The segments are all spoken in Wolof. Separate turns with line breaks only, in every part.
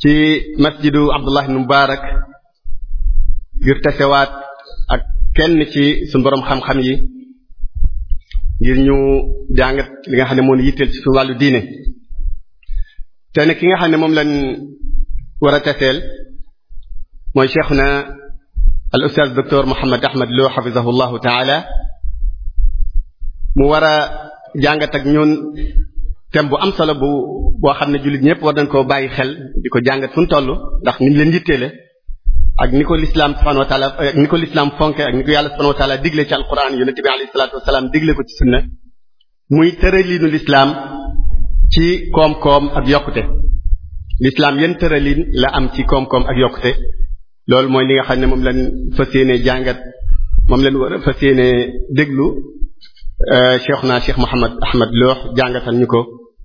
ci masjidu Abdullah ibn Mubarak ngir tesewaat ak kenn ci suñu boroom xam-xam yi ngir ñu jàngat li nga xam ne moom yitteel ci suñu wàllu diine te ki nga xam ne moom lañ war a teseel mooy cheikhuna al ustaaz docteur Mohammad Ahmad Lo xafizahu llahu taala mu war a jàngat ak ñun thème bu am solo bu boo xam ne jullit ñëpp war nañ koo bàyyi xel di ko jàngat fu mu toll ndax ni ñu leen yitteele ak ni ko lislaam subhanahu wa ni ko lislaam fonke ak ni ko yàlla subhanahu wa taala digle ci alquran yonente bi alayhi salaatu wasalaam digle ko ci sunna muy tëraliinu lislaam ci koom-koom ak yokkute lislaam yenn tëraliin la am ci koom-koom ak yokkute loolu mooy li nga xam ne moom lañ fas yéene jàngat moom lañ war a yéene déglu Euh, cheikh naa cheikh Mouhamed Ahmed Lo jàngatal ñu ko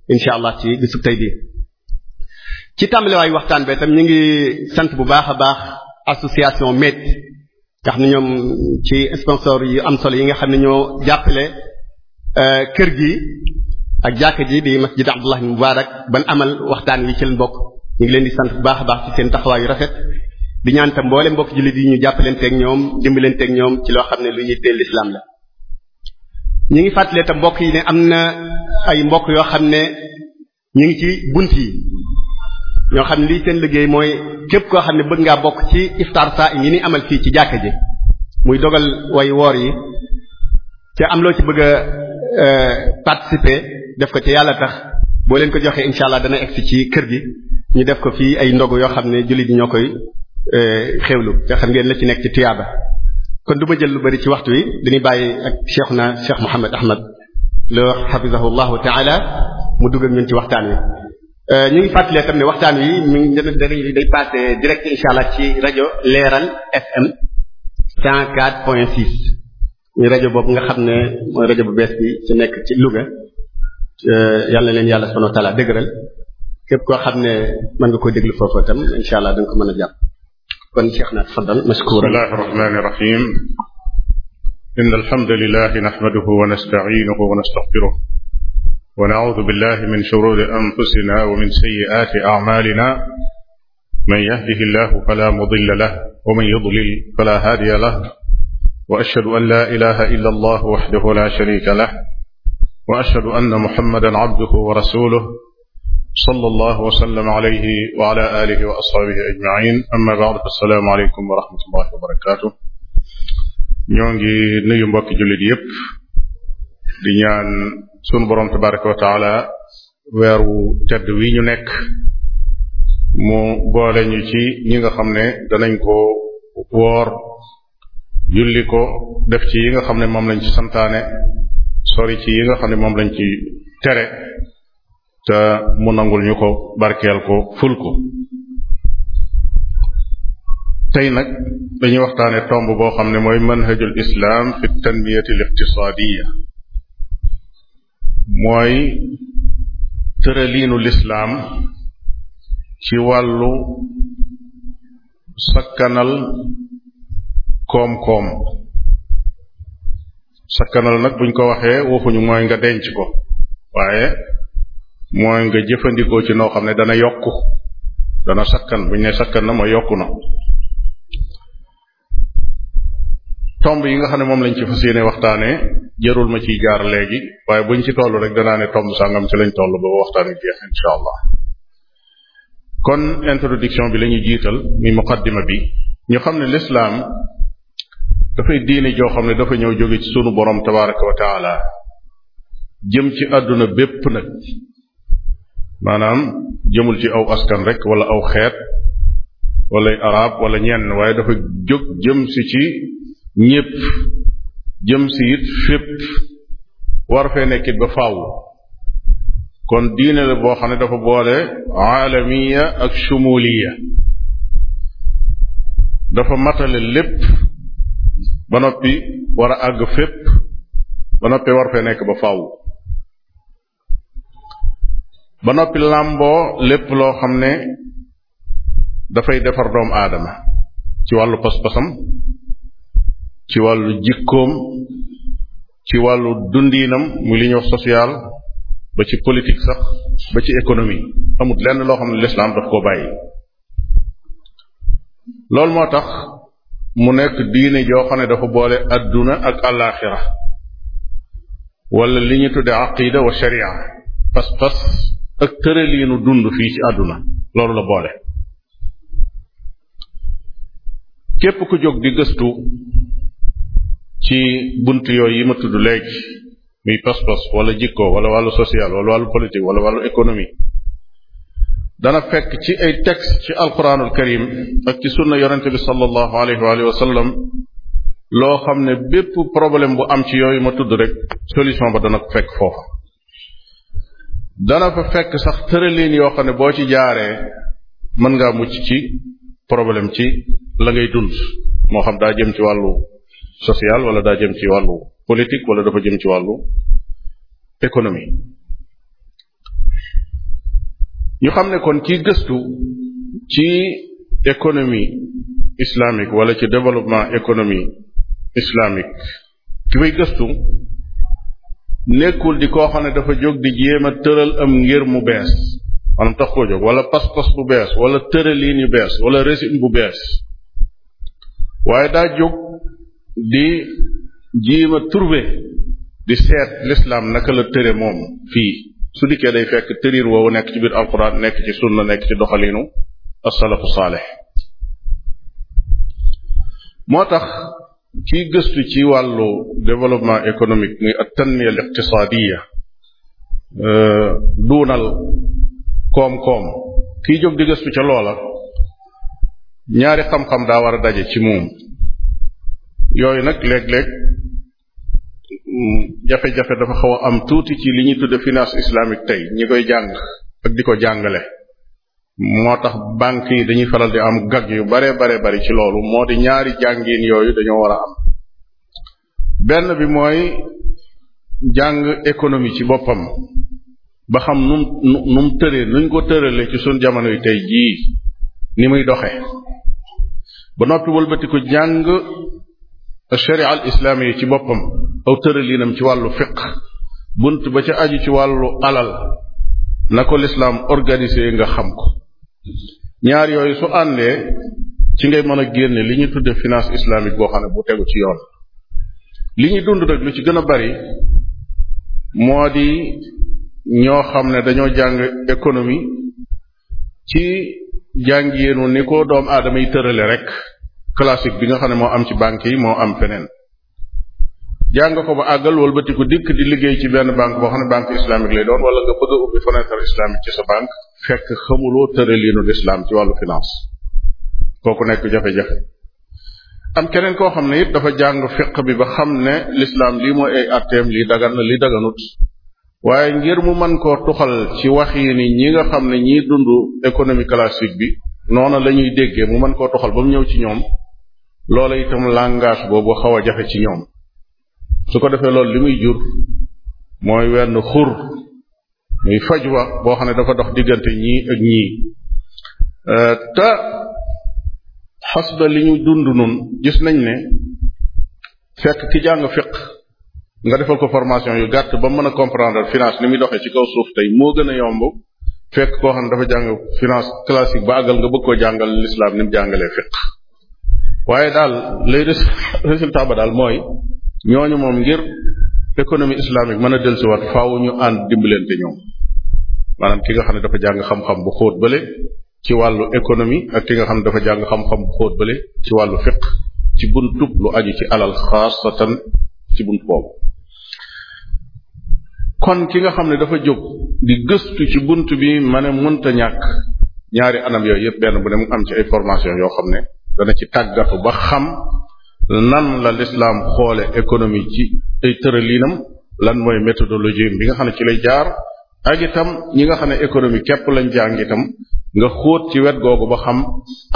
incha allah ci bisub tey bii. ci tàmbaliwaayu waxtaan bi tam ñu ngi sant bu baax a baax association MED nga xam ne ñoom ci sponsor yu am solo yi nga xam ne ñoo jàppale euh, kër gi ak jàkka ji di masjid Abdullah Mubarak ban amal waxtaan wi ci leen bokk ñu ngi leen di sant bu baax baax ci seen taxawaayu rafet. di ñaan tam mboole mbokk jullit yi ñu jàppalanteeg ñoom dimbalanteeg ñoom ci loo xam ne lu yitteel ñu ngi fàttale te mbokk yi ne am na ay mbokk yoo xam ne ñu ngi ci bunt yi ñoo xam ne lii seen liggéey mooy képp koo xam ne bëgg ngaa bokk ci iftar saa yi ni amal fii ci jàkka ji muy dogal way woor yi te am loo ci bëgg a e, participer def ko ci yàlla tax boo leen ko joxee incha allah dana egsi ci kër gi ñu def ko fii ay ndogu yoo xam ne jullit yi ñoo koy e, xewlu te xam ngeen la ci nekk ci tuyaaba kon du ma jël lu bari ci waxtu wi dañuy bàyyi ak cheikhuna cheikh Mouhamed Ahmad la wax xafisahullahu taala mu dugg ak ñun ci waxtaan wi. Euh, ñu ngi fàttalee tam ne waxtaan wi mi ngi dana dana day passé direct incha allah ci rajo Leeral FM 104 point 6 muy rajo boobu nga xam ne mooy rajo bu bees bi ci nekk ci Louga euh, yàlla na leen yàlla subhanahu wa taala dëgëral képp koo xam ne man nga koo déglu foofu itam incha allah da nga ko mën a jàpp. kon Cheikh na tfaddal mashkuran bismillahi rahmani rahim inna alhamdulillahi nahmaduhu wa nasta'inuhu wa nastaghfiruh
wa na'udhu billahi min shururi anfusina wa min sayyiati a'malina man yahdihillahu fala mudilla lahu wa man yudlil fala hadiya lahu wa ashhadu an la ilaha illa allah wahdahu la sharika lahu wa ashhadu anna muhammadan abduhu wa rasuluhu sallallahu wa sallam alayhi wa ala alihi wa ashaabihi ajmain amma baad fa assalaamu aleykum wa wa barakaatu ñoo ngi nuyu mbokki jullit yépp di ñaan sunu boroom tabaraka wa taala weer wu tedd wi ñu nekk mu boole ci ñi nga xam ne danañ ko woor julli ko def ci yi nga xam ne moom lañ ci santaane sori ci yi nga xam ne moom lañ ci tere te mu nangul ñu ko barkeel ko ful ko tey nag dañuy waxtaane tomb boo xam ne mooy manhajul islaam fi tanmiyati l mooy tëraliinu lislaam ci wàllu sakkanal koom-koom sakkanal nag buñ ko waxee waxuñu mooy nga denc ko waaye mooy nga jëfandikoo ci noo xam ne dana yokku dana sakkan buñ ne sakkan na ma yokk na tomb yi nga xam ne moom lañ ci fas yéene waxtaanee jërul ma ciy jaar léegi waaye buñ ci toll rek danaa ne tomb sàngam ci lañ toll ba waxtaan wi jeex insha allah kon introduction bi la jiital mi muqaddima bi ñu xam ne lislaam dafay diine joo xam ne dafa ñëw jóge ci sunu borom tabaraka wa jëm ci àdduna bépp nag maanaam jëmul ci aw askan rek wala aw xeet walla arab wala ñenn waaye dafa jóg jëm si ci ñépp jëm si it fépp war fee nekkit ba faaw kon diine boo xam ne dafa boole aalamiya ak shumuliya dafa matale lépp ba noppi war a àgg fépp ba noppi war fee nekk ba faaw ba noppi làmboo lépp loo xam ne dafay defar doomu aadama ci wàllu pas-pasam ci wàllu jikkoom ci wàllu dundiinam muy li ñuy wax ba ci politique sax ba ci économie amut lenn loo xam ne l'islam daf koo bàyyi loolu moo tax mu nekk diine joo xam ne dafa boole adduna ak alaxira wala li ñu tudde aqida wa sharia pas-pas ak tëraliinu dund fii ci àdduna loolu la boole képp ku jóg di gëstu ci bunt yooyu yi ma tudd léegi muy pas-pas wala jikko wala wàllu social wala wàllu politique wala wàllu économie dana fekk ci ay texte ci alquranul karim ak ci sunna yonente bi sallallahu alayhi wa sallam loo xam ne bépp problème bu am ci yooyu ma tudd rek solution ba dana ko fekk foofu dana fa fekk sax tëraliin yoo xam ne boo ci jaaree mën nga mucc ci problème ci la ngay dund moo xam daa jëm ci wàllu social wala daa jëm ci wàllu politique wala dafa jëm ci wàllu économie ñu xam ne kon kii gëstu ci économie islamique wala ci développement économie islamique ki koy gëstu nekkul di koo xam ne dafa jóg di jéem a tëral am ngir mu bees maanaam tax koo jóg wala pas-pas bu bees wala tëraliin yu bees wala régime bu bees waaye daa jóg di jéem a trouver di seet l'islam naka la tëre moom fii su dikkee day fekk tëriir woowu nekk ci biir alquran nekk ci sunna nekk ci doxaliinu asalafu saaleh moo tax ci gëstu ci wàllu développement économique muy at tanmiya al iqtisadiya euh, duunal koom-koom kiy jóg di gëstu ca loola ñaari xam-xam daa war a daje ci moom yooyu nag léeg-léeg mm, jafe-jafe dafa xaw a am tuuti ci li ñuy tudde finance islamique tey ñi koy jàng ak di ko jàngale moo tax banque yi dañuy faral di am gag yu bare bare bari ci loolu moo di ñaari jàngin yooyu dañoo war am benn bi mooy jàng économie ci boppam ba xam num num tëree nuñ ko tëralee ci suñ jamono yi tey jii ni muy doxe ba noppi wëlbati ko jàng sharia al islaami yi ci boppam aw tëraliinam ci wàllu fiq bunt ba ca aju ci wàllu alal na ko lislaam organisé nga xam ko ñaar yooyu su àndee ci ngay mën a génne li ñu tudde finance islamique boo xam ne bu tegu ci yoon li ñuy dund rek lu ci gën bari moo di ñoo xam ne dañoo jàng économie ci jàng yéenu ni ko doom aadama yi tërale rek classique bi nga xam ne moo am ci banque yi moo am feneen jàng ko ba àggal walbatiku dikk di liggéey ci benn banque boo xam ne banque islamique lay doon wala nga bëgg a ubbi fenêtre islamique ci sa banque fekk xamuloo tëraliinu lislaam ci wàllu finance kooku nekk jafe-jafe am keneen koo xam ne it dafa jàng fiq bi ba xam ne lislaam lii mooy ay atteem lii dagan na lii daganut waaye ngir mu mën koo tuxal ci wax yi ni ñi nga xam ne ñiy dund économie classique bi noona la ñuy déggee mu mën koo tuxal ba mu ñëw ci ñoom loola itam langage boobu xaw a jafe ci ñoom su ko defee loolu li muy jur mooy wenn xur muy fajwa boo xam ne dafa dox diggante ñii ak ñii euh, te xasda li ñu dund nun gis nañ ne fekk ki jàng fiq nga defal ko formation yu gàtt ba mën a comprendre finance ni muy doxee ci kaw suuf tey moo gën a yomb fekk koo xam ne dafa jàng finance classique ba àggal nga bëgg koo jàngal l'islam ni mu jàngalee fiq waaye daal lay résultat ba daal mooy ñooñu moom ngir économie islamique mën a dellusiwaat faaw ñu ànd dimbalante ñoom maanaam ki nga xam ne dafa jàng xam-xam bu xóot bële ci wàllu économie ak ki nga xam ne dafa jàng xam-xam bu xóot bële ci wàllu fiq ci buntub lu aju ci alal xaasatan ci bunt boobu kon ki nga xam ne dafa jóg di gëstu ci bunt bi ma ne mënta ñàkk ñaari anam yooyu yëpp benn bu ne mu am ci ay formation yoo xam ne dana ci tàggatu ba xam nan la lislaam xoole économie ci ay tëraliinam lan mooy méthodologie bi nga xam ne ci lay jaar ak itam ñi nga xam ne économie képp lañ jàng itam nga xóot ci wet googu ba xam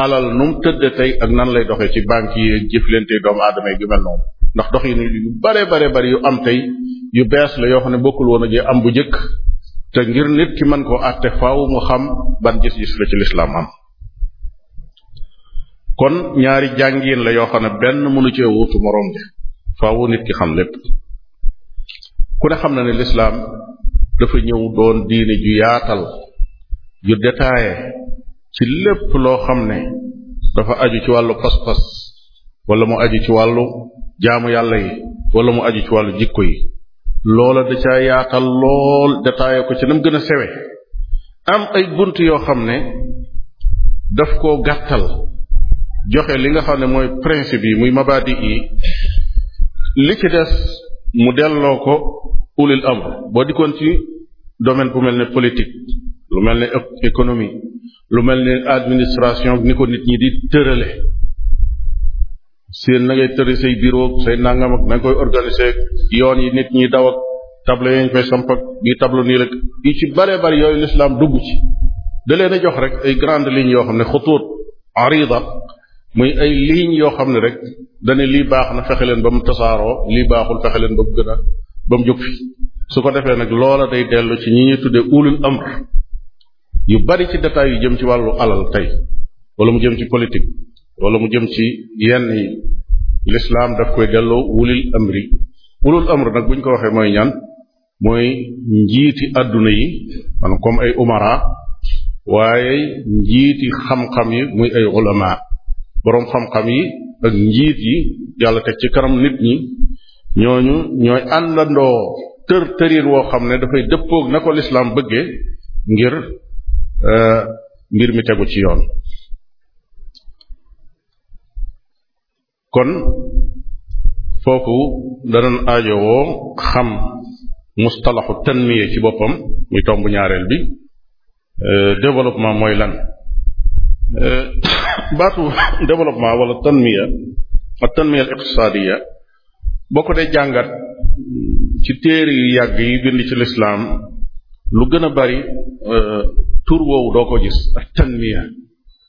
alal nu mu tey ak nan lay doxee ci banque yi jëflante doomu aadama yi yu mel noonu ndax dox yi ni yu bare bare bari yu am tey yu bees la yoo xam ne bokkul woon ak yi am bu njëkk te ngir nit ki mën koo àtte faaw xam ban gis-gis la ci lislaam am kon ñaari jàngiin la yoo xam ne benn mënu cee wuutu moroom bi faawu nit ki xam lépp ku ne xam na ne lislaam dafa ñëw doon diine ju yaatal ju détaillé ci lépp loo xam ne dafa aju ci wàllu pas-pas wala mu aju ci wàllu jaamu yàlla yi wala mu aju ci wàllu jikko yi loola da caa yaatal lool détaillé ko ci nam gën a sewe am ay bunt yoo xam ne daf koo gàttal joxe li nga xam ne mooy principe yi muy mabadi yi li ci des mu delloo ko ulil am boo dikkoon ci domaine bu mel ne politique lu mel ne économie lu mel ne administration ni ko nit ñi di tërale seen na ngay tëri say bureau say nangam ak koy organiser yoon yi nit ñi daw table tableau yi ñu koy tableau nii rek yi ci bare bari yooyu l'islam dugg ci da leen jox rek ay grandes lignes yoo xam ne xutuut arida muy ay lignes yoo xam ne rek dane lii baax na fexe leen ba mu tasaaroo lii baaxul fexe leen ba mu gën a ba mu jóg fi su ko defee nag loola day dellu ci ñi ñuy tuddee ulul amr yu bari ci détails yu jëm ci wàllu alal tey wala mu jëm ci politique wala mu jëm ci yenn yi l'islam daf koy delloo wulil amri ulul amr nag buñ ko waxee mooy ñan mooy njiiti adduna yi maanaam comme ay umara waaye njiiti xam-xam yi muy ay ulama boroom xam-xam yi ak njiit yi yàlla teg ci kanam nit ñi ñooñu ñooy àndandoo tër tëriin woo xam ne dafay dëppoog na ko lislaam bëggee ngir euh, mbir mi tegu ci yoon kon foofu danañ aajowoo xam mustalaxu tanmiye ci boppam muy tomb ñaareel bi euh, développement mooy lan euh, baatu développement wala tanmiya ak tanmiya al iqtisaadiya boo ko dee jàngat ci téere yu yàgg yi bind ci lislaam lu gën a bari euh, tur woowu doo ko gis ak tanmiya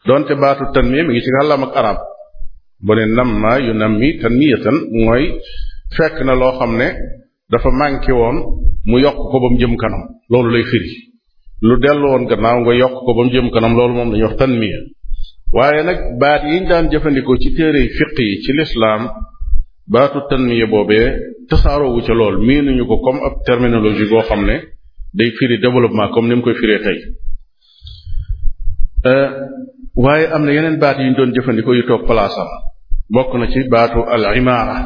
donte baatu tanmiya mi ngi ci kàllaam ak arab bu ne nam ma yu nam mi tanmiyatan mooy fekk na loo xam ne dafa manqué woon mu yokk ko ba mu jëm kanam loolu lay firi lu dellu woon gannaaw nga yokk ko ba mu jëm kanam loolu moom dañuy wax tanmiya waaye nag baat yiñ daan jëfandikoo ci téere fiq yi ci lislaam baatu tanmiya boobe tasaaroowu ca lool ñu ko comme ab terminologie boo xam ne day firi développement comme ni mu koy firee tey euh, waaye am na yeneen baat yuñ doon jëfandikoo yu toog palaasam bokk na ci baatu al imaara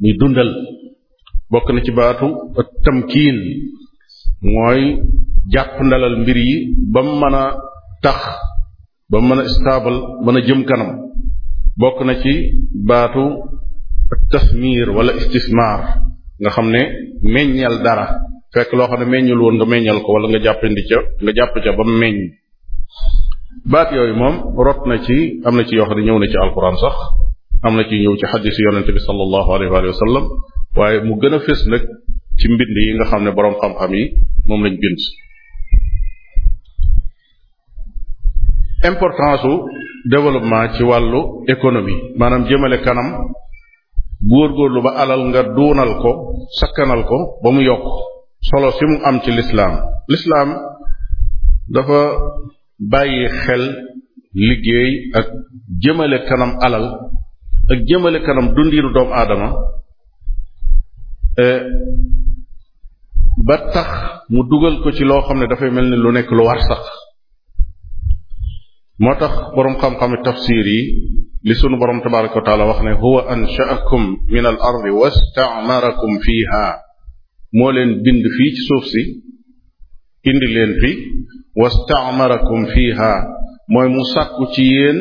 muy dundal bokk na ci baatu tamkiin mooy jàpp ndalal mbir yi ba mu mën a tax ba mën a stable mën a jëm kanam bokk na ci baatu tasmir wala istismar nga xam ne meññal dara fekk loo xam ne meññul woon nga meññal ko wala nga jàppandi ca nga jàpp ca ba meññ baat yooyu moom rot na ci am na ci yoo xam ne ñëw na ci alquran sax am na ci ñëw ci xadisu yonente bi sallallahu alayhi wa sallam waaye mu gën a fés nag ci mbind yi nga xam ne boroom xam-xam yi moom lañ bind importance su développement ci wàllu économie maanaam jëmale kanam góorgóorlu ba alal nga duunal ko sakkanal ko ba mu yokk solo si mu am ci lislaam lislaam dafa bàyyi xel liggéey ak jëmale kanam alal ak jëmale kanam dundiinu doomu aadama eh, ba tax mu dugal ko ci loo xam ne dafay mel ni lu nekk lu war sax moo tax boroom xam-xami tafsir yi li sunu boroom tabaraka wa taala wax ne huwa anshaakum min al ardi wastamarakum fiha moo leen bind fii ci suuf si indi leen fi wastamarakum fiha mooy mu sàkku ci yéen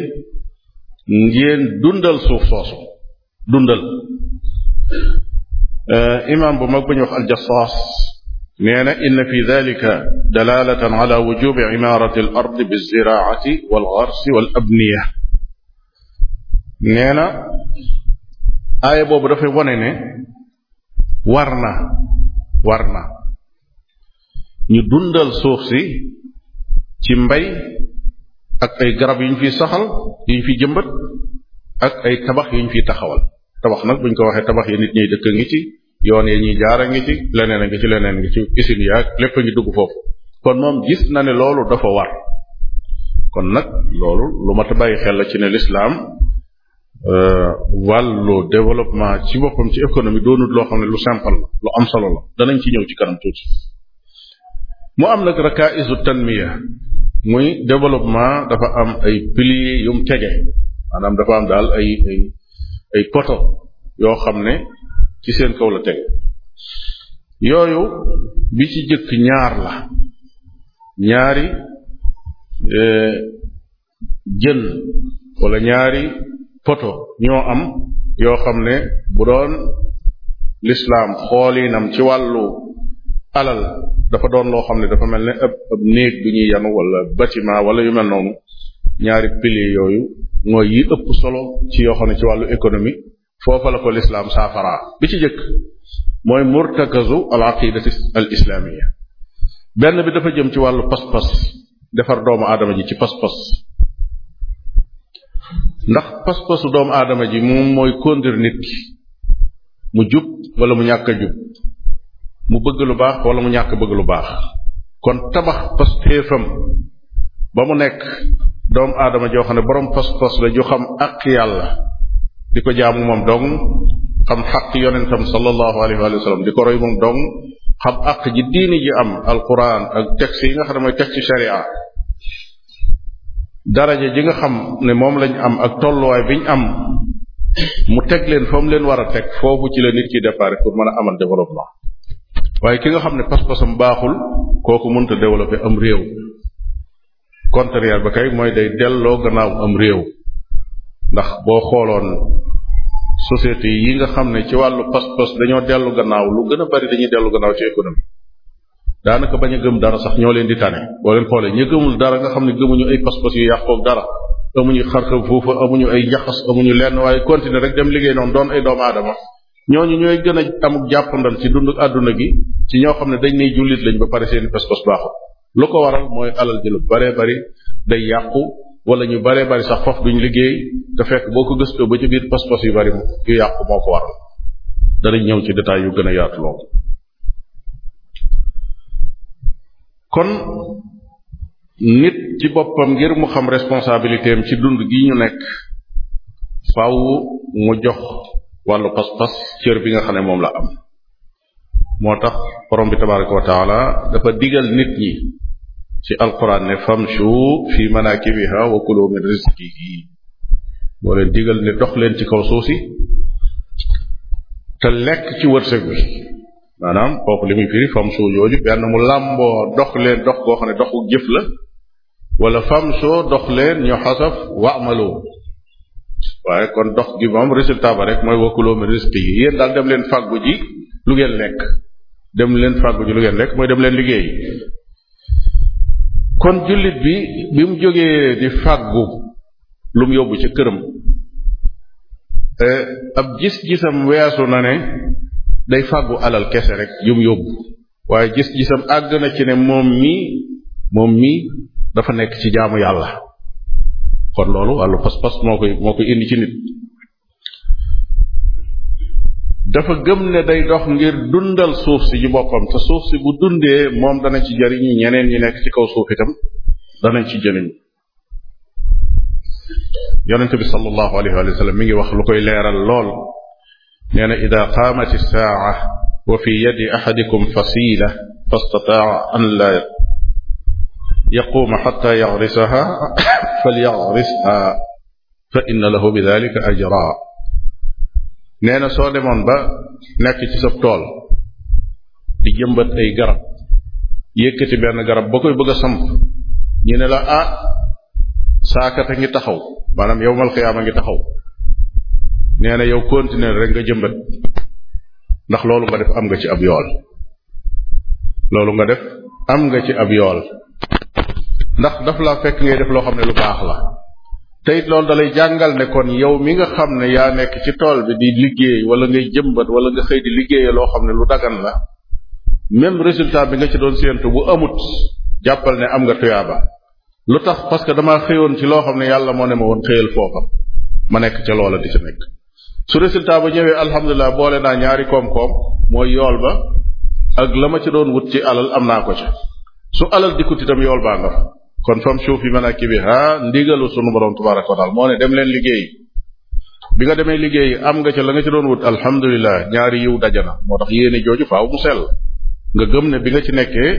ngeen dundal suuf soosu dundal imaam bu mag bu ñu wax al jassaas nee na inna fi dalika dalalatan ala wujubi imarati al ard biziraati walgarsi wal abniya nee na aaya boobu dafay wone ne war na war na ñu dundal suuf si ci mbay ak ay garab yu ñu fiy saxal yu ñu fiy jëmbat ak ay tabax yu ñu fiy taxawal tabax nag buñ ko waxee tabax yi nit ñuy dëkk ngi ci yoon ya ñuy jaar a ngi ci leneen a ngi ci leneen a ngi ci usine yaag lépp a ngi dugg foofu kon moom gis na ne loolu dafa war kon nag loolu lu mat a bàyyi xel la ci ne lislaam euh, wàllu développement ci boppam ci économie doonut loo xam ne lu simple la lu am solo la danañ ci ñëw ci kanam tuuti mu am nag rakaisu tanmiya muy développement dafa am ay piliers yum tege maanaam dafa am daal ay ay ay poto yoo xam ne ci seen kaw la teg yooyu bi ci jëkk ñaar la ñaari e, jën walla ñaari photo ñoo am yoo xam ne bu doon lislaam xoolinam ci wàllu alal dafa doon loo xam ne dafa mel ne ab ab néeg bi ñuy yanu wala bâtiment wala yu mel noonu ñaari piliers yooyu mooy yi ëpp solo ci yoo xam ne ci wàllu économie foofa la ko lislaam saafaraa bi ci jëkk mooy murtakazu al aqidati al islaamia benn bi dafa jëm ci wàllu pas-pas defar doomu aadama ji ci pas-pas ndax pas-pasu doomu aadama ji moom mooy conduire nit ki mu jub wala mu ñàkk a jub mu bëgg lu baax wala mu ñàkk bëgg lu baax kon tabax pastéefam ba mu nekk doomu aadama joo xam ne boroom pas-pas la ju xam ak yàlla di ko jaamu moom dong xam xaq yonentam sallallahu alayhi wa sallam di ko roy moom dong xam àq ji diini ji am alquran ak texte yi nga xam ne mooy texte sharia daraja ji nga xam ne moom lañ am ak tolluwaay biñ am mu teg leen fa leen war a teg foofu ci la nit ki déparé pour mën a amal développement waaye ki nga xam ne pas-pasam baaxul kooku mënta développer am réew contraire ba kay mooy day delloo gannaaw am réew ndax boo xooloon société yi nga xam ne ci wàllu pas dañoo dellu gannaaw lu gën a bari dañuy dellu gannaaw ci économie daanaka bañ a gëm dara sax ñoo leen di tane boo leen xoolee ñu gëmul dara nga xam ne gëmuñu ay pas-pas yu yàqoog dara amuñu xarxam foofu amuñu ay jaxas amuñu lenn waaye continuer rek dem liggéey noonu doon ay doomu aadama ñooñu ñooy gën a amuk jàppandal ci dund àdduna gi ci ñoo xam ne dañ ne jullit lañ ba pare seen pas-pas baaxul ko waral mooy alal ji lu bare bari day yàqu wala ñu bare bari sax faf duñ liggéey te fekk boo ko gëstoo ba ci biir pas yu bari yu yàqu boo ko waral danañ ñëw ci détails yu gën a yaatu kon nit ci boppam ngir mu xam responsabilité am ci dund gi ñu nekk faaw mu jox wàllu pas-pas cër bi nga xam ne moom la am moo tax borom bi tabaraka wa dafa digal nit ñi ci alquran ne famshu fi manakibiha wa kulu min rizqihi moo leen digal ne dox leen ci kaw suuf te lekk ci wërsëg bi maanaam kooku li muy firi famshu jooju benn mu làmboo dox leen dox goo xam ne doxu jëf la wala famshu dox leen ñu xasaf waamalu waaye kon dox gi moom résultat ba rek mooy wa kulu min rizqihi yéen daal dem leen fàggu ji lu ngeen lekk dem leen fàggu ji lu ngeen lekk mooy dem leen liggéey kon jullit bi bi mu jógee di fàggu lu yóbbu ca këram ab gis-gisam weesu na ne day fàggu alal kese rek yu yóbbu waaye gis-gisam àgg na ci ne moom mii moom mii dafa nekk ci jaamu yàlla kon loolu wàllu pas-pas moo koy moo koy indi ci nit dafa gëm ne day dox ngir dundal suuf si ci boppam te suuf si bu dundee moom dana ci jariñu ñeneen ñi nekk ci kaw suuf itam danañ ci jëriñ yonent bi sallallahu alayhi wa sallam mi ngi wax lu koy leeral lool nee na ida qaamat saaca wa fi yadi axadikum fasila fastataaca an la yaquuma xata yagrisaha falyagrisha fa inna lahu bidalika ajra nee na soo demoon ba nekk ci sa tool di jëmbat ay garab yëkkati benn garab ba koy bëgg a samp ñu ne la ah saakata ngi taxaw maanaam yowmal a ngi taxaw nee na yow continuer rek nga jëmbat ndax loolu nga def am nga ci ab yool loolu nga def am nga ci ab yool ndax daf laa fekk ngay def loo xam ne lu baax la te it loolu dalay jàngal ne yow mi nga xam ne yaa nekk ci tool bi di liggéey wala ngay jëmbat wala nga xëy di liggéeye loo xam ne lu dagan la même résultat bi nga ci doon séentu bu amut jàppal ne am nga tuyaaba lu tax parce que damaa xëyoon ci loo xam ne yàlla moo ne ma woon xëyal foofa ma nekk ca loola di ci nekk su résultat ba ñëwee alhamdulilah boole naa ñaari koom-koom mooy yool ba ak la ma ci doon wut ci alal am naa ko ca su alal dikkut itam yool kon fam suuf yi bi manakibiha ndigalu sunu borom tabaraka wa taala moo ne dem leen liggéey bi nga demee liggéey am nga ca la nga ci doon wut alhamdulilah ñaari yiw dajana moo tax yéene jooju faaw mu sell nga gëm ne bi nga ci nekkee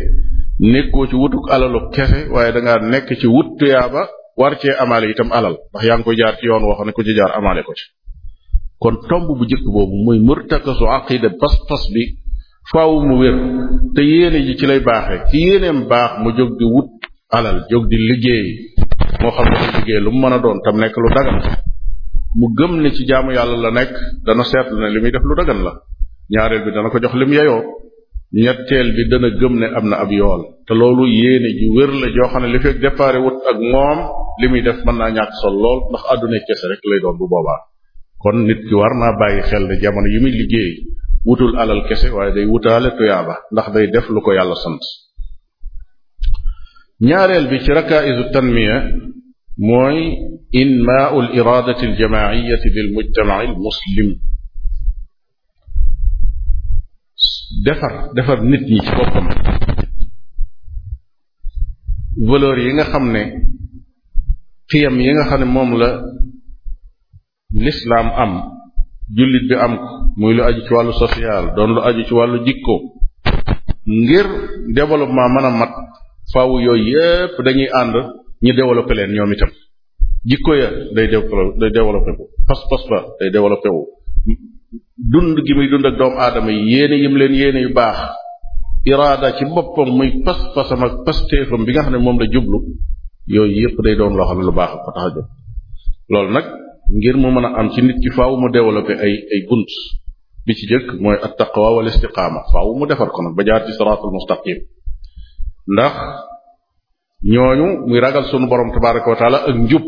nekkoo ci wutuk alalu kese waaye dangaa nekk ci wut tuyaaba war cee amaale itam alal ndax yaa ngi koy jaar ci yoon woo xam ne ku ci jaar amaale ko ci kon tomb bu jëkk boobu muy murtakasu aqida pas-pas bi faaw mu wér te yéene ji ci lay baaxee baax alal jóg di liggéey moo xam ne liggéey lu mu mën a doon tam nekk lu dagan mu gëm ne ci jaamu yàlla la nekk dana seetlu ne li muy def lu dagan la ñaareel bi dana ko jox lim yeyoo ñetteel bi dana gëm ne am na ab yool te loolu yéene ji wér la joo xam ne li fekk déparé wut ak moom li muy def mën naa ñàkk sol lool ndax àdduna kese rek lay doon bu boobaa kon nit ki war naa bàyyi xel ne jamono yi muy liggéey wutul alal kese waaye day wutaale tuyaaba ndax day def lu ko yàlla sant ñaareel bi ci rakaaisu tanmiya mooy inmaau l iradati aljamaaciyati lil mujtamaci al muslim defar defar nit ñi ci boppam valeur yi nga xam ne xiyam yi nga xam ne moom la lislaam am jullit bi am ko muy lu aju ci wàllu social doon lu aju ci wàllu jikko ngir développement mën a mat faaw yooyu yépp dañuy ànd ñu développé leen ñoom itam jikko ya day développé day développé wu pas-pas ba day développé wu dund gi muy dund ak doomu aadama yi yéene yim leen yéene yu baax iraada ci boppam muy pas-pasam ak pasteefam bi nga xam ne moom la jublu yooyu yépp day doon loo lu baax ko tax a loolu nag ngir mu mën a am ci nit ki faaw mu développé ay ay bunt bi ci jëkk mooy at taqwa wal istiqaama faaw mu defar ko nag ba jaar ci siraatul mustaqim ndax ñooñu muy ragal sunu borom tabaraka wa taala ak njub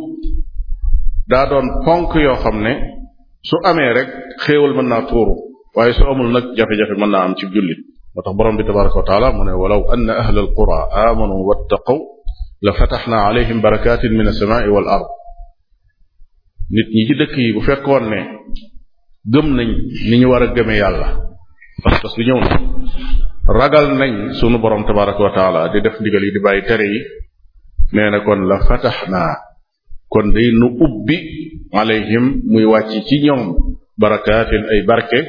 daa doon ponk yoo xam ne su amee rek xewal mën naa tuuru waaye su amul nag jafe-jafe mën naa am ci jullit moo tax borom bi tabaraka wa taala mu ne walaw anna ahla alqura amanu wattaqaw la fataxna alayhim barakatin min alsamaai wal ard nit ñi ci dëkk yi bu fekkoon ne gëm nañ ni ñu war a gëme yàlla parce su ñëw na ragal nañ sunu borom tabaraka wa di def ndigal yi di bàyyi tere yi nee na kon la fatax naa kon day nu ubbi alayhim muy wàcc ci ñoom barakaatin ay barke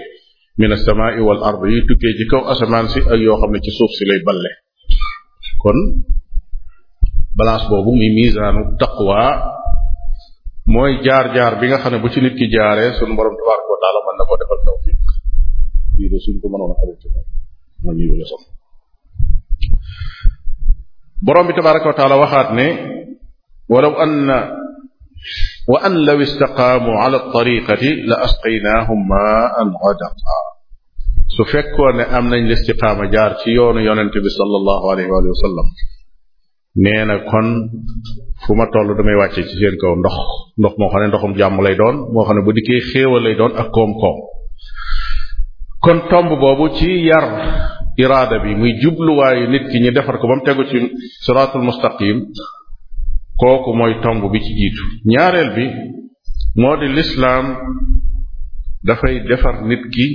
min asamaai wal ard yi tukkee ci kaw asamaan si ak yoo xam ne ci suuf si lay balle kon balance boobu muy misaanu taqwa mooy jaar-jaar bi nga xam ne bu ci nit ki jaaree sunu ko defal
xarit ci moom moo
bi tabaraka wa waxaat ne walaw anna wa an law istaqaamu ala tariqati la asqaynaahum maan gadaqa su fekkoon ne am nañ listiqaama jaar ci yoonu yonente bi sallallahu alayhi wa sallam kon fu ma toll damay wàcce ci seen kaw ndox ndox moo xam ne ndoxum jàmm lay doon moo xam ne bu dikkee xéewal lay doon ak koom-koom kon tomb boobu ci yar iraada bi muy jubluwaayu nit ki ñu defar ko ba mu tegu ci siraatul mustaqim kooku mooy tomb bi ci jiitu ñaareel bi moo di lislaam dafay defar nit ki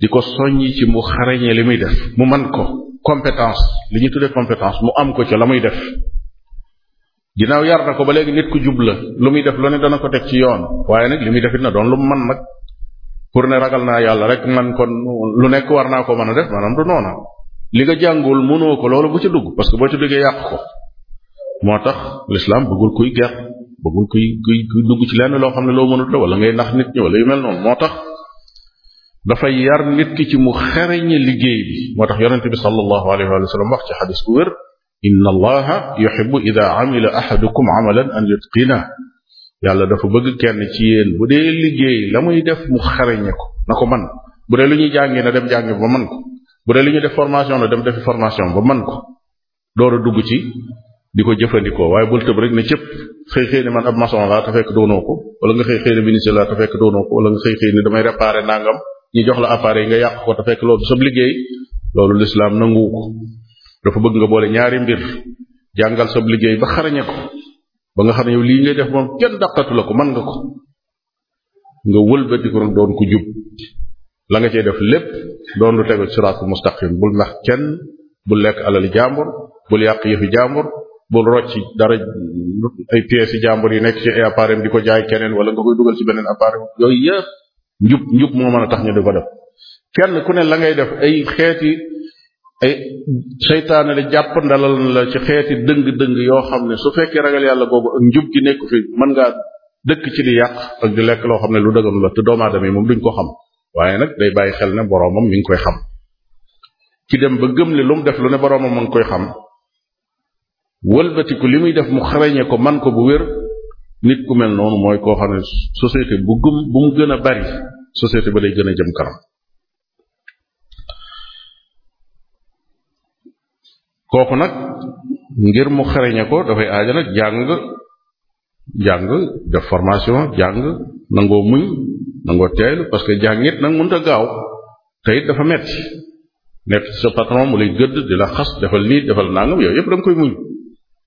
di ko soññi ci mu xarañe li muy def mu man ko compétence li ñu tuddee compétence mu am ko ci la muy def ginnaaw yar na ko ba léegi nit ku jub la lu muy def la ne dana ko teg ci yoon waaye nag li muy def na doon lu mu man nag pour ne ragal naa yàlla rek man kon lu nekk war naa ko mën a def maanaam du noona li nga jàngul mënoo ko loolu bu ci dugg parce que boo ci duggee yàq ko moo tax l'islam bëggul kuy ger bëggul kuy kuy kuy dugg ci lenn loo xam ne loo mënut la wala ngay nax nit ñi wala yu mel noonu moo tax dafay yar nit ki ci mu xereñe liggéey bi moo tax yonente bi sallallahu alayhi wa sallam wax ci xadis bu wér inna allaha yuxibu ida amila ahadukum amalan an yutqinah yàlla dafa bëgg kenn ci yéen bu dee liggéey la muy def mu xarañe ko na ko man bu dee lu ñuy jàngi na dem jàngi ba man ko bu dee lu ñuy def formation na dem defi formation ba man ko door a dugg ci di ko jëfandikoo waaye bul tëb rek ne cëpp xëy xëy ne man ab maçon laa te fekk doonoo ko wala nga xëy xëy ne ministre laa te fekk doonoo ko wala nga xëy xëy ne damay réparer nangam ñu jox la appareil yi nga yàq ko te fekk loolu sab liggéey loolu lislaam nanguwu ko dafa bëgg nga boole ñaari mbir jàngal sab liggéey ba xarañe ko ba nga xam ne yow li ngay def moom kenn dàqatu la ko man nga ko nga wëlbati ko nag doon ko jub la nga cee def lépp doon lu tegu siraatul mustaqim bul nax kenn bul lekk alali jàmbur bul yàq yëfi jàmbur bul rocci dara ay pièces si jàmbur yi nekk ci ay appareil di ko jaay keneen wala nga koy dugal ci beneen appareil yooyu yëpp njub njub moo mën a tax ñu di def kenn ku ne la ngay def ay xeeti ay seytaane la jàpp ndalal na la ci xeeti dëng-dëng yoo xam ne su fekkee ragal yàlla googu ak njub gi nekku fi mën ngaa dëkk ci di yàq ak di lekk loo xam ne lu dëganu la te doomu aadama yi moom duñ ko xam waaye nag day bàyyi xel ne boroomam mi ngi koy xam ci dem ba gëm ne def lu ne boroomam mu ngi koy xam wëlbatiku li muy def mu xarañe ko man ko bu wér nit ku mel noonu mooy koo xam ne société bu gëm bu mu gën a bari société ba day gën a jëm kanam kooku nag ngir mu xereñe ko dafay aaja nag jàng jàng def formation jàng nangoo muñ nangoo teeylu parce que jàngit nag mënut a gaaw te it dafa metti nekk sa patron mu lay gëdd di la xas defal nii defal nangam yooyu yëpp danga koy muñ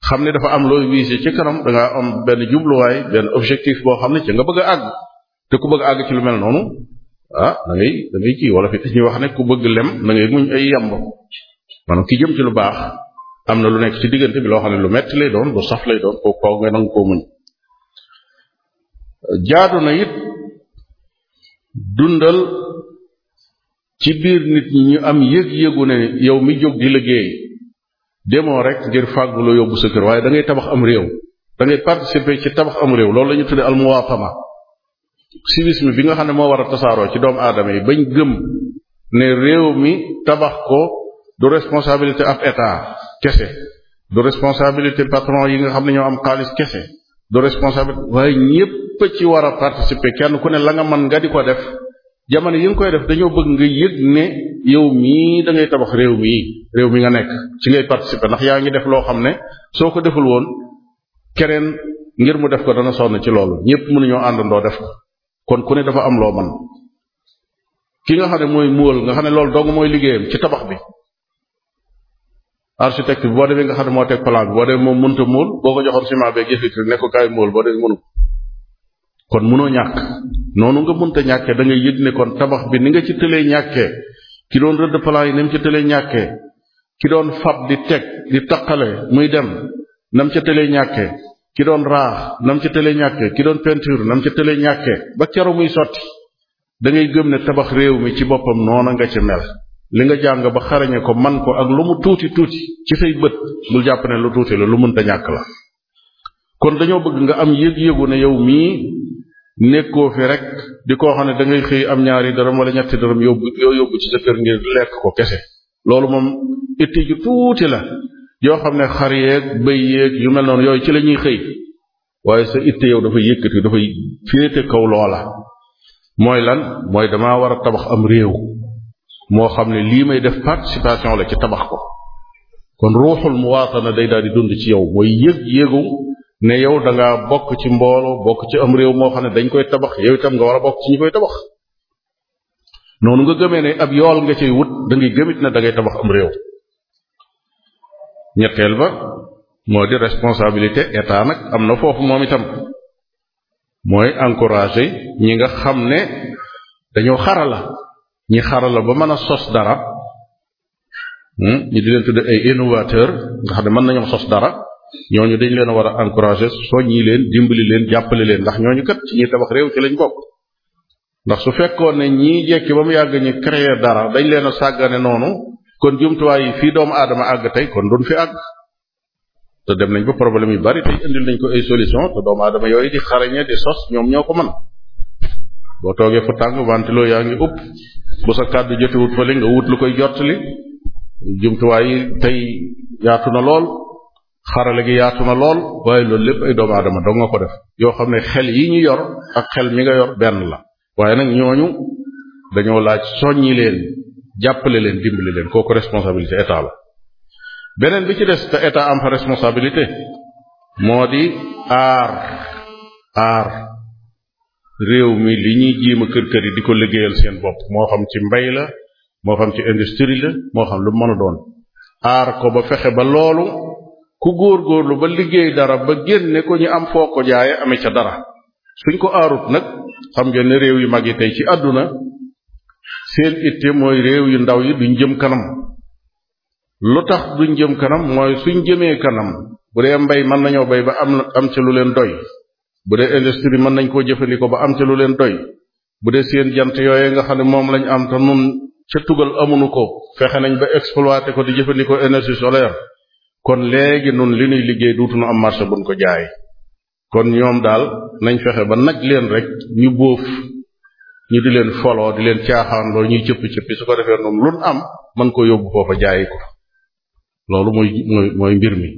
xam ne dafa am looy visé ci kanam da am benn jubluwaay benn objectif boo xam ne ci nga bëgg a àgg te ku bëgg àgg ci lu mel noonu ah da ngay da fi ñuy wax ne ku bëgg lem da ngay muñ ay yamb maanaam ki jëm ci lu baax am na lu nekk ci diggante bi loo xam ne lu metti lay doon lu saf lay doon kooku kaw nga nangu koo muñ jaadu na it dundal ci biir nit ñi ñu am yëg-yëgu ne yow mi jóg di liggéey demoo rek ngir fàgguloo yóbbu sa kër waaye dangay tabax am réew da ngay ci tabax am réew loolu lañu ñu tuddee almuwaatama civisme bi nga xam ne moo waral a tasaaroo ci doomu aadama yi bañ gëm ne réew mi tabax ko du responsabilité ab état kese du responsabilité patron yi nga xam ne ñoo am xaalis kese du responsabilité waaye ñépp ci war a participer kenn ku ne la nga man nga di ko def jamono yi nga koy def dañoo bëgg nga yëg ne yow mii da ngay tabax réew mii réew mi nga nekk ci ngay participer ndax yaa ngi def loo xam ne soo ko deful woon keneen ngir mu def ko dana sonn ci loolu ñépp mënuñoo àndandoo def ko kon ku ne dafa am loo man ki nga xam ne mooy muwal nga xam ne loolu dong mooy liggéeyam ci tabax bi architecte bi boo demee nga xam ne moo teg plan bi boo demee moom mënta muul boo ko joxoon ciment beeg yëfit rek ne ko kaay muul boo demee mënu kon mënoo ñàkk noonu nga mënta ñàkke da nga yëg ne kon tabax bi ni nga ci tëlee ñàkke ki doon rëdd plan yi ni mu ci tëlee ñàkkee ki doon di teg di taqale muy dem nam ca tëlee ñàkkee ki doon raax nam ca tëlee ñàkkee ki doon peinture nam ca tëlee ñàkkee ba kero muy sotti da gëm ne tabax réew mi ci boppam noona nga ci mel li nga jàng ba xarañe ko man ko ak lu mu tuuti tuuti ci say bët bul jàpp lu tuuti la lu mën mënta ñàkk la kon dañoo bëgg nga am yëg-yëgu ne yow mii nekkoo fi rek di koo xam ne da xëy am ñaari dërëm wala ñetti dërëm yóbbu yoo yóbbu ci sa kër ngir lekk ko kese loolu moom itti ju tuuti la yoo xam ne xar yeeg béy yeeg yu mel noonu yooyu ci lañuy xëy waaye sa itte yow dafay yëkkati dafay féete kaw loola mooy lan mooy damaa war a tabax am réew moo xam ne lii may def participation la ci tabax ko kon ruuxul muwaatana day daal di dund ci yow mooy yëg-yëgu ne yow da bokk ci mbooloo bokk ci am réew moo xam ne dañ koy tabax yow itam nga war a bokk ci ñi koy tabax noonu nga gëmee ne ab yool nga cay wut da ngay gëmit ne da tabax am réew ñetteel ba moo di responsabilité état nag am na foofu moom itam mooy encourager ñi nga xam ne dañoo xarala ñi xarala ba mën a sos dara hmm, ñu di leen tudde ay innovateur nga xam ne mën nañoo sos dara ñooñu dañ leen a war a encourager leen dimbali leen jàppale leen ndax ñooñu kat ci ñi tabax réew ci lañ bokk ndax su fekkoon ne ñii jekki ba mu yàgg ñi créer dara dañ leen a sàggane noonu kon jumtuwaay yi fii doomu aadama àgg tey kon duñ fi àgg te dem nañ ba problème yu bari tey indil nañ ko ay solution te doomu aadama yooyu di xarañe di sos ñoom ñoo ko mën boo toogee fu tàng wantiloo yaa ngi upp bu sa kàddu jotewut fa li nga wut lu koy jottali jumtuwaay yi tey yaatu na lool xarale gi yaatu na lool waaye loolu lépp ay doomu aadama doo nga ko def yoo xam ne xel yi ñu yor ak xel mi nga yor benn la waaye nag ñooñu dañoo laaj soññi leen jàppale leen dimbali leen kooku responsabilité état la beneen bi ci des te état am fa responsabilité moo di aar aar réew mi li ñuy jéem kër kër yi di ko liggéeyal seen bopp moo xam ci mbay la moo xam ci industrie la moo xam lu mën a doon aar ko ba fexe ba loolu ku góor góorlu ba liggéey dara ba génne ko ñu am foo ko jaaye ame ca dara suñ ko aarut nag xam ngeen ne réew yu mag yi tey ci àdduna seen itte mooy réew yu ndaw yi duñ jëm kanam lu tax duñ jëm kanam mooy suñ jëmee kanam bu dee mbay mën nañoo bay ba am am ci lu leen doy bu dee industrie mën nañ koo jëfandikoo ba am ca lu leen doy bu dee seen jant yooyee nga xam ne moom lañ am te nun ca tugal amuñu ko fexe nañ ba exploité ko di jëfandikoo énergie solaire kon léegi nun li nuy liggéey duutuñu am marché buñ ko jaay kon ñoom daal nañ fexe ba nag leen rek ñu bóof ñu di leen foloo di leen caaxaanloo ñuy cëppi-cëppi su ko defee noonu lun am mën ko yóbbu foofa jaayi ko loolu mooy mooy mooy mbir mi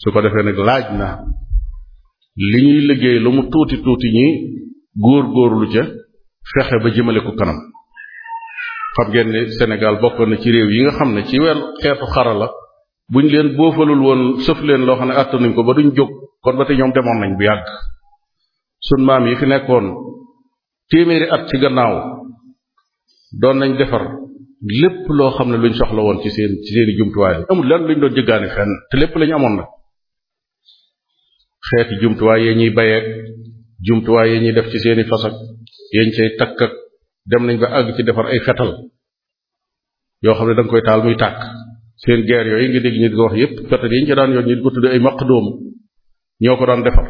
su ko defee nag laaj na li ñuy liggéey lu mu tuuti tuuti ñi góor góor góorlu ca fexe ba jëmale ko kanam xam ngeen senegal Sénégal bokk na ci réew yi nga xam ne ci wel xeetu xarala buñ leen boofalul woon sëf leen loo xam ne nañ ko ba duñ jóg kon ba te ñoom demoon nañ bu yàgg sun maam yi fi nekkoon téeméeri at ci gannaaw doon nañ defar lépp loo xam ne luñ soxla woon ci seen ci seeni jumtuwaay amul lenn luñ doon jëggaani fenn te lépp lañu amoon na xeeti jumtuwaay yee ñuy bayeeg jumtuwaay yee ñuy def ci seeni fas ak yeñ cay takk ak dem nañ ba àgg ci defar ay fetal yoo xam ne da koy taal muy tàkk seen guerre yooyu nga dégg ñu di ko wax yépp fetal yi ñu ci daan yoon ñu di ko tuddee ay maq dóom ñoo ko daan defar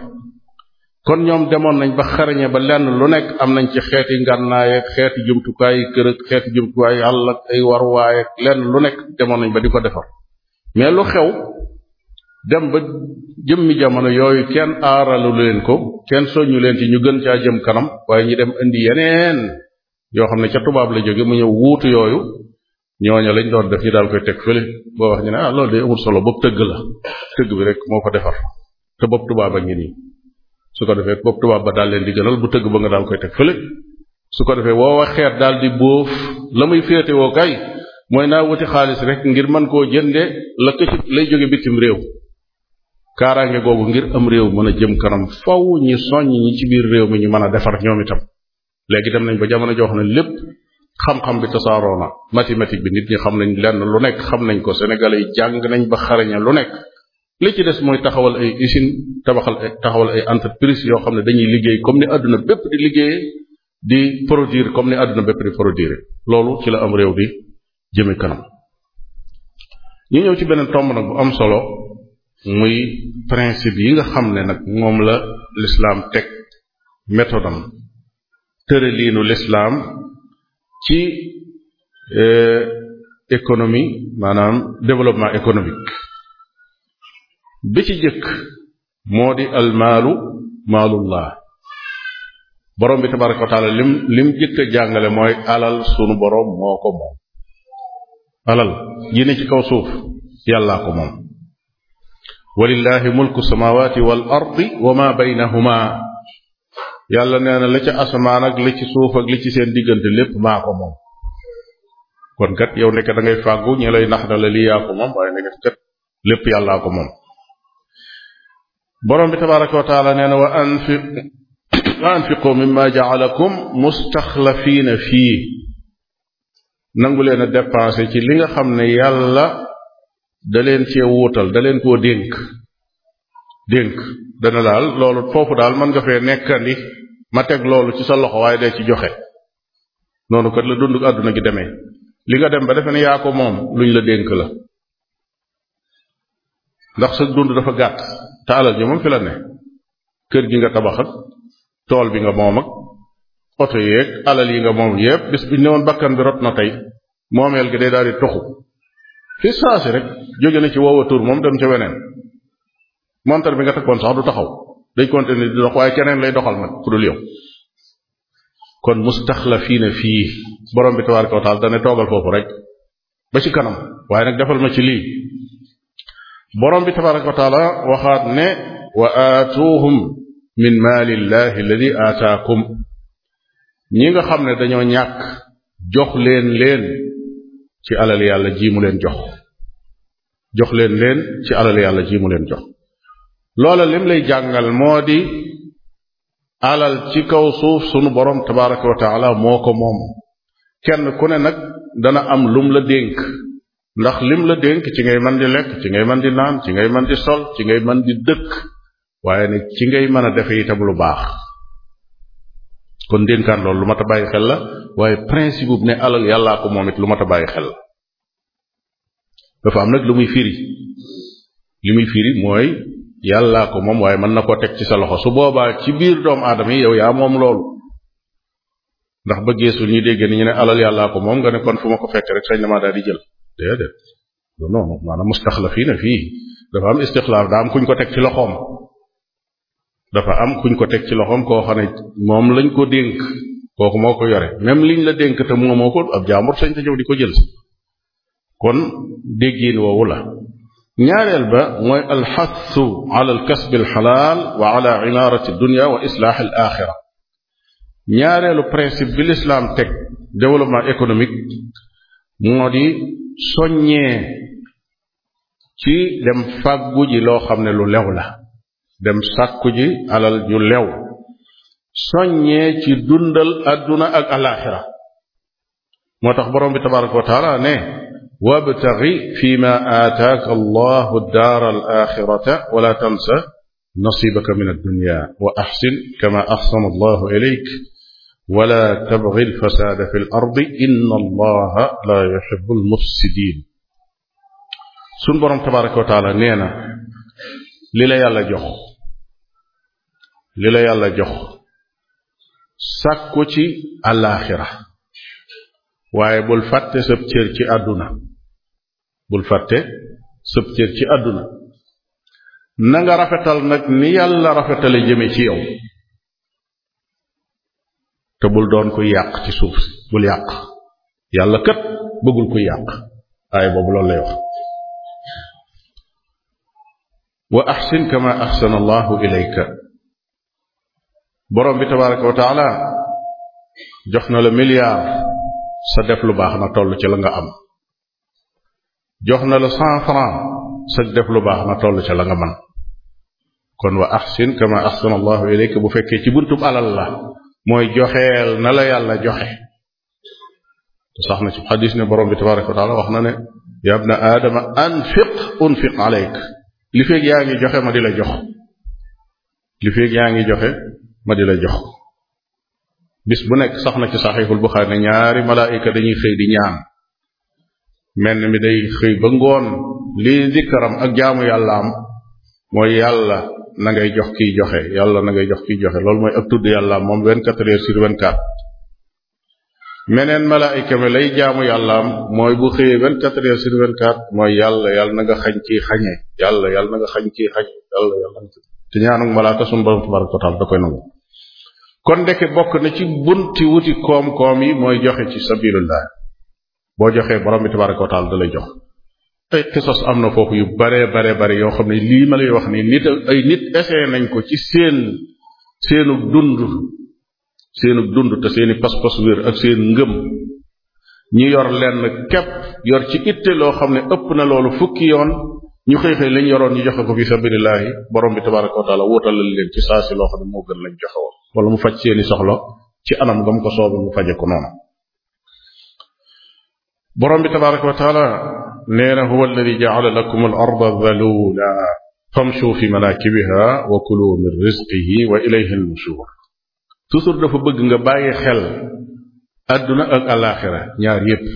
kon ñoom demoon nañ ba xarañe ba lenn lu nekk am nañ ci xeeti ngànnaay ak xeeti jumtukaay kër ak xeeti jumtukaay àll ak ay waruwaay ak lenn lu nekk demoon nañ ba di ko defar mais dem ba jëmmi jamono yooyu kenn aaralu leen ko kenn soññu leen ci ñu gën caa jëm kanam waaye ñu dem indi yeneen yoo xam ne ca tubaab la jóge mu ñëw wuutu yooyu ñooñu lañ doon def ñu daal koy teg fële boo wax ñu ne ah loolu solo bopp tëgg la tëgg rek moo ko defar te bopp tubaab a ngi nii su ko defee bopp tubaab ba daal leen di gënal bu tëgg ba nga daal koy su ko defee woowa xeet daal di bóof la muy féete woo kay mooy naa wuti xaalis rek ngir mën koo jënde la ko lay jóge bitim réew kaaraange googu ngir am réew mën a jëm kanam faw ñi soññ ñi ci biir réew mi ñu mën a defar ñoom itam léegi dem nañ ba jamono joo xam ne lépp xam-xam bi tasaaroo na mathématique bi nit ñi xam nañ lenn lu nekk xam nañ ko sénégalais yi jàng nañ ba xaraña lu nekk li ci des mooy taxawal ay usine tabaxal taxawal ay entreprise yoo xam ne dañuy liggéey comme ni àdduna bépp di liggéeye di produire comme ni àdduna bépp di produire loolu ci la am réew di jëme kanam ñu ñëw muy principe yi nga xam ne nag moom la lislaam teg méthode am tëraliinu lislaam ci euh, économie maanaam développement économique bi ci jëkk moo di almaalu maalullah borom bi tabaraka wa lim lim jëkk jàngale mooy alal sunu borom moo ko moom alal yi ci kaw suuf yàllaa ko moom walillahi mulku samawati wal ardi wa ma baynahuma yàlla nee na la ca asamaan la ci suuf ak li ci seen diggante lépp maa ko moom kon kat yow nekk da fàggu ñi nax na la lii yaa ko moom waaye nekk kat lépp yàllaa ko moom borom bi tabaraka wa taala nee na wa anfiq wa anfiqu mimma jaalakum mustaxlafiina fii nangu leen a dépensé ci li nga xam ne yàlla da leen cee wuutal da koo dénk dénk dana daal loolu foofu daal mën nga fee nekkandi ma teg loolu ci sa loxo waaye dee ci joxe noonu kat la dund àdduna gi demee li nga dem ba defe ne yaa ko moom luñ la dénk la ndax sa dund dafa gàtt te alal ji moom fi la ne kër gi nga tabax tool bi nga moom ak oto yeeg alal yi nga moom yépp bis bi ne woon bakkan bi rot na tey moomeel gi day daal di toxu fi saasi rek jóge na ci woowa tur moom dem ca weneen montar bi nga takkoon sax du taxaw day continuer di dox waaye keneen lay doxal nag ku dul yow kon mustaxlafiina fii borom bi tabaraka wa taala dana toogal foofu rek ba ci kanam waaye nag defal ma ci lii borom bi tabaraka wa taala waxaat ne wa aatuuhum min maali llahi alladi aataakum ñi nga xam ne dañoo ñàkk jox leen leen ci alal yàlla ji mu leen jox jox leen leen ci alal yàlla ji mu leen jox loola lim lay jàngal moo di alal ci kaw suuf sunu borom tabaraka wa taala moo ko moom kenn ku ne nag dana am lum la dénk ndax lim la dénk ci ngay mën di lekk ci ngay mën di naan ci ngay mën di sol ci ngay man di dëkk waaye nag ci ngay mën a defe itam lu baax kon dénkaan loolu lu mat a bàyyi xel la waaye principe bu ne alal yàllaa ko moom it lu mat a bàyyi xel la dafa am nag lu muy firi li muy firi mooy yàllaa ko moom waaye mën na koo teg ci sa loxo su boobaa ci biir doomu aadama yi yow yaa moom loolu ndax ba geesul déggee dégg ni ñu ne alal yàllaa ko moom nga ne kon fu ma ko fekk rek sañ na maa di jël déedéet non non maanaam mustaxla fii na fii dafa am istixlaaf daa am kuñ ko teg ci loxoom dafa am kuñ ko teg ci loxoom koo xam ne moom lañ ko dénk kooku moo ko yore même liñ la dénk te moomoo ko ab jaamur sañ te ñëw di ko jël kon déggiin woowu la ñaareel ba mooy alxassu ala alkasbi alxalaal wa ala imarati teg développement économique moo di soññee ci dem fàggu loo xam ne lu lew la dem sàkku ji alal ju lew soññee ci dundal adduna ak alaxira moo tax borom bi tabaraka wa taala ne wabtaxi fi ma aataaka allahu daar al axirata wala tansa nasibaka min addunya wa axsin kama axsana allahu ilayk wala tabgi alfasaada fi l ardi inna allaha la yuxibu almufsidin sun borom tabaraka wa taala nee na li la yàlla jox li la yàlla jox sàkku ci àllaaxira waaye bul fàtte sëb cër ci àdduna bul fàtte sëb cër ci àdduna na nga rafetal nag ni yàlla rafetale jëme ci yow te bul doon ko yàq ci suuf si bul yàq yàlla kat bëggul ko yàq aaya boobu loolu lay wa axsin kama axsana ilayka borom bi tabaraka wa jox na la milliard sa def lu baax na toll ci la nga am jox na la cent sa def lu baax na toll ci la nga man kon wa ahsin kama ahsana allahu ilayka bu fekkee ci buntub alal la mooy joxeel na la yàlla joxe te sax na ci xadis ne borom bi tabaraka wa taala wax na ne ya ibna aadama anfiq unfiq aleyk li yaa ngi joxe ma di la jox li yaa ngi joxe ma di la jox bis bu nekk sax na ci saxiixul buxaari ne ñaari malaayika dañuy xëy di ñaan menn mi day xëy ba ngoon lii dikkaram ak jaamu yàlla am mooy yàlla na ngay jox kiy joxe yàlla na ngay jox kiy joxe loolu mooy ak tudd yàlla moom vingt-quatre heures sur vingt-quatre meneen malaayika mi lay jaamu yàlla am mooy bu xëyee vingt-quatre heures sur vingt-quatre mooy yàlla yàlla na xañ kiy xañe yàlla yàlla na xañ kiy xañe yàlla yàlla te ñaanug malaaka sunu borom kon ndeke bokk na ci bunti wuti koom-koom yi mooy joxe ci sabilillah boo joxee borom bi tabaraka wa lay jox ay xisos am na foofu yu bare bare bare yoo xam ne lii ma lay wax nii nit ay nit essayé nañ ko ci seen seenug dund seenug dund te seeni pas-pas wér ak seen ngëm ñi yor lenn képp yor ci itte loo xam ne ëpp na loolu fukki yoon ñu xëy xëy lañ yoroon ñu joxe ko fi sabilillahi borom bi tabaraka wa taala wóotalal leen ci saa si loo xam ne moo gën lañ joxe wala mu faj seeni soxla ci anam gam ko soobu mu faje ko noonu borom bi tabaraka wa taala nee na huwa alladi ja'ala lakum al arda dhalula famshu fi manakibiha bëgg nga bàyyi xel adduna ak alaxira ñaar yépp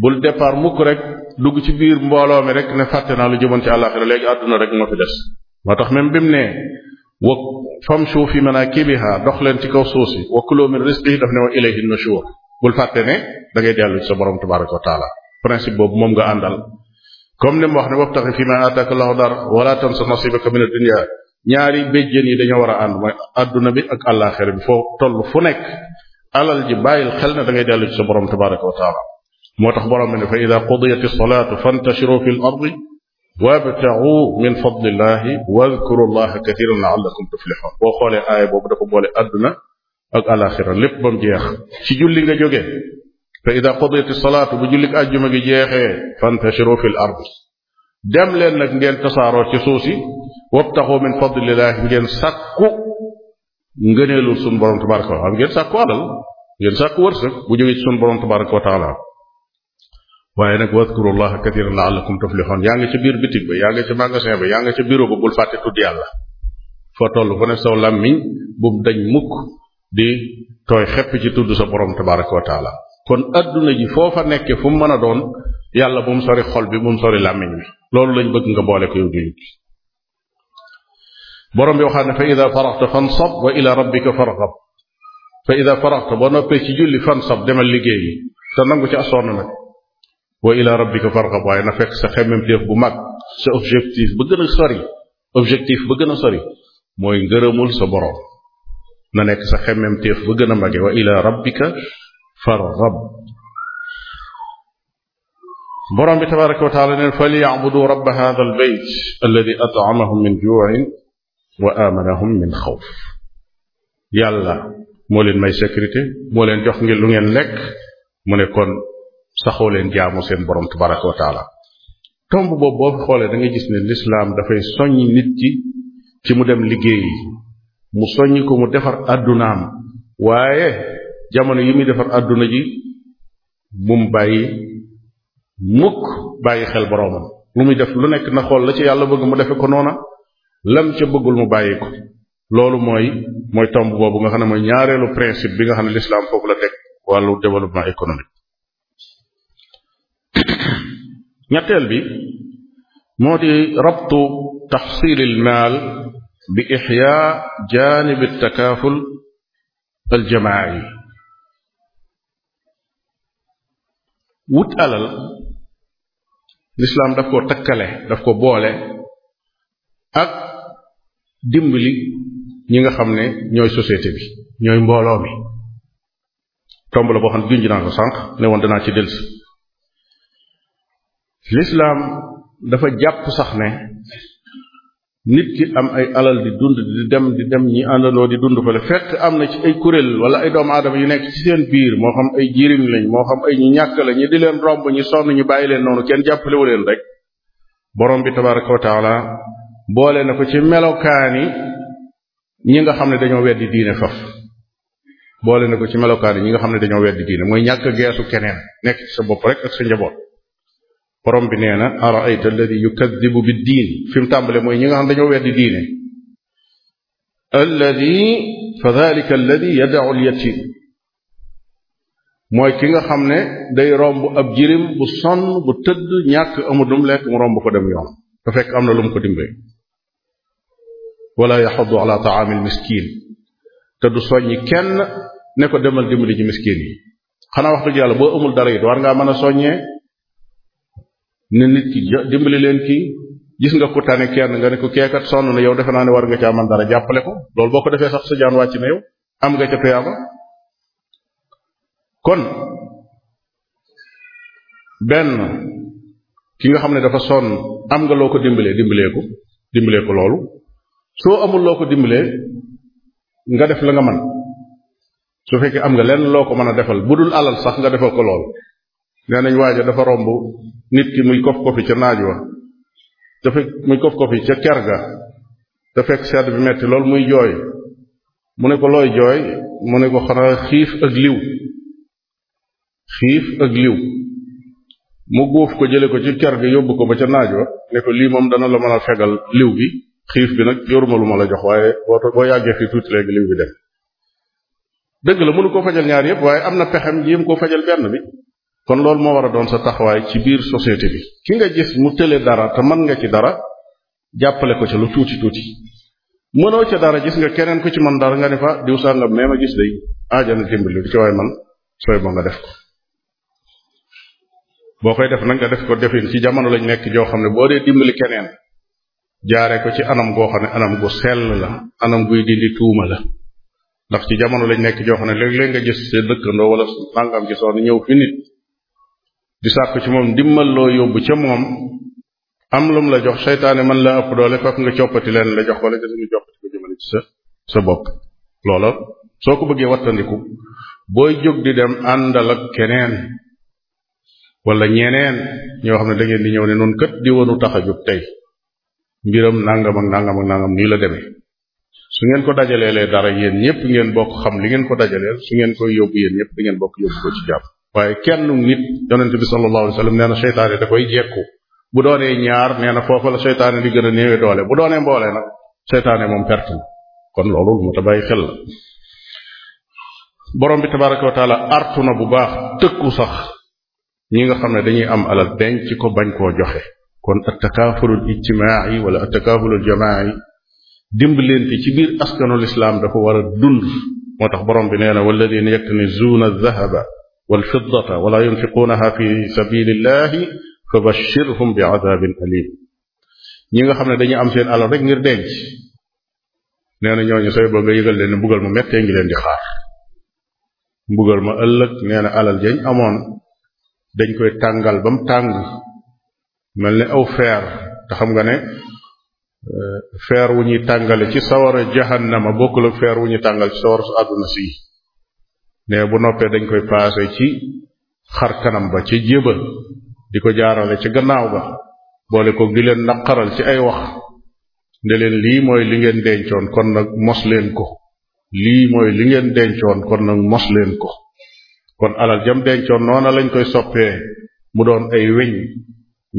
bul départ mukk rek dugg ci biir mbooloo mi rek ne fàtte naa lu jëmoon ci alaxira léegi adduna rek moo fi des moo tax même bi nee wa famshu fi manakibiha dox leen ci kaw suuf si wa kulu min rizqihi daf ne wa a nushur bul fàtte ne da ngay dellu ci sa borom tabaraka wa taala principe boobu moom nga àndal comme ni mu wax ne wabtaxi fi ma ataaka llahu dar wala tansa nasibaka min ad-dunya ñaari béjjén yi dañoo war a ànd mooy adduna bi ak àllaaxira bi foo toll fu nekk alal ji bàyyil xel ne da ngay dellu ci sa borom tabaraka wa taala moo tax borom bi ne fa ida qudiyat as-salatu fantashiru ardi wabtaxu min fadlillahi wadkuru llaha kathiran la'allakum tuflixun boo xoolee aaya boobu dafa boole àdduna ak alaxira lépp ba mu jeex ci julli nga jóge fa ida qudiyat salaatu bu jullik àjjuma gi jeexee fantashiru fil ard dem leen nag ngeen tasaaroo ci suuf si wabtaxu min fadlillahi ngeen sàkku ngëneelul sun borom tabaraka wa taala ngeen sàkku alal ngeen sàkku wërsëg bu jógee ci sun borom tabaraka wa taala waaye nag wadkuru llaha kathiran la'allakum tuflihun yaa nga ca biir bitig ba yaa nga ca magasin ba yaa nga ca bureau ba bul fàtte tudd yàlla foo toll fu ne saw làmmiñ bu dañ mukk di tooy xepp ci tudd sa borom tabaraka wa taala kon adduna ji foofa nekke fu mu mën a doon yàlla bu mu sori xol bi bu mu sori làmmiñ bi loolu lañ bëgg nga boole ko yow jullit bi borom bi waxaat ne fa ida faraxta fansab wa ila rabbika farxab fa ida faraxta demal liggéey yi te nangu ci asoon wa ila rabbika farxab waaye na fekk sa xemmemteef bu mag sa objectif ba gën a sori objectif ba gën a sori mooy ngërëmul sa boroom na nekk sa xemmemteef ba gën a mage wa ila rabbika farxab boroom bi tabaraka wa taala neen falyabudu rabba hada albayt alladi atamahum min juin wa amanahum min xawf yàlla moo leen may sécurité moo leen jox ngir lu ngeen lekk mu ne kon saxoo leen jaamu seen borom tabaraka wa taala tomb boobu boo fi xoolee dangay gis ne lislaam dafay soññ nit ci ci mu dem liggéeyi mu soññ ko mu defar àddunaam waaye jamono yi muy defar àdduna ji mum bàyyi mukk bàyyi xel boroomam lu muy def lu nekk na xool la ci yàlla bëgg mu defe ko noona lam ca bëggul mu bàyyi ko loolu mooy mooy tomb boobu nga xam ne mooy ñaareelu principe bi nga xam ne lislaam foofu la teg wàllu développement économique ñetteel bi moo di rabtu taxsil al maal bi ixyaa janib takaaful al jamaai wut alal lislaam daf ko takkale daf ko boole ak dimbali ñi nga xam ne ñooy société bi ñooy mbooloo mi tomb la boo xam ne junj naa ko sànq ne woon danaa ci delsi lislaam dafa jàpp sax ne nit ki am ay alal di dund di dem di dem ñi àndandoo di dund fale fekk am na ci ay kuréel wala ay doom aadama yu nekk ci seen biir moo xam ay jirim lañ moo xam ay ñu ñàkk la ñi di leen romb ñi sonn ñu bàyyi leen noonu kenn jàppalewu leen rek borom bi tabaraka wa taala boole na ko ci melokaani ñi nga xam ne dañoo weddi diine faf boole na ko ci melokaani ñi nga xam ne dañoo weddi diine mooy ñàkk geesu keneen nekk ci sa bopp rek ak sa borom bi nee na araayta alladi yukadibu bi diin fi mu tàmbale mooy ñi nga xam dañoo weddi diine alladi fa dalika alladi yadaau alyatim mooy ki nga xam ne day romb ab jirim bu sonn bu tëdd ñàkk amul lu mu lekk mu romb ko dem yoon te am na lu mu ko dimbee wala yaxudu ala taamil miskin te du soññi kenn ne ko demal dimbali ci miskin yi xanaa wax dëgg yàlla boo amul dara it war ngaa mën a soññee ne nit ki dimbali leen kii gis nga ku tane kenn nga ne ko keekat sonn na yow defe naa ne war nga caa man dara jàppale ko loolu boo ko defee sax sa jaan wàcc na yow am nga ca tuyaaba kon benn ki nga xam ne dafa sonn am nga loo ko dimbalee dimbalee ko dimbalee ko loolu soo amul loo ko dimbalee nga def la nga man su fekkee am nga lenn loo ko mën a defal bu dul alal sax nga defal ko lool nee nañ waaja dafa romb nit ki muy kof kofi ca naaj wa dafa fekk muy kof kofi ca ker ga te fekk sedd bi metti loolu muy jooy mu ne ko looy jooy mu ne ko xanaa xiif ak liw xiif ak liw mu góof ko jële ko ci ker ga yóbbu ko ba ca naaj wa ne ko lii moom dana la mën a fegal liw bi xiif bi nag yoruma lu ma la jox waaye boo boo yàggee fi tuuti léegi liw bi dem dëgg la mënu ko fajal ñaar yëpp waaye am na pexem jéem koo fajal benn bi kon loolu moo war a doon sa taxawaay ci biir société bi ki nga gis mu tële dara te mën nga ci dara jàppale ko ca lu tuuti tuuti mënoo ca dara gis nga keneen ku ci mën dara nga ne fa diw sàngam mee ma gis day aajana dimbali lu ci waay man sooy ba nga def ko boo koy def nag nga def ko defin ci jamono lañ nekk joo xam ne boo dee dimbali keneen jaare ko ci anam goo xam ne anam gu sell la anam guy dindi tuuma la ndax ci jamono lañ nekk joo xam ne léeg-léeg nga gis sa dëkkandoo ñëw di sàkku ci moom dimmal loo yóbbu ca moom am lum la jox seytaane man la ëpp doole fekk nga coppati leen la jox wala nga suñu coppati ko jëmale ci sa sa bopp loola soo ko bëggee wattandiku booy jóg di dem àndal ak keneen wala ñeneen ñoo xam ne da ngeen di ñëw ne noon kat di wanu tax a jóg tey mbiram nangam ak nangam ak nangam nii la demee su ngeen ko dajaleelee dara yéen ñëpp ngeen bokk xam li ngeen ko dajaleel su ngeen koy yóbbu yéen ñëpp di ngeen bokk yóbbu ko ci waaye kenn nit yonente bi sallallahu alayhi wa na seytaane da koy jekku bu doonee ñaar nee na foofa la seytaane di gën a néewe doole bu doonee mboolee nag seytaane moom perte kon loolu lu mu ta bàyyi xel la borom bi tabaraka wa taala artu na bu baax tëkku sax ñi nga xam ne dañuy am alal denc ko bañ koo joxe kon at takaafulul ijtimaa'i wala at takaafulul jamaa'i dimbalante ci biir askanul islaam dafa war a dund moo tax borom bi nee na walladina yaknizuuna dahaba walfiddata wala yunfiquunaha fi sabilillahi fa bashirhum bi adabin alim ñi nga xam ne dañuy am seen alal rek ngir denc nee na ñooñu sooy ba nga yëgal leen ne mbugal ma mettee ngi leen di xaar mbugal ma ëllëg nee na alal jañ amoon dañ koy tàngal ba mu tàng mel ni aw feer te xam nga ne euh, feer wu ñuy tàngale ci sawara jahannama bokkul ak feer wu ñuy tàngal ci sawara su àdduna si ne bu noppee dañ koy paase ci xar kanam ba ci jéba di ko jaarale ci gannaaw ba boole ko di leen naqaral ci ay wax ne leen lii mooy li ngeen dencoon kon nag mos leen ko mooy li ngeen dencoon kon nag mos leen ko kon alal jam dencoon noona lañ koy soppee mu doon ay weñ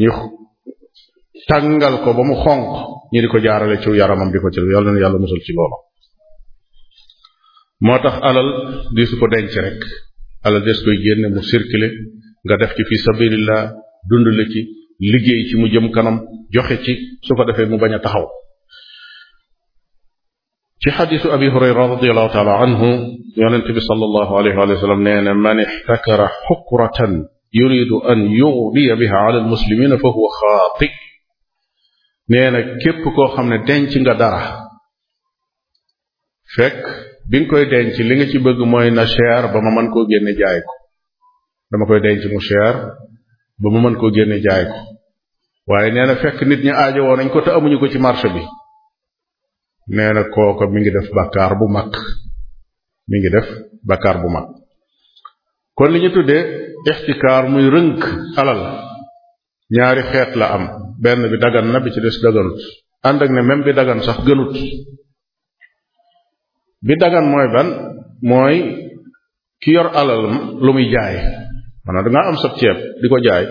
ñu tàngal ko ba mu xonq ñi di ko jaarale ci yaramam di ko ci yàlla na yàlla musal ci loolu moo tax alal di su ko alal des koy génne mu circuler nga def ci fi sabilillah dundale ci liggéey ci mu jëm kanam joxe ci su ko defee mu bañ a taxaw ci xadisu abi hurayra radiallahu taala anhu yonente bi sallallahu alayhi wa sallam nee man ixtakara xukratan yuridu an yughdiya biha ala almuslimina fa huwa xaati nee na képp koo xam ne denc nga dara bi nga koy denc li nga ci bëgg mooy na cher ba ma mën koo génne jaay ko dama koy denc mu cher ba ma mën koo génne jaay ko waaye nee fekk nit ñi ajo woon nañ ko te amuñu ko ci marché bi nee na kooka mi ngi def bàkkaar bu mag mi ngi def bàkkaar bu mag kon li ñu tuddee ixtikaar muy rënk alal ñaari xeet la am benn bi dagan na bi ci des daganut ànd ne même bi dagan sax gënut bi dagan mooy ban mooy ki yor alalam lu muy jaay maanaam dangaa am sab ceeb di ko jaay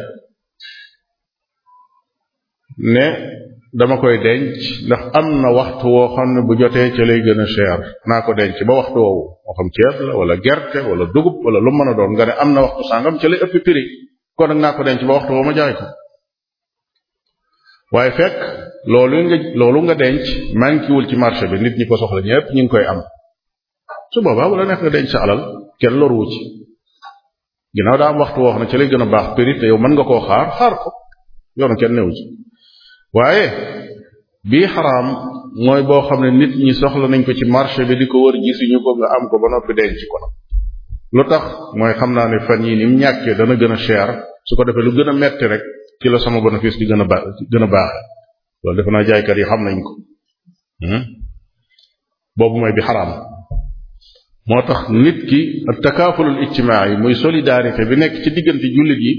ne dama koy denc ndax am na waxtu woo xam ne bu jotee ca lay gën a cher naa ko denc ba waxtu woowu moo xam wala gerte wala lu mën a doon nga am na waxtu sàngam ca lay ëpp prix woo ma jaay ko waaye fekk loolu nga loolu nga denc manqué wul ci marché bi nit ñi ko soxla ñëpp ñu ngi koy am su boobaa wala neex nga denc sa alal kenn loruwu ci ginnaaw daa am waxtu woo xam ci lay gën a baax péri te yow mën nga koo xaar xaar ko yoonu kenn newu ci waaye bii xaraam mooy boo xam ne nit ñi soxla nañ ko ci marché bi di ko wër gisuñu ko nga am ko ba noppi denc ko nag lu tax mooy xam naa ne fan yii ni ñàkkee dana gën a cher su ko defee lu gën a metti rek ci la sama bénéfice di gën a ba gën a baax loolu defe naa jaaykat yi xam nañ ko hmm? boobu mooy bi xaraam moo tax nit ki ak takaafulul ijtimaai muy solidarité bi nekk ci diggante jullit yi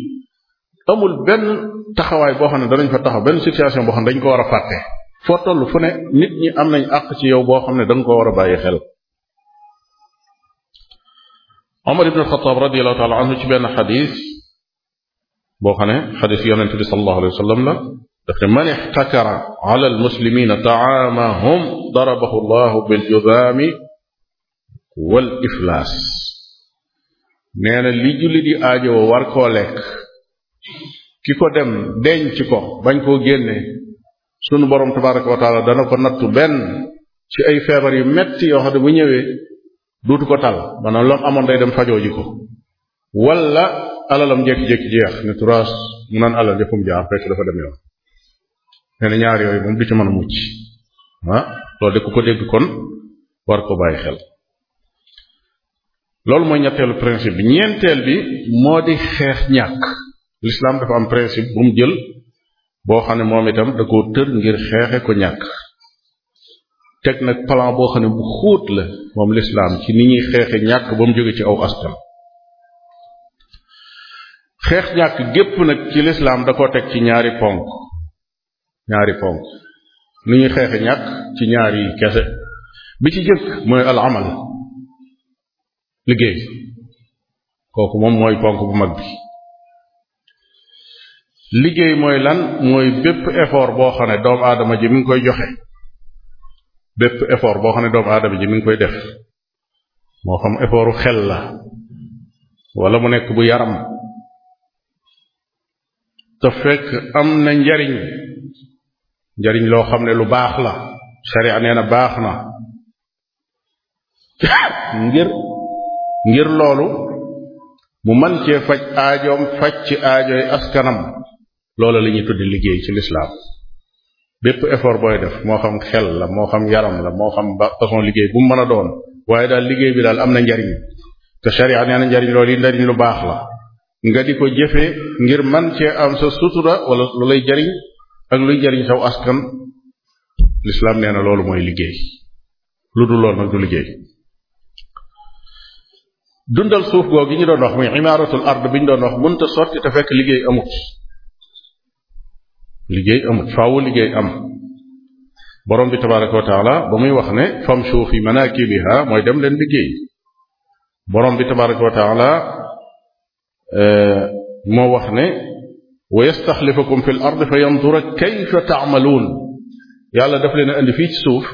amul benn taxawaay boo xam ne danañ fa taxaw benn situation boo xam ne dañ ko war a fàtte foo toll fu ne nit ñi am nañ àq ci yow boo xam ne danga ko war a bàyyi xel Omar ibn Xataab radiallahu taala anhu ci benn xadis boo xam ne xadis yonent bi sallallahu alayhi wa sallam la daf ne man ixtakara wal iflaas nee na li jullit yi aajowoo war koo lekk ki ko dem denc ko bañ koo génne sunu borom tabaraka wa taala dana ko nattu benn ci ay feebar yu metti yoo xam bu ñëwee duutu ko tal maanaam lam amoon day dem fajoo ji ko wala alalam jékki-jékki jeex ne turaas mu naan alal jëfum jaar fekk dafa dem yoon nee ñaar yooyu moom du ci mën a mucc ah loolu de ku ko dégg kon war ko bàyyi xel loolu mooy ñetteelu principe bi ñeenteel bi moo di xeex ñàkk l'islam dafa am principe bu mu jël boo xam ne moom itam da koo tër ngir xeexe ko ñàkk teg nag plan boo xam ne bu xóot la moom l'islam ci ni ñuy xeexe ñàkk ba mu jóge ci aw askan xeex ñàkk gépp nag ci l'islam da koo teg ci ñaari ponk ñaari ponk ni ñuy xeexe ñàkk ci ñaari kese bi ci jëkk mooy al amal liggéey kooku moom mooy ponk bu mag bi liggéey mooy lan mooy bépp effort boo xam ne doomu aadama ji mi ngi koy boo xam ne doomu aadama ji mi ngi koy def moo xam effortu xel la wala mu nekk bu yaram te fekk am na njariñ njariñ loo xam ne lu baax la sharia a na baax na ngir ngir loolu mu man cee faj aajoom faj ci aajooy askanam loola la ñuy tuddi liggéey ci lislaam bépp effort booy def moo xam xel la moo xam yaram la moo xam ba façon liggéey bu mu mën a doon waaye daal liggéey bi daal am na njariñ te sharia nee njariñ loolu yi njariñ lu baax la nga di ko jëfee ngir man cee am sa sutura wala lu lay jariñ ak luy jariñ saw askan lislaam nee na loolu mooy liggéey lu du lool nag du liggéey dundal suuf googu i ñu doon wax muy imaaratul ard bi ñu doon wax mënta fekk liggéey amut liggéey amut faawu liggéey am borom bi tabaraka wa taala ba muy wax ne famshu fi manakibiha mooy dem leen liggéey borom bi tabaraka wa taala eh, moo wax ne wa yastaxlifakum fi l ard fa yandura kayfa taamaluun yàlla daf leen a suuf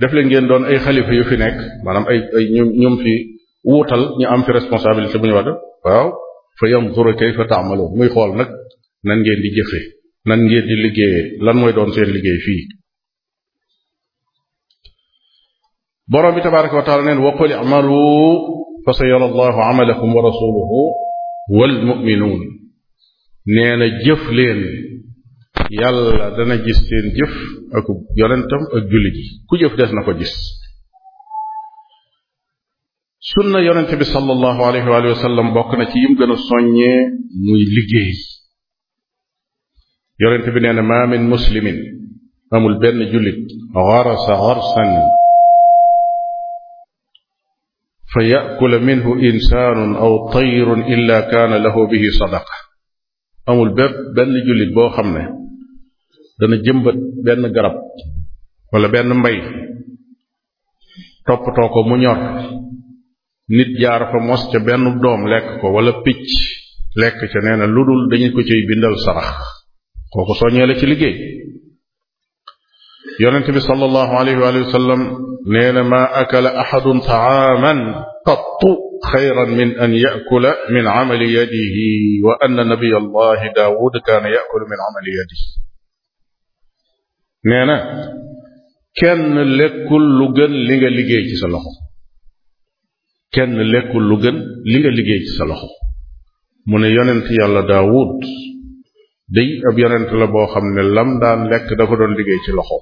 daf leen ngeen doon ay xalifa yu fi nekk maanaam ay ay wuutal ñu am fi responsabilité bu ñu war a def waaw fa yanzura kayfa ta'malun muy xool nag nan ngeen di jëfe nan ngeen di liggéeyee lan mooy doon seen liggéey fii borom bi tabaraka wa taala neen wa qul i'malu fa sayara allahu amalakum wa rasuluhu wal mu'minun nee jëf leen yàlla dana gis seen jëf ak yonentam ak jullit yi ku jëf des na ko gis sunna yonente bi sallallahu alayhi wa sallam bokk na ci yim gën a soññee bi nee maa min muslimin amul benn jullit garasa garsan fa yakula minhu insaanun aw tayrun illa kaana lahu bihi sadaqa amul benn jullit boo xam ne dana jëmbat benn garab wala benn mbay toppatoo ko mu ñor nit jaar fa mos ca benn doom lekk ko wala picc lekk ca nee na lu dul dañu ko ciy bindal sarax kooku soññee la ci liggéey yonente bi sallallahu alayhi wa sallam nee na maa akala qattu xayran min an yakula min amali yadihi wa anna nabiy allahi daawud kaana min amali yadihi nee na kenn lekkul lu gën li liggéey kenn lekkul lu gën li nga liggéey ci sa loxo mu ne yonent yàlla daawud day ab yonent la boo xam ne lam daan lekk da ko doon liggéey ci loxo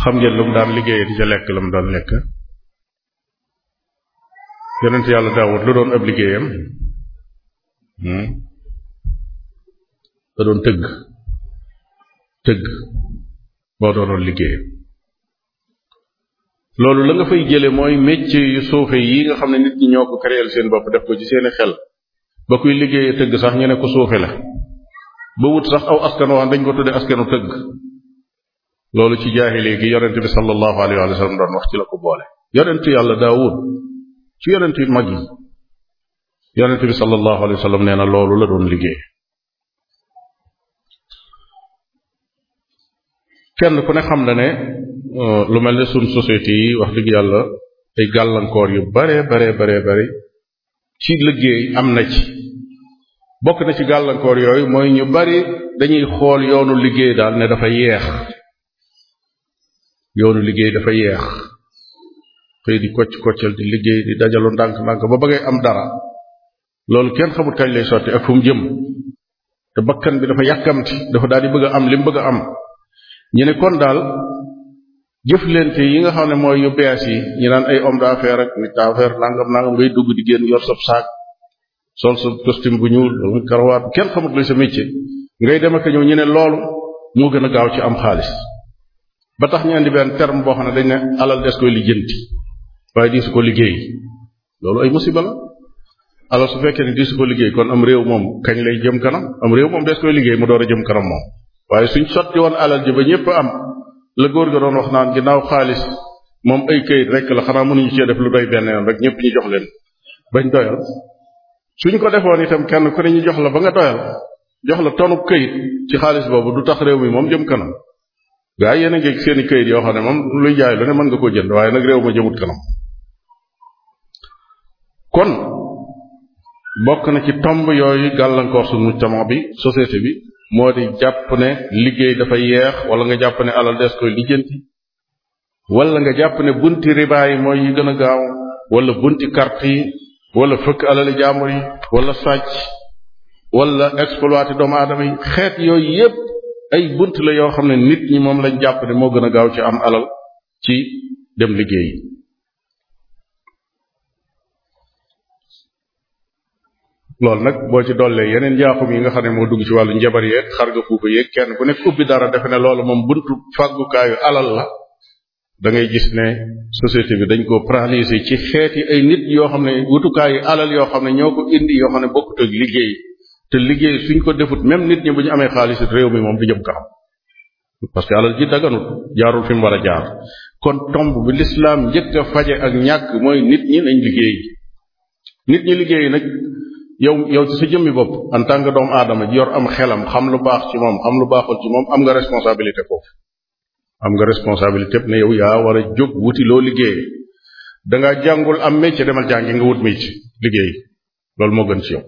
xam ngeen lu mu daan liggéeyee di ca lekk la mu daan lekk yonent yàlla daawud lu doon ab liggéeyam hmm? da doon tëgg tëgg boo doonoon liggéeyam loolu la nga fay jële mooy métier yu suufe yi nga xam ne nit ñi ñoo ko créer seen bopp def ko ci seeni xel ba kuy liggéeyee tëgg sax ñu ne ko suufe la ba wut sax aw askan waan dañ ko tudde askanu tëgg loolu ci jaahili gi yonent bi sallallahu alayhi wa doon wax ci la ko boole yonent yàlla daawud ci yonent yu mag yi yonent bi sallallahu nee na loolu la doon liggéey kenn ku ne ne Euh, lu mel ne suñ société yi wax dëgg yàlla ay gàllankoor yu bare bare bare bare ci liggéey am na ci bokk na ci gàllankoor yooyu mooy ñu bari dañuy xool yoonu liggéey daal ne dafa yeex yoonu liggéey dafa yeex xëy di kocc koccal di liggéey di dajalu ndànk-ndànk ba bëggee am dara loolu kenn xamut kañ lay sotti ak fu mu jëm te bakkan bi dafa yàkkamti dafa daal di bëgg a am li mu bëgg am ñu ne kon daal jëflante yi nga xam ne mooy yu bees yi ñu naan ay homme d'affaires ak nit d'affaires nangam nangam ngay dugg di génn yor sab saak sol sa costume bu ñuul wala karawaat kenn xamut la sa métier ngay dem ak ñëw ñu ne loolu moo gën a gaaw ci am xaalis ba tax ñu indi benn terme boo xam ne dañ ne alal des koy lijjanti waaye di su ko liggéey loolu ay musiba la alal su fekkee ne di su ko liggéey kon am réew moom kañ lay jëm kanam am réew moom des koy liggéey mu door a jëm kanam moom am la góor ga doon wax naan ginnaaw xaalis moom ay këyit rek la xanaa mënuñu ci def lu doy benn yoon rek ñëpp ñu jox leen bañ doyal suñ ko defoon itam kenn ku ne ñu jox la ba nga doyal jox la tonu këyit ci xaalis boobu du tax réew mi moom jëm kanam gaa yéen a seeni kayit yoo xam ne moom luy jaay lu ne mën nga koo jënd waaye nag réew ma jëmut kanam kon bokk na ci tomb yooyu gàllankoor suñu mujtama bi société bi moo di jàpp ne liggéey dafa yeex wala nga jàpp ne alal des koy lijjanti wala nga jàpp ne bunti riba yi mooy yi gën a gaaw wala bunti carte yi wala fëkk alali jaamur yi wala sàcc wala exploité doomu aadama yi xeet yooyu yépp ay bunt la yoo xam ne nit ñi moom lañ jàpp ne moo gën a gaaw ci am alal ci dem liggéey loolu nag boo ci dollee yeneen njaaxum yi nga xam ne moo dugg ci wàllu njabar yeeg xar nga fuufa yeeg kenn ku nekk ubbi dara defe ne loolu moom buntu fàggukaayu alal la dangay gis ne société bi dañ ko paralysé ci xeeti ay nit yoo xam ne wutukaayu alal yoo xam ne ñoo ko indi yoo xam ne bokkut ak liggéey te liggéey suñ ko defut même nit ñi bu ñu amee xaalis réew mi moom bu jëm kanam parce que alal ji daganut jaarul fi mu war a jaar kon tomb bi lislaam njëkk a faje ak ñàkk mooy nit ñi liggéey nit ñi liggéey nag yow yow ci sa jëmmi bopp en tant que doomu aadama ji yor am xelam xam lu baax moom xam lu baaxul ci moom am nga responsabilité foofu am nga responsabilité ne yow yaa war a jóg wuti loo liggéey dangaa jàngul am métier demal jàngi nga wut métier liggéey loolu moo gën ci yow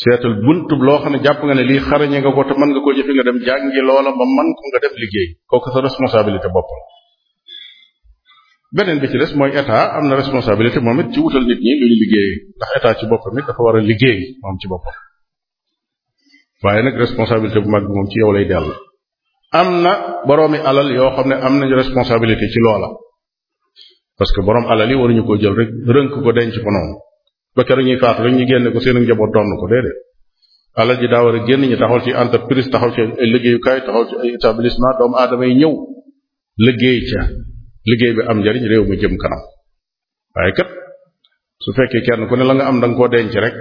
seetal buntub loo xam ne jàpp nga ne lii xarañe nga ko te mën nga ko jëfe nga dem jàngi loola ba man ko nga dem liggéey kooku sa responsabilité bopp beneen bi ci des mooy état am na responsabilité moom it ci wutal nit ñi lu ñu liggéey ndax état ci boppam it dafa war a liggéey moom ci boppam waaye nag responsabilité bu mag moom ci yow lay dellu am na boroomi alal yoo xam ne am nañu responsabilité ci loola parce que boroom alal yi war ñu koo jël rek rënk ko denc ko noonu ba keroog ñuy faatu rek ñu génne ko seen njaboot doon ko déedéet alal ji daa war a génn ñu taxaw ci entreprise taxaw ci ay liggéeyukaay taxaw ci ay établissement doomu ñëw liggéey liggéey bi am njariñ réew mi jëm kanam waaye kat su fekkee kenn ku ne la nga am da koo denc rek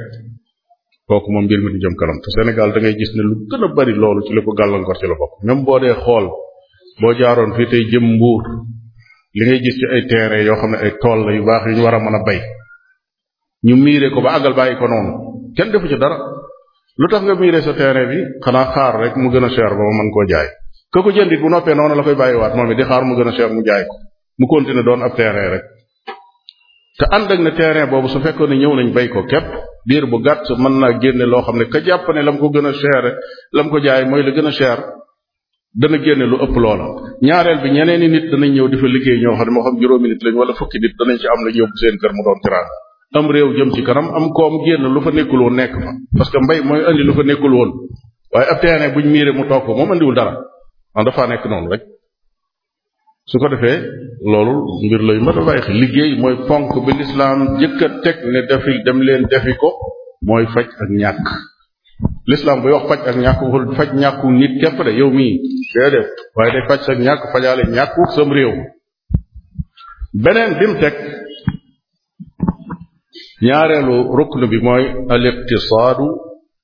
kooku moom mbir mi di jëm kanam te Sénégal da gis ne lu gën a bari loolu ci li ko gàllankoor ci la bokk même boo dee xool boo jaaroon fii tey jëm mbuur li ngay gis ci ay terrain yoo xam ne ay tool la yu baax yu ñu war a mën a bay ñu miire ko ba àggal bàyyi ko noonu kenn defu ci dara lu tax nga miire sa terrain bi xanaa xaar rek mu gën a cher ba ma mën koo jaay. kooku jëndit bu noppee noonu la koy bàyyiwaat moom mu gën a cher mu jaay ko mu continuer doon ab terrain rek te ànd ak ne terrain boobu su fekkoon ne ñëw nañ bay ko képp diir bu gàtt mën naa génne loo xam ne ka jàpp ne lam ko gën a seer la mu ko jaay mooy la gën a cher dana génne lu ëpp loola ñaareel bi ñeneeni nit danañ ñëw di fa liggéey ñoo xam ne moo xam juróomi nit lañ wala fukki nit danañ ci am la yóbbu seen kër mu doon teraanga am réew jëm ci kanam am koom génn lu fa nekkul woon nekk fa parce que mbay mooy andi lu fa nekkul woon waaye ab terrain buñ miire mu toog ko moom andiwul dara man dafaa nekk noonu su ko defee loolu mbir lay mat a bàyyi liggéey mooy ponk bi lislaam jëkk teg ne defi dem leen defi ko mooy faj ak ñàkk lislaam buy wax faj ak ñàkk waxul faj ñàkku nit képp de yow mi dee def waaye day faj sa ñàkk fajaale ñàkku sam réew beneen bi teg ñaareelu rukn bi mooy al iqtisaadu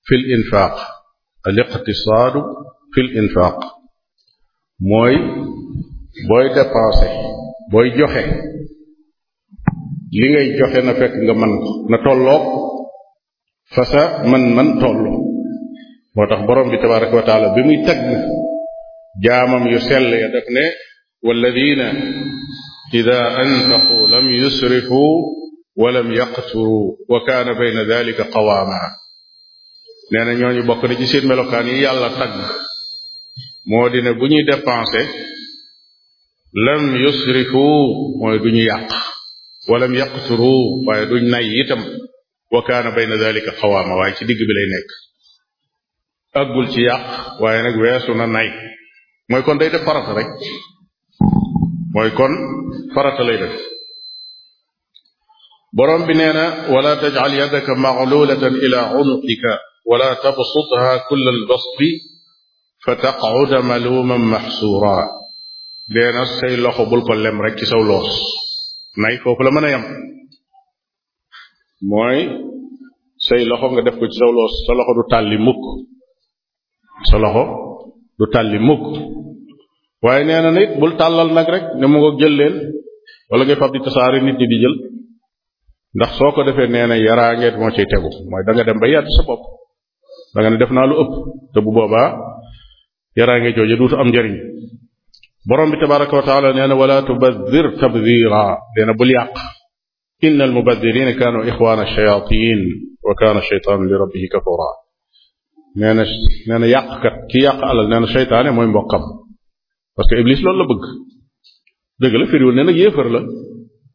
fi l infaaq al iqtisaadu infaaq mooy booy dépensé booy joxe li ngay joxe na fekk nga man na tolloog fa sa man-man toll moo tax boroom bi tabaraka wa taala bi muy tagg jaamam yu sell ya daf ne walladina ida anfaqu lam yusrifu wa lam yaqturu wa kaana bayna dalika qawaama nee na ñooñu bokk na ci seen melokaan yi yàlla tagg moo di ne bu ñuy dépensé lam yusrifu mooy duñu yàq walam yaqturu waaye duñ nay itam wa kaana bayna dalika xawaama waaye ci digg bi lay nekk àggul ci yàq waaye nag weesu na nay mooy kon day def farata rek mooy kon farata lay def borom bi nee na wala tajcal yadaka maglulatan ila unuqika wala tabsutha kulla albasti fa taqcuda maluuman maxsuura dee na say loxo bul ko lem rek ci saw loos nay foofu la mën a yem mooy say loxo nga def ko ci saw loos sa loxo du tàlli mukk sa loxo du tàlli mukk waaye nee na nit bul tàllal nag rek ne mu nga jël leen wala ngay fab di tasaare nit ñi di jël ndax soo ko defee nee na yaraangeet moo ciy tegu mooy da nga dem ba yàdd sa bopp danga ne def naa lu ëpp te bu boobaa yaraange jooje duutu am njariñ borom bi tabaraka wa taala nee na wala tubadir tabdira nee na bul yàq inna almubadirina kaanu ixwaana shayatin wa kaana shaytaanu li rabbihi kafura nee na nee na yàq alal nee na shaytaane mooy mbokkam parce que iblis loolu la bëgg dëgg la firiwul ne nag yéefar la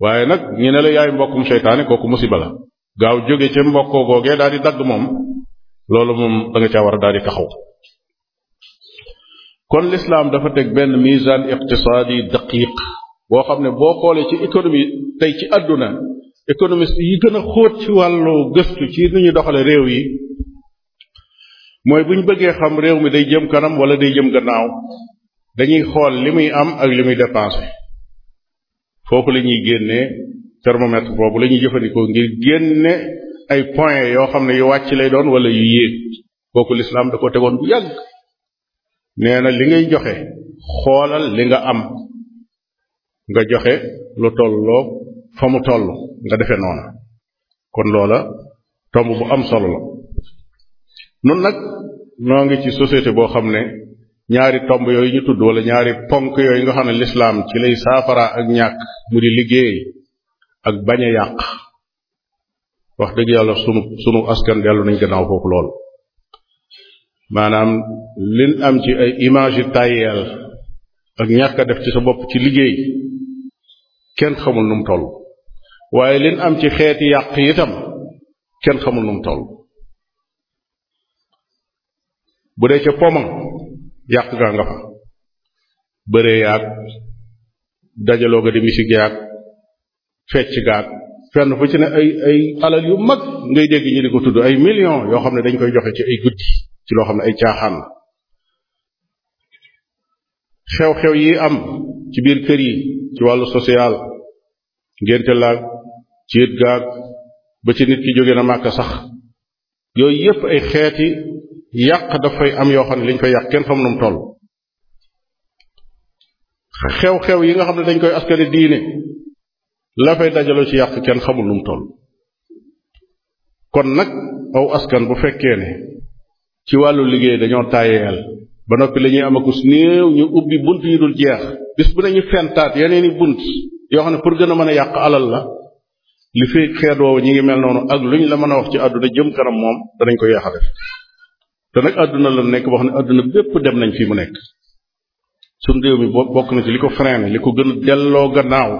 waaye nag ñu ne la yaay mbokkum shaytaane kooku musiba la gaaw jóge ca mbokkoo googee daal di dagg moom loolu moom da nga caa war a daal di taxaw kon l'islam dafa teg benn mizan iqtisaadi daqiq boo xam ne boo xoolee ci économie tey ci àdduna économiste yi gën a xóot ci wàllu gëstu ci ni ñu doxale réew yi mooy bu ñu bëggee xam réew mi day jëm kanam wala day jëm gannaaw dañuy xool li muy am ak li muy dépensé foofu la ñuy génnee thermomètre boobu la ñuy jëfandikoo ngir génne ay points yoo xam ne yu wàcc lay doon wala yu yéeg kooku l'islam da ko tegoon bu yàgg nee na li ngay joxe xoolal li nga am nga joxe lu tolloo fa mu toll nga defe noona kon loola tomb bu am solo la nun nag noo ngi ci société boo xam ne ñaari tomb yooyu ñu tudd wala ñaari ponk yooyu nga xam ne lislaam ci lay saafara ak ñàkk mu di liggéey ak bañ yàq wax dëgg yàlla sunu sunu askan dellu nañ gannaaw foofu lool maanaam lin am ci ay image yu tàyyeel ak ñàkk a def ci sa bopp ci liggéey kenn xamul nu toll waaye lin am ci xeeti yàq yi itam kenn xamul nu mu toll bu dee ca poman yàq gaa nga fa bëree yaag dajaloo ga di misig yaag fecc gaag fenn fu ci ne ay ay alal yu mag ngay dégg ñu di ko tudd ay million yoo xam ne dañ koy joxe ci ay guddi ci loo xam ne ay caaxaan la xew-xew yi am ci biir kër yi ci wàllu social ngénte laag ciit gaag ba ci nit ki jóge na màkk sax yooyu yépp ay xeeti yàq dafay am yoo xam ne liñ fay yàq kenn xam nu mu xew-xew yi nga xam ne dañ koy askane diine la fay dajaloo ci yàq kenn xamul nu mu kon nag aw askan bu fekkee ne ci wàllu liggéey dañoo taayeel ba noppi lañuy ñuy am akus néew ñu ubbi bunt yu dul jeex bis bu nañu fentaat yeneen i bunt yoo xam ne pour gën a mën a yàq alal la li fi xeet woowu ñi ngi mel noonu ak luñ la mën a wax ci àdduna jëm kanam moom danañ ko yeex a àdduna la nekk boo xam ne àdduna bépp dem nañ fi mu nekk suñ réew mi bokk na ci li ko freiné li ko gën a delloo gannaaw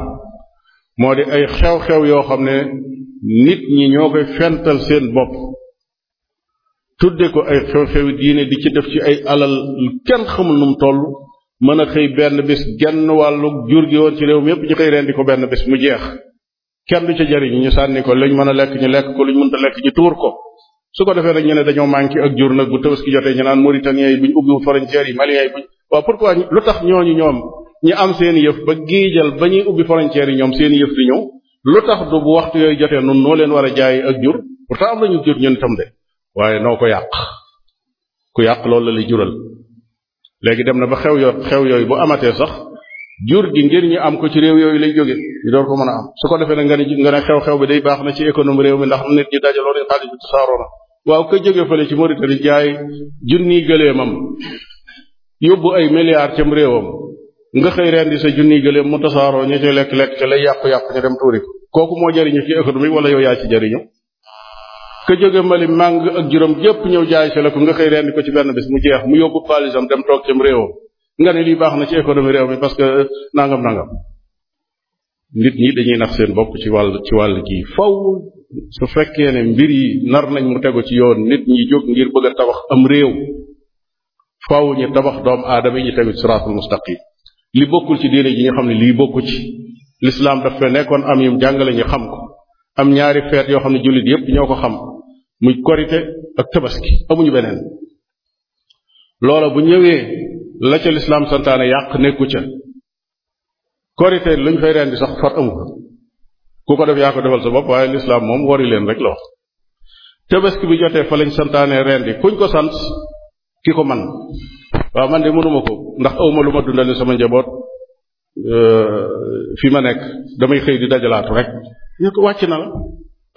moo di ay xew-xew yoo xam ne nit ñi ñoo koy fental seen bopp tudde ko ay xew-xewi diine di ci def ci ay alal kenn xamul nu mu toll mën a xëy benn bis genn wàllu jur gi woon ci réew mi yépp ñu xëy rendi ko benn bis mu jeex kenn du ca jariñ ñu sànni ko luñ mën a lekk ñu lekk ko luñ mënta lekk ñu tuur ko su ko defee nag ñu ne dañoo manqué ak jur nag bu tabaski jotee ñu naan Mauritaniens yi buñ ubbiwul frontières yi Maliens yi buñ waaw pourquoi lu tax ñooñu ñoom ñu am seen yëf ba géejal ba ñuy ubbi frontières yi ñoom seen yëf di ñëw lu tax du bu waxtu yooyu jotee nun leen war a jaay ak jur pourtant am nañu jur ñun itam de waaye noo ko yàq ku yàq loolu la lay jural léegi dem na ba xew yo xew yooyu bu amatee sax jur gi ngir ñu am ko ci réew yooyu lay jóge ñu ko mën a am su ko defee na nga ne nga ne xew-xew bi day baax na ci économie réew mi ndax nit ñi dajaloo nañ xaalis bi tasaaroo na waaw ka jóge fële ci Mauritanie jaay junniy gëleemam yóbbu ay milliards cam réewam nga xëy di sa junniy gëleem mu tasaaroo ña ca lekk-lekk ca lay yàqu-yàqu ña dem moo jariñu ci économie wala yow yaa ci jariñu ka jóge mali màng ak juróom yépp ñëw jaay ci la ko nga xëy rendi ko ci benn bis mu jeex mu yóbbu xaalisam dem toog cam réewam nga ne baax na ci économie réew mi parce que nangam nangam nit ñi dañuy nax seen bopp ci wàll ci wàll gi faw su fekkee ne mbir yi nar nañ mu tegu ci yoon nit ñi jóg ngir bëgg a tabax am réew faw ñu tabax doomu aadama yi ñu tegu ci siraatul mustaqim li bokkul ci diine ji ñu xam ne lii bokku ci l'islam daf fe nekkoon am yum jàngale ñu xam ko am ñaari feet yoo xam ne jullit yépp ñoo ko xam muy korite ak tabaski amuñu beneen loola bu ñëwee la ca lislaam santaane yàq nekku ca korite luñ fay rendi sax far amu ku ko def yaa ko defal sa bopp waaye lislaam moom wari leen rek loo wax bi jotee fa lañ santaane rendi kuñ ko sant ki ko man waaw man de mënuma ko ndax awma lu ma dundale sama njaboot fi ma nekk damay xëy di dajalaatu rek ñu ko wàcc na la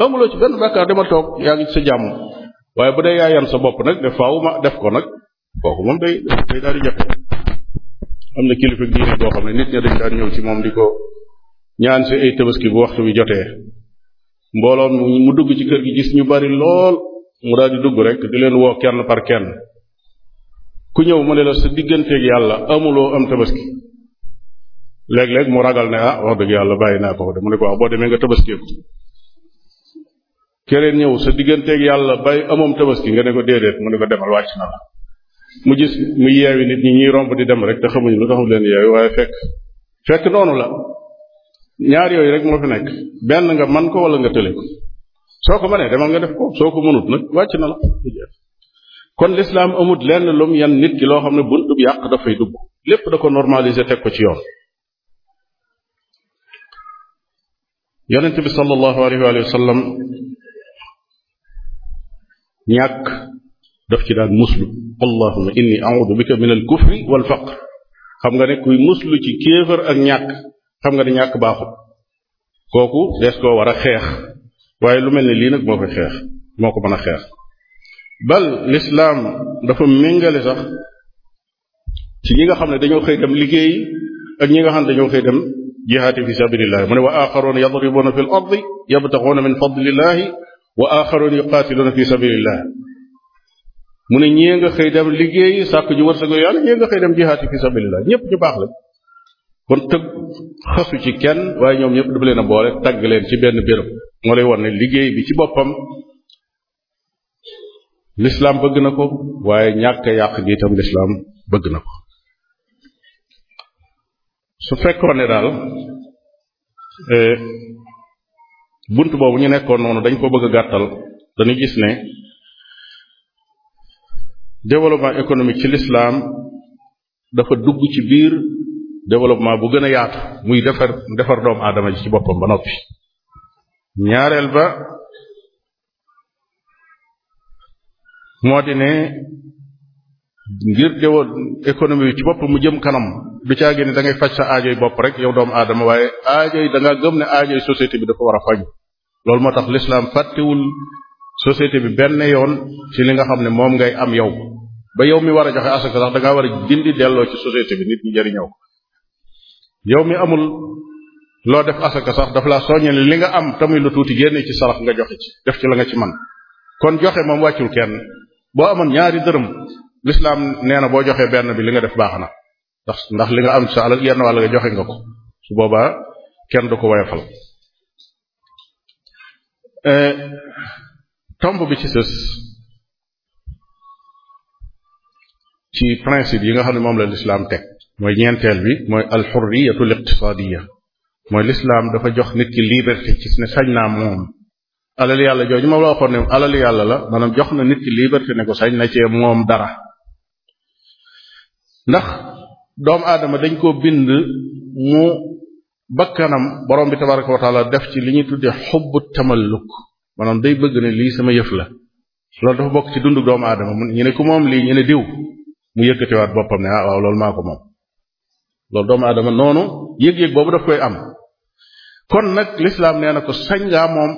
amuloo ci benn bàkkaar dama toog yaa ngi sa jàmm waaye ba dee yaa sa bopp nag ne faaw def ko nag kooku moom day day daal di jafe kilifa diine boo xam ne nit ñëw ci moom di ko ñaan si ay tabaski bu waxtu bi jotee mbooloo mu dugg ci kër gi gis ñu bari lool mu daal di dugg rek di leen woo kenn par kenn ku ñëw mu ne la sa digganteeg yàlla amuloo am tabaski léeg-léeg mu ragal ne ah wax dëgg yàlla bàyyi naa ko de mu ne ko waaw ah, boo demee nga tabaskeeku keneen ñëw sa digganteeg yàlla bay amoom tabaski nga ne ko déedéet mu ne ko demal wàcc na la mu ñi ñuy romb di dem rek te xamuñu lu tax mu leen fekk fekk noonu yooyu rek moo fi nga man ko wala nga ko soo ko mënee demal nga def ko soo ko mënut nag wàcc na la kon lislaam amut lenn lum yan nit ki loo xam ne buntub yàq dafay dugg lépp da ko normaliser teg ko ci yoon yonent bi sallallahu alayhi wa sallam ñàkk daf ci daan muslu allahuma inni audu bika min al kufri wal faqr xam nga ne kuy muslu ci kéefër ak ñàkk xam nga ne ñàkk baaxut kooku des koo war a xeex waaye lu mel ni lii nag moo koy xeex moo ko mën a xeex bal lislaam dafa méngale sax ci ñi nga xam ne dañoo xëy dem liggéey ak ñi nga xam ne dañoo xëy dem jihaati fi sabilillahi mu ne wa axaruuna yadribuuna fi l ardi yabtaxuuna min fadlillahi wa axaruuna yuqaatiluuna fi sabilillah mu ne ñee nga xëy dem liggéey sàkk ji wërsëgo yàlla ñee nga xëy dem jihaati fi sabilillah ñëpp ñu baax la kon tëg xasu ci kenn waaye ñoom ñëpp dafa leen a boole tagg leen ci benn béréb moo lay won ne liggéey bi ci boppam lislaam bëgg na ko waaye ñàkk a yàq gi itam lislaam bëgg na ko su fekkoon ne daal e, bunt boobu ñu nekkoon noonu dañ ko bëgg a gàttal dañu gis ne développement économique ci lislaam dafa dugg ci biir développement bu gën a yaatu muy defar defar doomu aadama ji ci boppam ba noppi ñaareel ba moo di ne ngir géwal économie bi ci bopp mu jëm kanam du caa génne da ngay faj sa aajoy bopp rek yow doomu aadama waaye aajoy yi ngaa gëm ne aajoy société bi dafa war a faju loolu moo tax l'islam fàttewul société bi benn yoon ci li nga xam ne moom ngay am yow ba yow mi war a joxe asaka sax da ngaa war a dindi delloo ci société bi nit ñi jëriñoo ko yow mi amul loo def asaka sax daf laa soññale li nga am tamuy lu tuuti génne ci sarax nga joxe ci def ci la nga ci man kon joxe moom wàccul kenn boo amoon ñaari dërëm lislaam nee na boo joxee benn bi li nga def baax na ndax ndax li nga am sa alal yenn wàll nga joxe nga ko su boobaa kenn du ko woyofal euh, tomb bi ci sës ci principe yi nga xam ne moom la lislaam teg mooy ñeenteel bi mooy alxurriyatu liqtisaadiya mooy lislaam dafa jox nit ki liberté ci sañ naa moom alal yàlla jooju moom waxoon ne alal la maanaam jox na nit ki liberté ne ko sañ na cee moom dara ndax doomu aadama dañ koo bind mu bakkanam borom bi tabaraka wa def ci li ñuy tuddee xubbu tamalluk manoon day bëgg ne lii sama yëf la loolu dafa bokk ci dundu doomu aadama ñu ne ku moom lii ñu ne diw mu yëkkatiwaat boppam ne ah waaw loolu maa ko moom loolu doomu aadama noonu yëg-yëg boobu daf koy am kon nag lislaam nee na ko sañ ngaa moom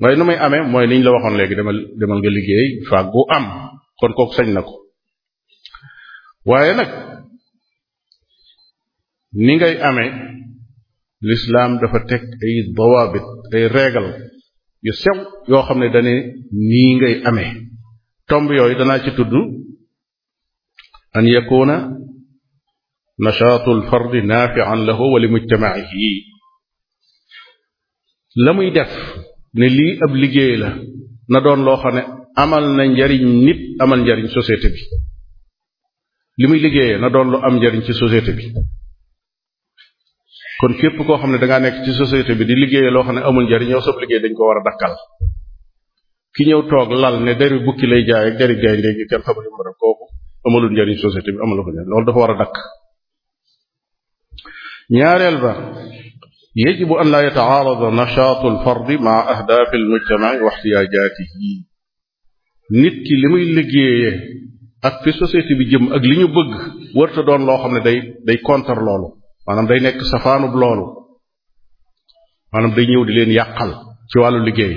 mooy nu muy amee mooy niñ la waxoon léegi demal demal liggéey am kon kooku sañ na ko waaye nag ni ngay amee lislaam dafa teg ay dawaabit ay reegal yu sew yoo xam ne dane nii ngay amee tomb yooyu danaa ci tudd an yakuna nachaatu alfardi naafian lahu wa li mujtamaihi la muy def ne lii ab liggéey la na doon loo xam ne amal na njariñ nit amal njariñ société bi li muy liggéeye na doon lu am njariñ ci société bi kon képp koo xam ne dangaa nekk ci société bi di liggéeyee loo xam ne amul njariñ yow sab liggéey dañ ko war a dakkal ki ñëw toog lal ne dari bukki lay jaay ak dari gaynde gi kenn xamul mu kooku amalul njariñ société bi amalu ko njariñ loolu dafa war a dakk ñaareel ba yajibu an laa yataarada nachaatu alfardi ma ahdaafi almujtamaci wa ixtiyaajaatihi nit ki li muy liggéeyee ak fi société bi jëm ak li ñu bëgg wërta doon loo xam ne day day contre loolu maanaam day nekk safaanub loolu maanaam day ñëw di leen yàqal ci wàllu liggéey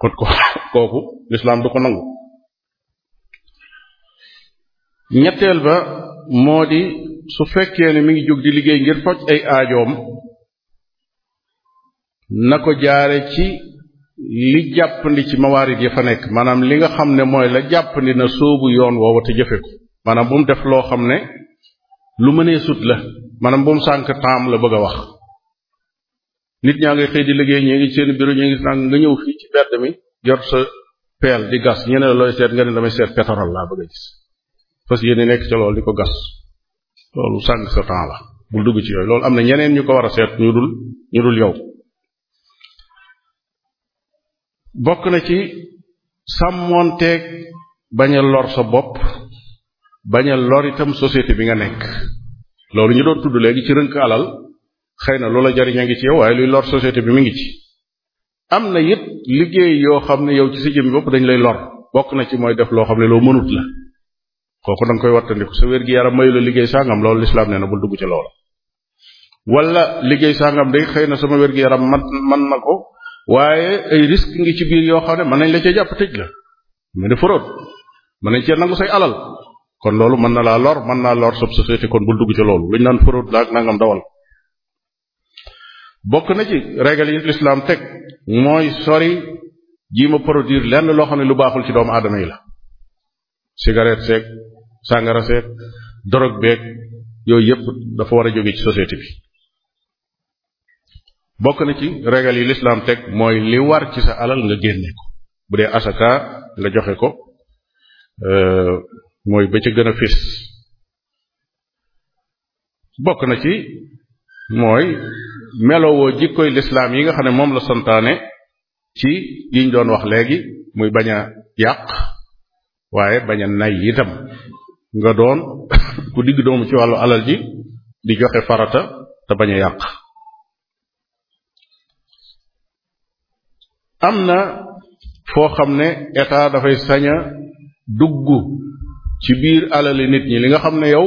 kon ko kooku lislaam du ko nangu ñetteel ba moo di su fekkee ne mi ngi jóg di liggéey ngir faj ay aajoom na ko jaare ci li jàppandi ci mawaarid ya fa nekk maanaam li nga xam ne mooy la jàppandi na sóobu yoon woow te jëfe ko maanaam bu mu def loo xam ne lu mënee sut la maanaam bu mu sànq taam la bëgg a wax nit ñaa ngi xëy di liggéey ñi ngi seen bureau ñi ngi sànq nga ñëw fii ci bedd mi jot sa peel di gas ñeneen looy seet nga ne damay seet pétrole laa bëgg a gis fas yéene nekk ca loolu di ko gas loolu sànq sa temps la bul dugg ci yooyu loolu am na ñeneen ñu ko war a seet ñu dul yow bokk na ci sàmmoonteeg bañ a lor sa bopp bañ lor itam société bi nga nekk loolu ñu doon tudd léegi ci rënk alal xëy na loola jariñ a ngi ci yow waaye luy lor société bi mi ngi ci am na it liggéey yoo xam ne yow ci sa jëmmi bopp dañ lay lor bokk na ci mooy def loo xam ne loo mënut la kooku danga koy wattandiku sa wér gi yaram mayu la liggéey sàngam loolu lislaam nee na bul dugg ci loola wala liggéey sàngam day xëy na sama wér gi yaram man man na waaye ay risque ngi ci biir yoo xam ne mën nañ la cee jàpp tëj la mel ne fraude mën nañ cee nangu say alal kon loolu mën na laa lor mën naa lor sab société kon bul dugg ci loolu lu ñu naan fraude la ak nangam dawal bokk na ci régal yi lislaam teg mooy sori jiima produire lenn loo xam ne lu baaxul ci doomu aadama yi la cigarette seeg sàngara seeg drogue beeg yooyu yépp dafa war a jóge ci société bi bokk na ci régal yi lislaam teg mooy li war ci sa alal nga génne ko bu dee asaka nga joxe ko euh, mooy ba ca gën fis bokk na ci mooy melowoo jikkoy lislaam yi nga xam ne moom la santaane ci yiñ doon wax léegi muy bañ a yàq waaye bañ a nay itam nga doon ku digg doomu ci wàllu alal ji di joxe farata te bañ a yàq am na foo xam ne état dafay sañ dugg ci biir alali nit ñi li nga xam ne yow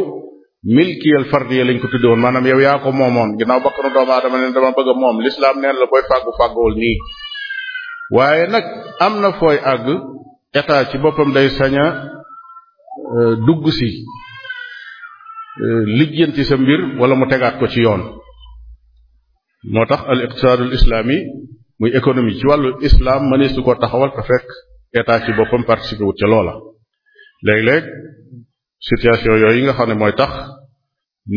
milkiyal fardiya lañ ko woon maanaam yow yaa ko moomoon ginnaaw bakkanu doomu aadama ne dama bëgg a moom lislaam neen la booy fàggu fàggool nii waaye nag am na fooy àgg état ci boppam day sañ euh, dugg si euh, lijjanti sa mbir wala mu tegaat ko ci yoon moo tax al iqtisaadul islaami muy économie ci wàllu islam mënees su ko taxawal te fekk état ci boppam participé ca loola léeg-léeg situation yi nga xam ne mooy tax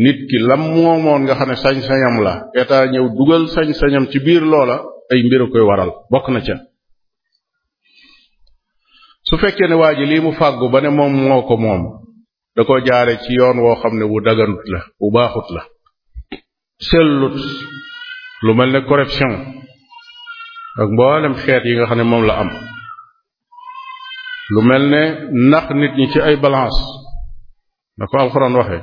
nit ki lam moomoon nga xam ne sañ-sañam la état ñëw dugal sañ-sañam ci biir loola ay mbir koy waral bokk na ca su fekkee ne waa ji lii mu fàggu ba ne moom moo ko moom da ko jaare ci yoon woo xam ne wu daganut la wu baaxut la sellut lu mel ne corruption ak mboolem xeet yi nga xam ne moom la am lu mel ne nax nit ñi ci ay balance na ko alxuraan waxe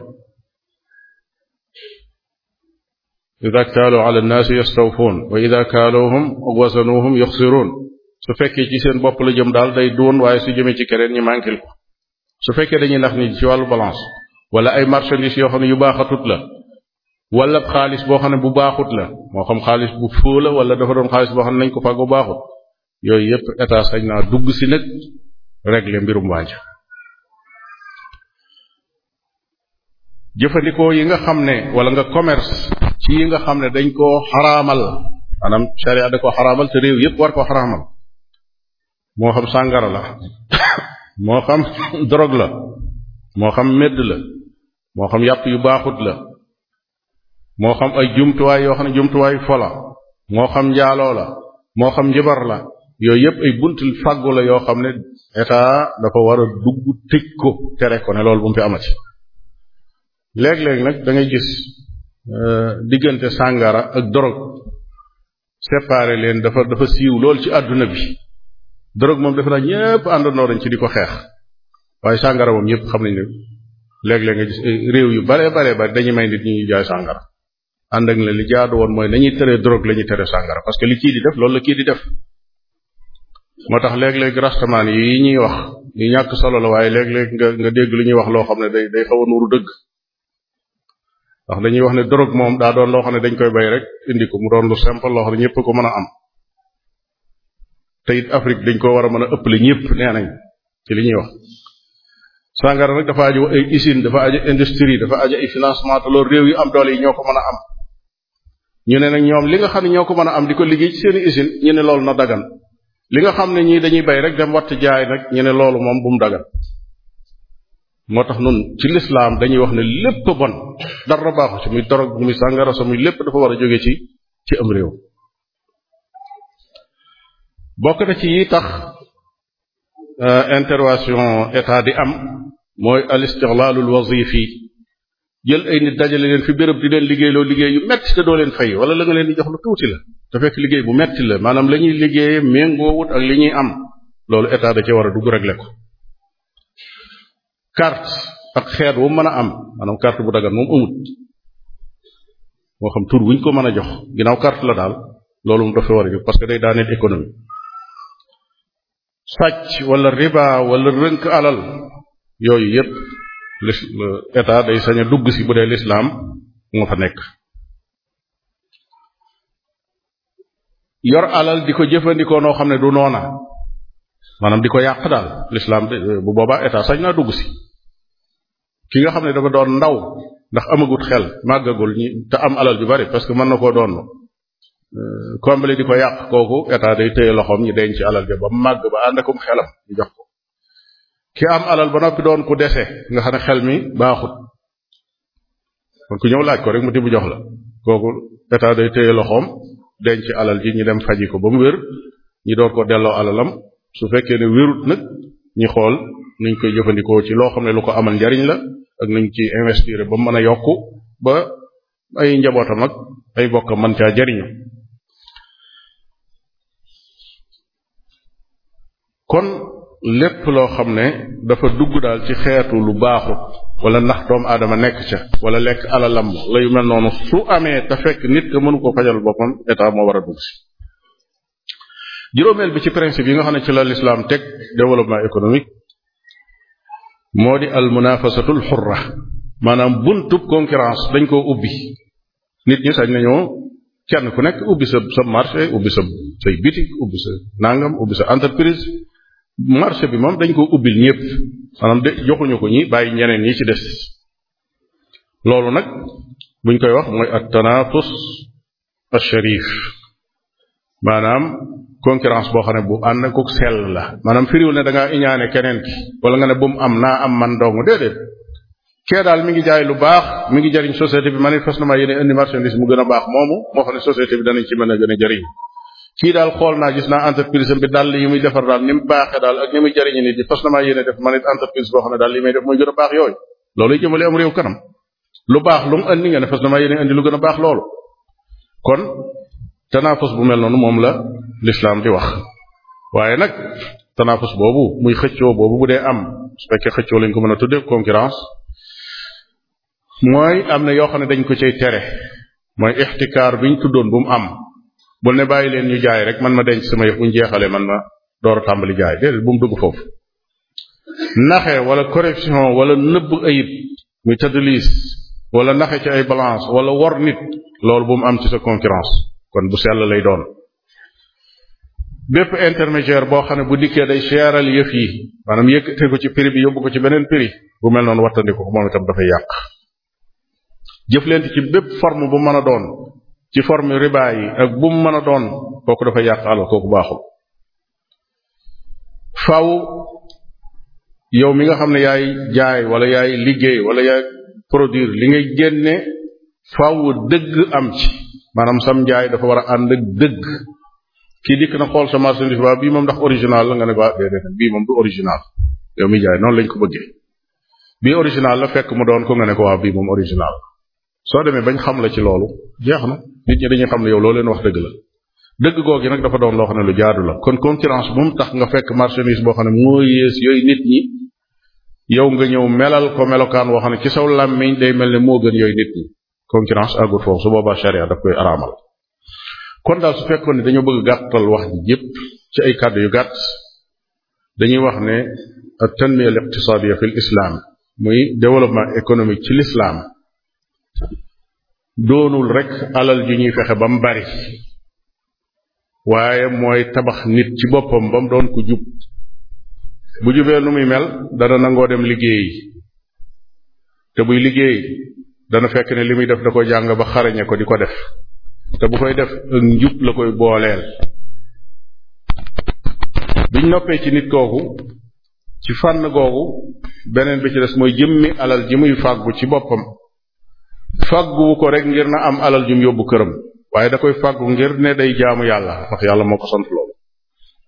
ida kaalu ala nnaasi yastawfuun wa ida kaaluuhum wasanuuhum yuxsiruun su fekkee ci seen bopp la jëm daal day duun waaye su jëmee ci keneen ñi mànkil ko su fekkee dañuy nax nit ci wàllu balance wala ay marchandises yoo xam ne yu baaxatut la wala xaalis boo xam ne bu baaxut la moo xam xaalis bu foo la wala dafa doon xaalis boo xam ne nañ ko fàggu baaxut yooyu yépp état sañ naa dugg si nag régler mbirum waaja jëfandikoo yi nga xam ne wala nga commerce ci yi nga xam ne dañ koo xaraamal maanaam charia da ko xaraamal te réew yépp war ko xaraamal moo xam sàngara la moo xam drogue la moo xam medd la moo xam yàpp yu baaxut la moo xam ay jumtuwaay yoo xam ne jumtuwaay fola moo xam njaaloo la moo xam njibar la yooyu yëpp ay bunti fàggu la yoo xam ne état dafa war a dugg tëj ko tere ko ne loolu bu mu fi amati léeg-léeg nag da ngay gis euh, diggante sàngara ak drogue séparé leen dafa dafa siiw lool ci àdduna bi drogue moom defe naa ñëpp àndandoo dañ ci di ko xeex waaye sàngara moom ñëpp xam nañ ne léeg-léeg nga gis euh, réew yu bare bare bare dañu may nit ñi jaay sàngara ànd ak ne li jaadu woon mooy nañuy tere drogue la ñuy tere sàngara parce que li kii di def loolu la kii di def moo tax léeg-léeg rastamaan yi ñuy wax yu solo la waaye léeg-léeg dégg lu ñuy wax loo xam ne day day xaw a nuuru dëgg wax ne drogue moom daa loo xam ne dañ koy bay rek indi ko mu doon lu simple loo xam ñëpp ko mën a am te ko war a mën a ëppale li ñuy wax sàngara nag dafa aju ay usine dafa industrie dafa aju ay financement te loolu réew yu am doole yi ñoo ko mën a am ñu ne nag ñoom li nga xam ne ñoo ko mën a am di ko liggéey ci seeni usine ñu ne loolu na dagan li nga xam ne ñii dañuy bay rek dem watt jaay nag ñu ne loolu moom bu mu dagan moo tax nun ci lislaam dañuy wax ne lépp bon dara baaxu ci muy dorog muy sàngara sa muy lépp dafa war a jóge ci ci am réew bokk na ci yi tax euh, intervention état di am mooy al istiglaalul wazifi jël ay nit dajale leen fi béréb di leen liggéeyloo liggéey yu metti te doo leen fay wala la nga leen di jox lu tuuti la te fekk liggéey bu metti la maanaam la ñuy liggéeyee méngoowut ak li ñuy am loolu état da cee war a dugg réglé ko carte ak xeet wu mën a am maanaam carte bu dagan moom amut moo xam tur wuñ ko mën a jox ginnaaw carte la daal loolu mu dafa war a jóg parce que day daaneel économie sàcc wala riba wala rënk alal yooyu lis état day sañ a dugg si bu dee lislaam moo fa nekk yor alal di ko jëfandikoo noo xam ne du noona maanaam di ko yàq daal lislaam euh, bu boobaa état sañ naa dugg si ki nga xam ne dafa doon ndaw ndax amagut xel màggagul ñi te am alal ju bari parce que mën na koo doon kombali euh, di ko yàq kooku état day téye loxoom ñu denc alal ja ba màgg ba ànd akum xelam ñu jox ki am alal ba noppi doon ku dese nga xam ne xel mi baaxut kon ku ñëw laaj ko rek mu tibb jox la kooku état day téye loxoom denc alal ji ñu dem faji ko ba mu wér ñi door ko delloo alalam su fekkee ne wérut nag ñi xool nuñ koy jëfandikoo ci loo xam ne lu ko amal njariñ la ak nuñ ci investir ba mën a yokku ba ay njabootam ak ay bokk mën caa jariñu kon lépp loo xam ne dafa dugg daal ci xeetu lu baaxut wala ndax doomu aadama nekk ca wala lekk alalam la yu mel noonu su amee te fekk nit ka mënu koo fajal boppam état moo war a dugg si juróomeel bi ci principe yi nga xam ne ci la lislaam teg développement économique moo di al munafasatul xurra maanaam buntub concurrence dañ koo ubbi nit ñi sañ nañoo kenn ku nekk ubbi sa sa marché ubbi sa say bitik ubbi sa nangam ubbi sa entreprise marché bi moom dañ ko ubbil ñëpp maanaam de joxuñu ko ñi bàyyi ñeneen ñi ci des loolu nag buñ koy wax mooy ak tanafus asharif maanaam concurrence boo xam ne bu ànd ak ko sell la maanaam firiwul ne da ngaa iñaane keneen ki wala nga ne bu mu am naa am man dong déedéet kee daal mi ngi jaay lu baax mi ngi jariñ société bi manifestement yéen indi marchandise mu gën a baax moomu moo xam ne société bi danañ ci mën a gën a jariñ kii daal xool naa gis naa entreprise bi daal yi muy defar daal ni mu baaxee daal ak ni muy jariñu nit ñi fas na maa yéene def man it entreprise boo xam ne li may def mooy gën a baax yooyu loolu jëmale am réew kanam lu baax lu mu andi nga ne fas na maa yéene andi lu gën a baax loolu kon tanaafus bu mel noonu moom la lislaam di wax waaye nag tanaafus boobu muy xëccoo boobu bu dee am su fekkee xëccoo lañ ko mën a tuddee concurrence mooy am na yoo xam ne dañ ko cay tere mooy ixtikaar biñ tuddoon bu mu am bul ne bàyyi leen ñu jaay rek man ma denc sama yëf bu ñu jeexalee man ma door a tàmbali jaay déedéet bu mu dugg foofu naxe wala corruption wala nëbb ayib muy tadlis wala naxe ci ay balance wala wor nit loolu bu mu am ci sa concurrence kon bu sell lay doon bépp intermédiaire boo xam ne bu dikkee day seeral yëf yi maanaam yëkkate ko ci prix bi yóbbu ko ci beneen prix bu mel noonu wattandiku ko moom itam dafay yàq jëflante ci bépp forme bu mën a doon ci forme riba yi ak bu mu mën a doon ko dafa yàq alal kooku baaxul faaw yow mi nga xam ne yaay jaay wala yaay liggéey wala yaay produire li ngay génne faaw dëgg am ci maanaam sam njaay dafa war a ànd ak dëgg kii dikk na xool sa marchandise waa bii moom ndax original la nga ne ko ah bii moom du original yow mi jaay noonu lañ ko bëggee bii original la fekk mu doon ko nga ne ko waa bii moom original soo demee bañ xam la ci loolu jeex na nit ñi dañuy xam ne yow loo leen wax dëgg la dëgg googi nag dafa doon loo xam ne lu jaadu la kon concurrence moom tax nga fekk marchandise boo xam ne moo yées yooyu nit ñi yow nga ñëw melal ko melokaan woo xam ne ci saw làmmiñ day mel ne moo gën yooyu nit ñi concurrence àggut foofu su boobaa charia daf koy araamal kon daal su fekkoon ne dañoo bëgg gàttal wax ji yépp ci ay kàddu yu gàtt dañuy wax ne at tanmiya al iqtisadiya fi muy développement économique ci l'islam doonul rek alal ju ñuy fexe ba mu bari waaye mooy tabax nit ci boppam ba doon ko jub bu jubee nu muy mel dana nangoo dem liggéeyi te buy liggéey dana fekk ne li muy def da ko jàng ba xarañe ko di ko def te bu koy def ak njub la koy booleel biñ noppee ci nit kooku ci fànn googu beneen bi ci des mooy jëmmi alal ji muy fàggu ci boppam fàgguwu ko rek ngir na am alal jum yóbbu këram waaye da koy fàggu ngir ne day jaamu yàlla wax yàlla moo ko sant loolu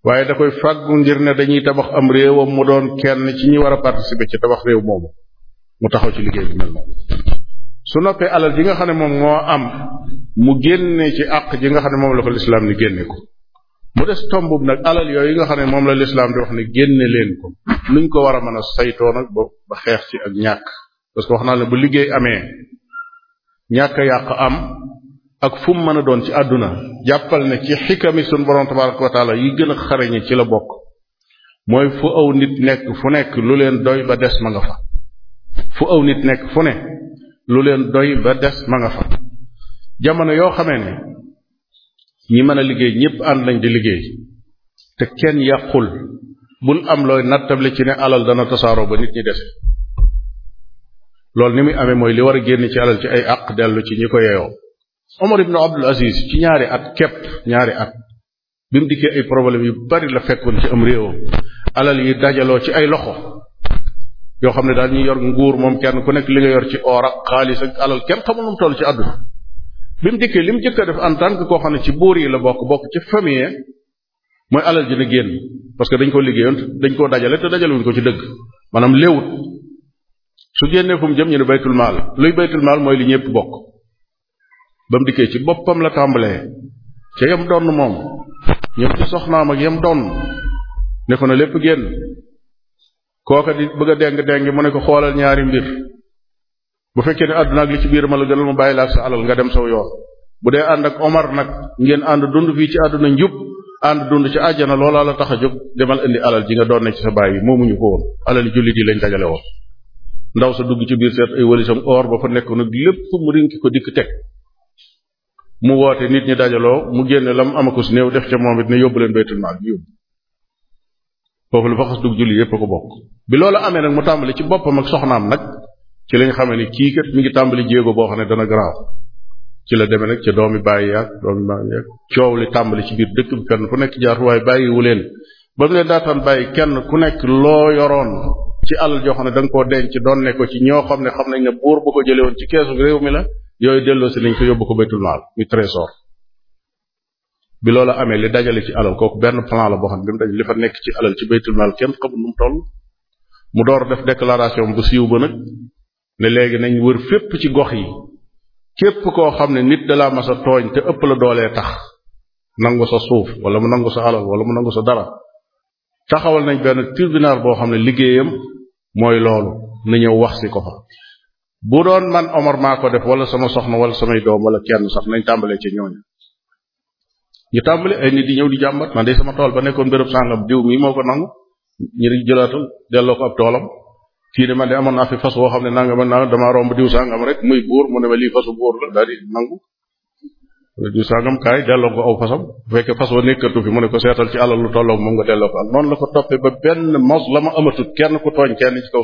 waaye da koy fàggu ngir ne dañuy tabax am réewam mu doon kenn ci ñi war a participer ci tabax réew moomu mu taxaw ci liggéey bi mel noonu su noppee alal ji nga xam ne moom moo am mu génne ci àq ji nga xam ne moom la ko lislaam ni génne ko mu des tombub nag alal yooyu nga xam ne moom la lislaam di wax ne génne leen ko nuñ ko war a mën a saytoo nag ba ba xeex ci ak ñàkk wax naa bu liggéey amee ñàkk yàq am ak fu mu mën a doon ci àdduna jàppal ne ci xikami sun borom tabaraka yi gën a xarañe ci la bokk mooy fu aw nit nekk fu nekk lu leen doy ba des ma nga fa fu aw nit nekk fu ne lu leen doy ba des ma nga jamono yoo xamee ne ñi mën a liggéey ñépp ànd nañ di liggéey te kenn yàqul bul am looy nattable ci ne alal dana tasaaroo ba nit ñi dese loolu ni muy amee mooy li war a génn ci alal ci ay àq dellu ci ñi ko yeyoo Omar ibn Abdul Aziz ci ñaari at képp ñaari at bi mu dikkee ay problème yu bari la fekkoon ci am réewam alal yi dajaloo ci ay loxo yoo xam ne daal ñu yor nguur moom kenn ku nekk li nga yor ci or ak xaalis ak alal kenn xamul toll ci àdduna bi mu dikkee li mu jëkk def en tant koo xam ne ci buur yi la bokk bokk ci famille mooy alal ji na génn parce que dañ ko liggéeyoon dañ koo dajale te ko ci dëgg maanaam léewut su génnee fu mu jëm ñu ne baytul maal luy baytul maal mooy li ñëpp bokk ba mu dikkee ci boppam la tàmbalee ca yam donn moom ñëw ci soxnaam ak yam donn ne ko na lépp génn kooka di bëgg a déng-déng mu ne ko xoolal ñaari mbir bu fekkee ne àdduna ak li ci biir ma la gënal mu bàyyi la ak sa alal nga dem saw yoon bu dee ànd ak Omar nag ngeen ànd dund fii ci àdduna njub ànd dund ci àjjana loolaa la tax a jóg demal indi alal ji nga doon ne ci sa baay bi moomuñu ko woon alal jullit yi lañ dajale ndaw sa dugg ci biir seet ay walisam or ba fa nekk nag lépp mu rinki ko dikk teg mu woote nit ñi dajaloo mu génne lam amako si néew def ca moom it ne yóbbu leen baytul bi foofu lu fa xas dugg ko bokk bi loolu amee mu tàmbali ci boppam ak soxnaam nag ci lañ xamee ni kii kat mi tàmbali jéego boo xam ne dana ci la demee nag ca doomi bàyyi yaag doomi bàyyi yaag coow li tàmbali ci biir bi fenn ku jaar waaye bàyyiwu leen ba mu leen daataan bàyyi kenn ku nekk loo yoroon ci alal joo xam ne da nga koo denc doon ne ci ñoo xam ne xam nañ ne buur bu ko jëlee woon ci keesu réew mi la yooyu delloo si nañ ko yóbbu ko baytul maal muy trésor bi loolu amee li dajale ci alal kooku benn plan la boo xam ne bi mu daj li fa nekk ci alal ci baytul maal kenn xamul nu mu toll mu door def déclaration bu siiw ba nag ne léegi nañ wër fépp ci gox yi képp koo xam ne nit dalaa mas a tooñ te ëpp la doolee tax nangu sa suuf wala mu nangu sa alal wala mu nangu sa dara taxawal nañ benn tribunal boo xam ne liggéeyam mooy loolu na ñëw wax si ko fa bu doon man Omar maa ko def wala sama soxna wala samay doom wala kenn sax nañ tàmbalee ci ñooñu ñu tàmbale ay nit di ñëw di jàmbat man de sama tool ba nekkoon béréb sàngam diw mii moo ko nangu ñu di jëlaatal delloo ko ab toolam fii de man de amoon naa fi fas woo xam ne nanga man naa damaa romb diw sàngam rek muy buur mu ne ma lii fasu buur la daal di nangu wala diw sangam kaay delloo ko aw mu ko seetal ci alal lu tolloog moom nga delloo ko la ko toppee ba benn mos la ma amatut kenn ku tooñ kenn ci kaw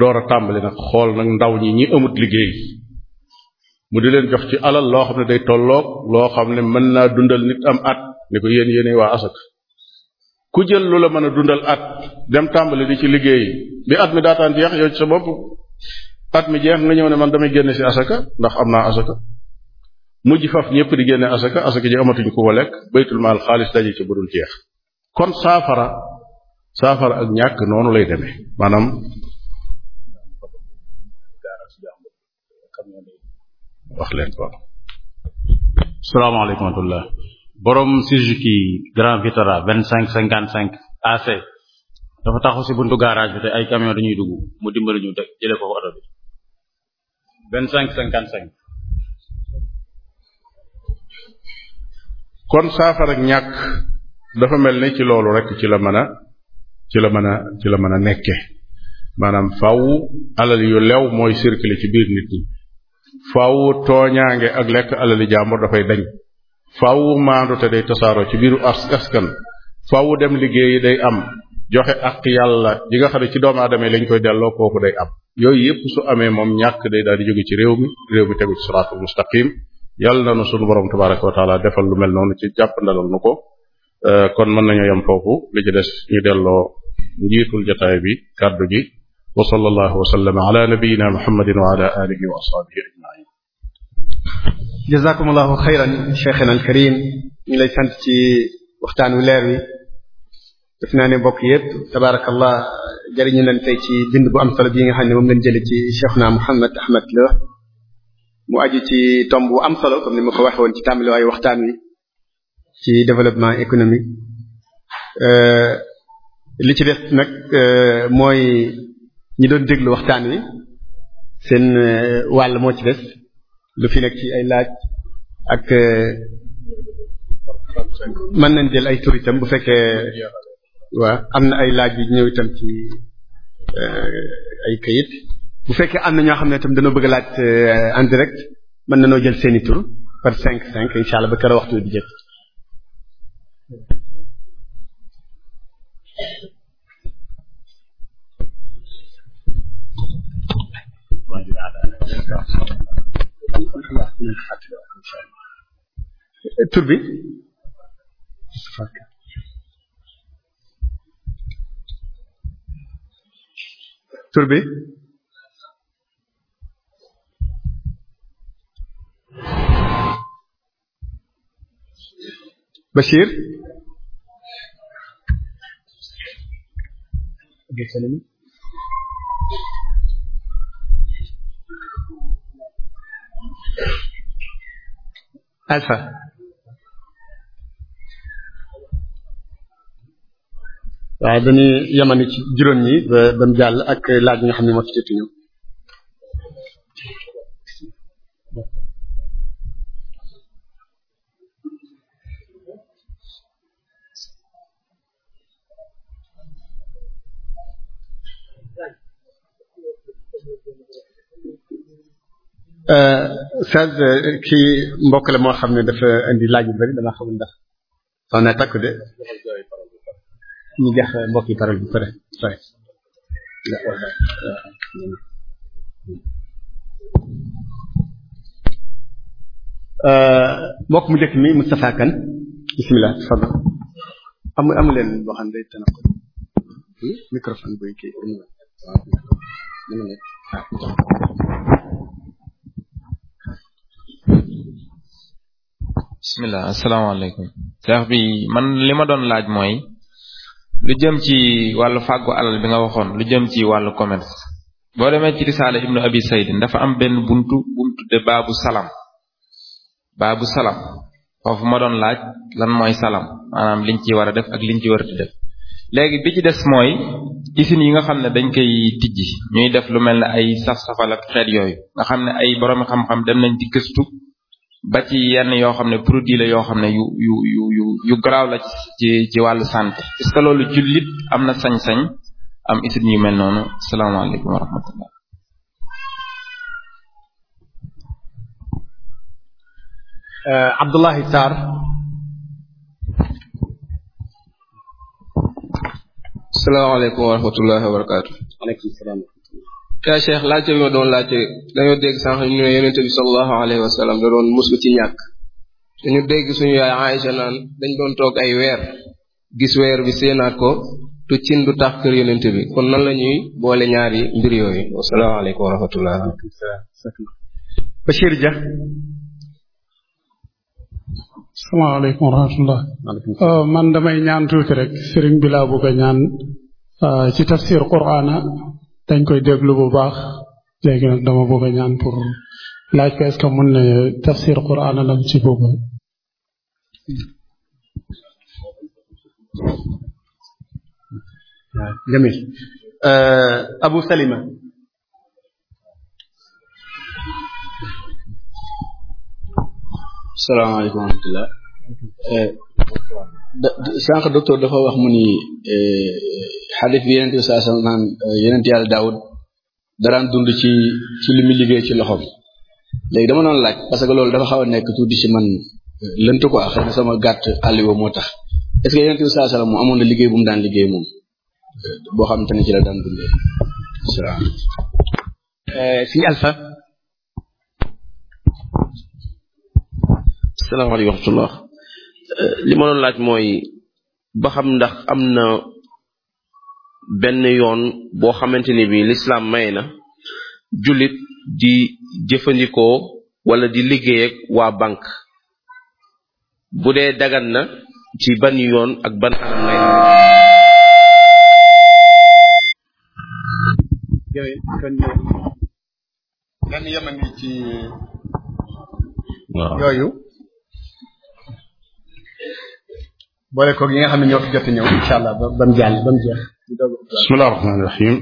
door a tàmbali nag xool nag ndaw ñi ñi amut liggéey mu di leen jox ci alal loo xam ne day tolloog loo xam ne mën naa dundal nit am at ni ko yéen yéene waa asak ku jël lu la mën a dundal at dem tàmbali di ci liggéey bi at mi daataan jeex yow sa bopp at mi jeex nga ñëw ne man damay génne si asaka ndax am naa asaka mujj faf ñëpp di génne asaka asaka ji amatuñ ku ko lekk baytul maal xaalis daje jeex kon saafara saafara ak ñàkk noonu lay demee maanaam wax leen ko salaamaaleykum
cinquante cinq AC dafa taxaw si dañuy dugg mu dimbali ñu jëlee ko oto bi vingt cinq cinquante cinq
kon saafara ak ñàkk dafa mel ni ci loolu rek ci la mën a ci la mën a ci la mën a nekke maanaam faw alal yu lew mooy circuler ci biir nit ñi faw tooñaange ak lekk alali jàmbur dafay dañ faw maandu te day tasaaroo ci biiru askan faw dem liggéeyi day am joxe ak yàlla yi nga xam ne ci doomu aadama yi lañ koy delloo kooku day am yooyu yëpp su amee moom ñàkk day daal di jóge ci réew mi réew mi tegu ci siraatul mustaqim yàlla na nu sunu borom wa taala defal lu mel noonu ci jàppandalal nu ko euh, kon mën nañoo yem foofu li ci des ñu delloo njiitul jotaay bi kàddu gi wa sallallahu wa sallama ala nabiyina muhammadin wa ala alihi wa ashabihi ajmain
jazakumullahu xayran cheikhana alkarim ñu lay sant ci waxtaanu leer wi def naa ne mbokk yépp tabaarakallah jariñu leen tey ci bind bu am solo bii nga xam ne moom lañ jëlee ci Cheikhna Mouhamed Ahmed Lo mu aju ci tomb bu am solo comme ni ma ko waxee woon ci tàmbali waayu waxtaan wi ci développement économique euh, li ci des nag euh, mooy ñi doon déglu waxtaan wi seen euh, wàll moo ci des lu fi nekk ci ay laaj ak mën nañ jël ay tur itam bu fekkee waa am na ay laaj yu ñëw itam ci eh, ay kayit bu fekkee am na ñoo xam ne tam dañoo bëgg a laaj eh, en mën na noo jël seeni tur par tur bi tur bi Bachir Alpha waaye dañuy yemani ci juróom yi ba mu jàll ak laaj nga xam ne moo ci jot ñëw euh, Saz kii mbokk la moo xam ne dafa indi laaj yu bari dama xamul ndax soxna takku de ñu jox mbokk yi parole bi euh, mbokk mu njëkk mi Moustapha Kane bismillah boo xam ne day tanaqul microphone buy kii bismillah man li ma doon laaj mooy lu jëm ci wàllu fàggu alal bi nga waxoon lu jëm ci wàllu commerce boo demee ci risaala ibnu abi saydin dafa am benn buntu buntu de baabu salam baabu salam foofu doon laaj lan mooy salam maanaam liñ ci war a def ak liñ ci war a def léegi bi ci des mooy usines yi nga xam ne dañ koy tijji ñuy def lu mel ne ay saf-safal ak xeet yooyu nga xam ne ay boroomi xam-xam dem nañ ci gëstu ba ci yenn yoo xam ne produit la yoo xam ne yu yu yu yu garaaw la ci wàll wàllu santé loolu jullit am na sañ-sañ am usine yu mel noonu salaamaaleykum wa rahmatullah euh, Abdullahi Sarr salaamaaleykum wa rahmatullahi wa barakaatu. salaam. yaa cheikh laajte bi ma doon laajte dañoo dégg sànq ñu ne yonente bi sallallahu alayhi wa da doon muslu ci ñàkk dañu dégg suñu yaay Aïcha naan dañ doon toog ay weer gis weer bi seenaat ko du cin du tax kër yonente bi kon nan la ñuy boole ñaari mbir yooyu wa rahmatullah Bachir Dia
asalaamaaleykum wa uh, man damay ñaan tuuti rek sëriñ bi laa ñaan uh, ci tafsir qur'ana dañ koy déglu bu baax léegi nag dama bëgg a pour laaj ko est-ce que tafsir Qur'an lam
ci bëgg jamil euh, Abu Salima salaamaaleykum wa rahmatullah euh, sànq docteur dafa wax mu ni eh, xadis bi yeneen saa sa naan eh, yeneen yàlla daawud daraan dund ci ci liggéey ci loxoom léegi dama doon laaj parce que loolu dafa xaw a nekk tuuti ci man eh, lënt quoi a na sama gàtt àlliwa moo tax est-ce que yeneen saa sa mu amoon na liggéey bu mu daan liggéey moom boo xamante ne ci la daan dundee salaam. Sëñ Alpha. salaamaaleykum wa li ma laaj mooy ba xam ndax am na benn yoon boo xamante ni bi lislaam may na jullit di jëfandikoo wala di liggéey ak waa banque bu dee dagan na ci ban yoon ak ban anam lay yooyu boole koog yi nga xam ne ñoo fi jot a ñëw incha allah ba mu jàll ba mu jeex. bismillahi rahmaani rahim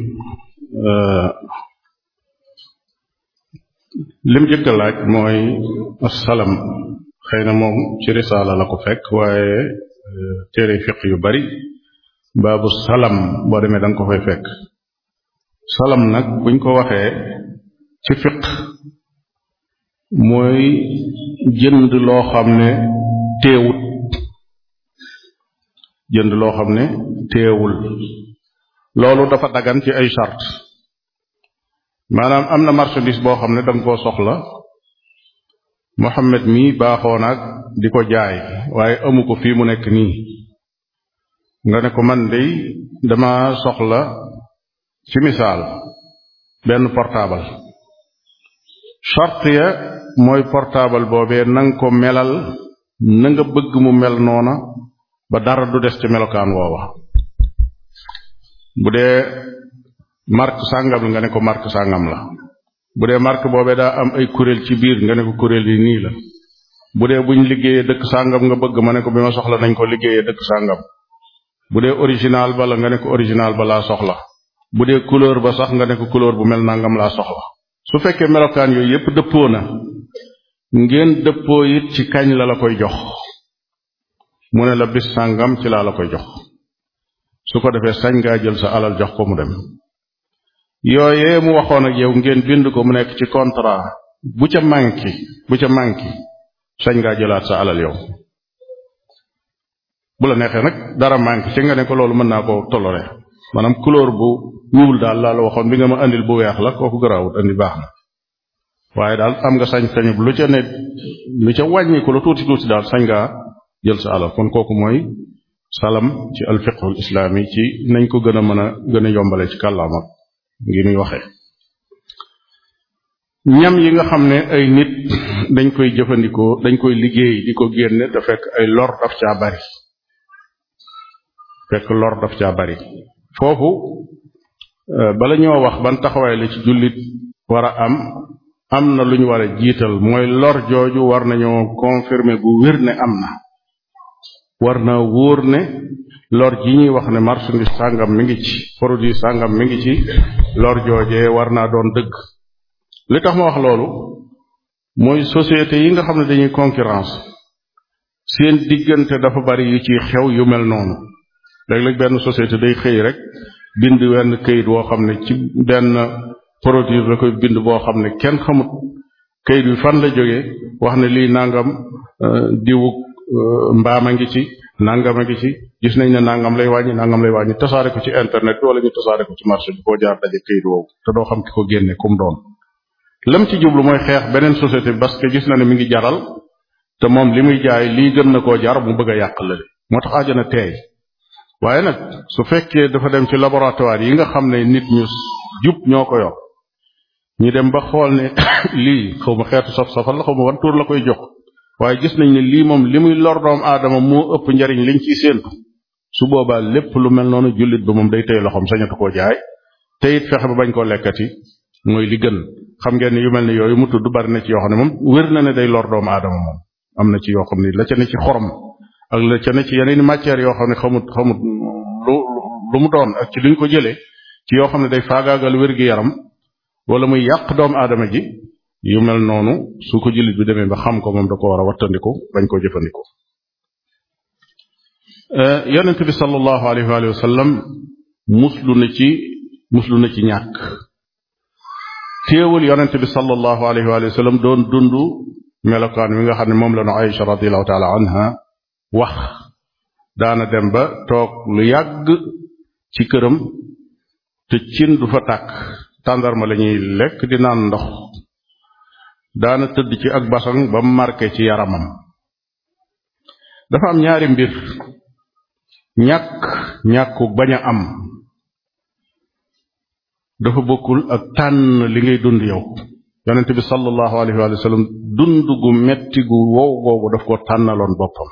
lim jëkk laaj mooy assalam xëy na moom ci risaala la ko fekk waaye téere fiq yu bari baabu salam boo demee da nga fekk salam nag buñ ko waxee ci fiq mooy jënd loo xam ne teewut jënd loo xam ne teewul loolu dafa dagan ci ay charte maanaam am na marchandise boo xam ne danga koo soxla Mohammed mi baaxoo nag di ko jaay waaye amu ko fii mu nekk nii nga ne ko man dey dama soxla ci misaal benn portable charte ya mooy portable boobee nanga ko melal na nga bëgg mu mel noona ba dara du des ci melokaan woowa bu dee marque sàngam la nga ne ko marque sàngam la bu dee marque boobee daa am ay kuréel ci biir nga ne ko kuréel yi nii la bu dee buñ liggéeyee dëkk sàngam nga bëgg ma ne ko bi ma soxla nañ koo liggéeyee dëkk sàngam bu dee original ba nga ne ko original ba laa soxla bu dee couleur ba sax nga ne ko couleur bu mel nangam laa soxla su fekkee melokaan yooyu yépp dëppoo na ngeen dëppoo ci kañ la koy jox mu ne la bis sàngam ci laa la koy jox su ko defee sañ ngaa jël sa alal jox ko mu dem yooyee mu waxoon ak yow ngeen bind ko mu nekk ci contrat bu ca manki bu ca manki sañ ngaa jëlaat sa alal yow bu la neexee nag dara manki ci nga ne ko loolu mën naa ko tolore maanaam couleur bu ñuul daal laa la waxoon bi nga ma indil bu weex la kooku garaawut andi baax na waaye daal am nga sañ sañub lu ca ne lu ca wàññi ko tuuti tuuti daal sañ ngaa jël sa alal kon kooku mooy salam ci alfiqhul islaami ci nañ ko gën a mën a gën a yombale ci kàllaama ngi muy waxe ñam yi nga xam ne ay nit dañ koy jëfandikoo dañ koy liggéey di ko génne te fekk ay lor daf caa bari foofu euh, bala ñoo wax ban taxawaay la ci jullit war am am na lu ñu war a jiital mooy lor jooju war nañoo confirmer bu wér ne am na war naa wóor ne lor ji ñuy wax ne marchandise sàngam mi ngi ci produit sàngam mi ngi ci lor joojee war naa doon dëgg li tax ma wax loolu mooy société yi nga xam ne dañuy concurrence seen diggante dafa bari yu ciy xew yu mel noonu léeg-léeg benn société day xëy rek bind wenn kayit woo xam ne ci benn produit la koy bind boo xam ne kenn xamut këyit bi fan la jógee wax ne lii nangam euh, diwu Euh, mbaam a ngi ci nangam a ngi ci gis nañ ne nangam lay wàññi nangam lay wàññi tasaare ko ci internet bi wala ñu tasaare ko ci marché bi boo jaar daje këyit woowu te doo xam ki ko génne kum doon lam ci jublu mooy xeex beneen société bi parce que gis na ne mu ngi jaral te moom li muy jaay lii gën na koo jar mu bëgg a yàq la moo tax na teey waaye nag su fekkee dafa dem ci laboratoire yi nga xam ne nit ñu jub ñoo ko yor ñu dem ba xool ne lii xaw ma xeetu saf safal la koy jox waaye gis nañ ne lii moom li muy lor doom aadama moo ëpp njariñ lañ ciy séentu su boobaa lépp lu mel noonu jullit bi moom day tey loxoom sañatu koo jaay te it fexe ba bañ koo lekkati mooy li gën xam ngeen ne yu mel ne yooyu mu tudd bari na ci yoo xam ne moom wér na ne day lor doom aadama moom am na ci yoo xam ne la ca ne ci xorom ak la ca ne ci yeneen matières yoo xam ne xamut xamut lu lu mu doon ak ci luñ ko jëlee ci yoo xam ne day faagaagal wér gi yaram wala muy yàq doomu aadama ji yu mel noonu su ko jullit bi demee ba xam ko moom da ko war a wattandiku bañ koo jëfandikoo euh, yonent bi sallallahu alayhi wa ci muslu ci ñàkk téewul yonent bi sallallahu alayhi wa sallam doon dund melokaan wi nga xam ne moom la nu Aïcha radiallahu taala anha wax daana dem ba toog lu yàgg ci këram te cin du fa tàkk tàndarma la ñuy lekk di naan ndox daana tëdd ci ak basan ba marke ci yaramam dafa am ñaari mbir ñàkk ñàkku bañ a am dafa bokkul ak tànn liggéey dund yow yonente bi sallallahu alayhi dund gu metti gu wow googu daf ko tànnaloon boppam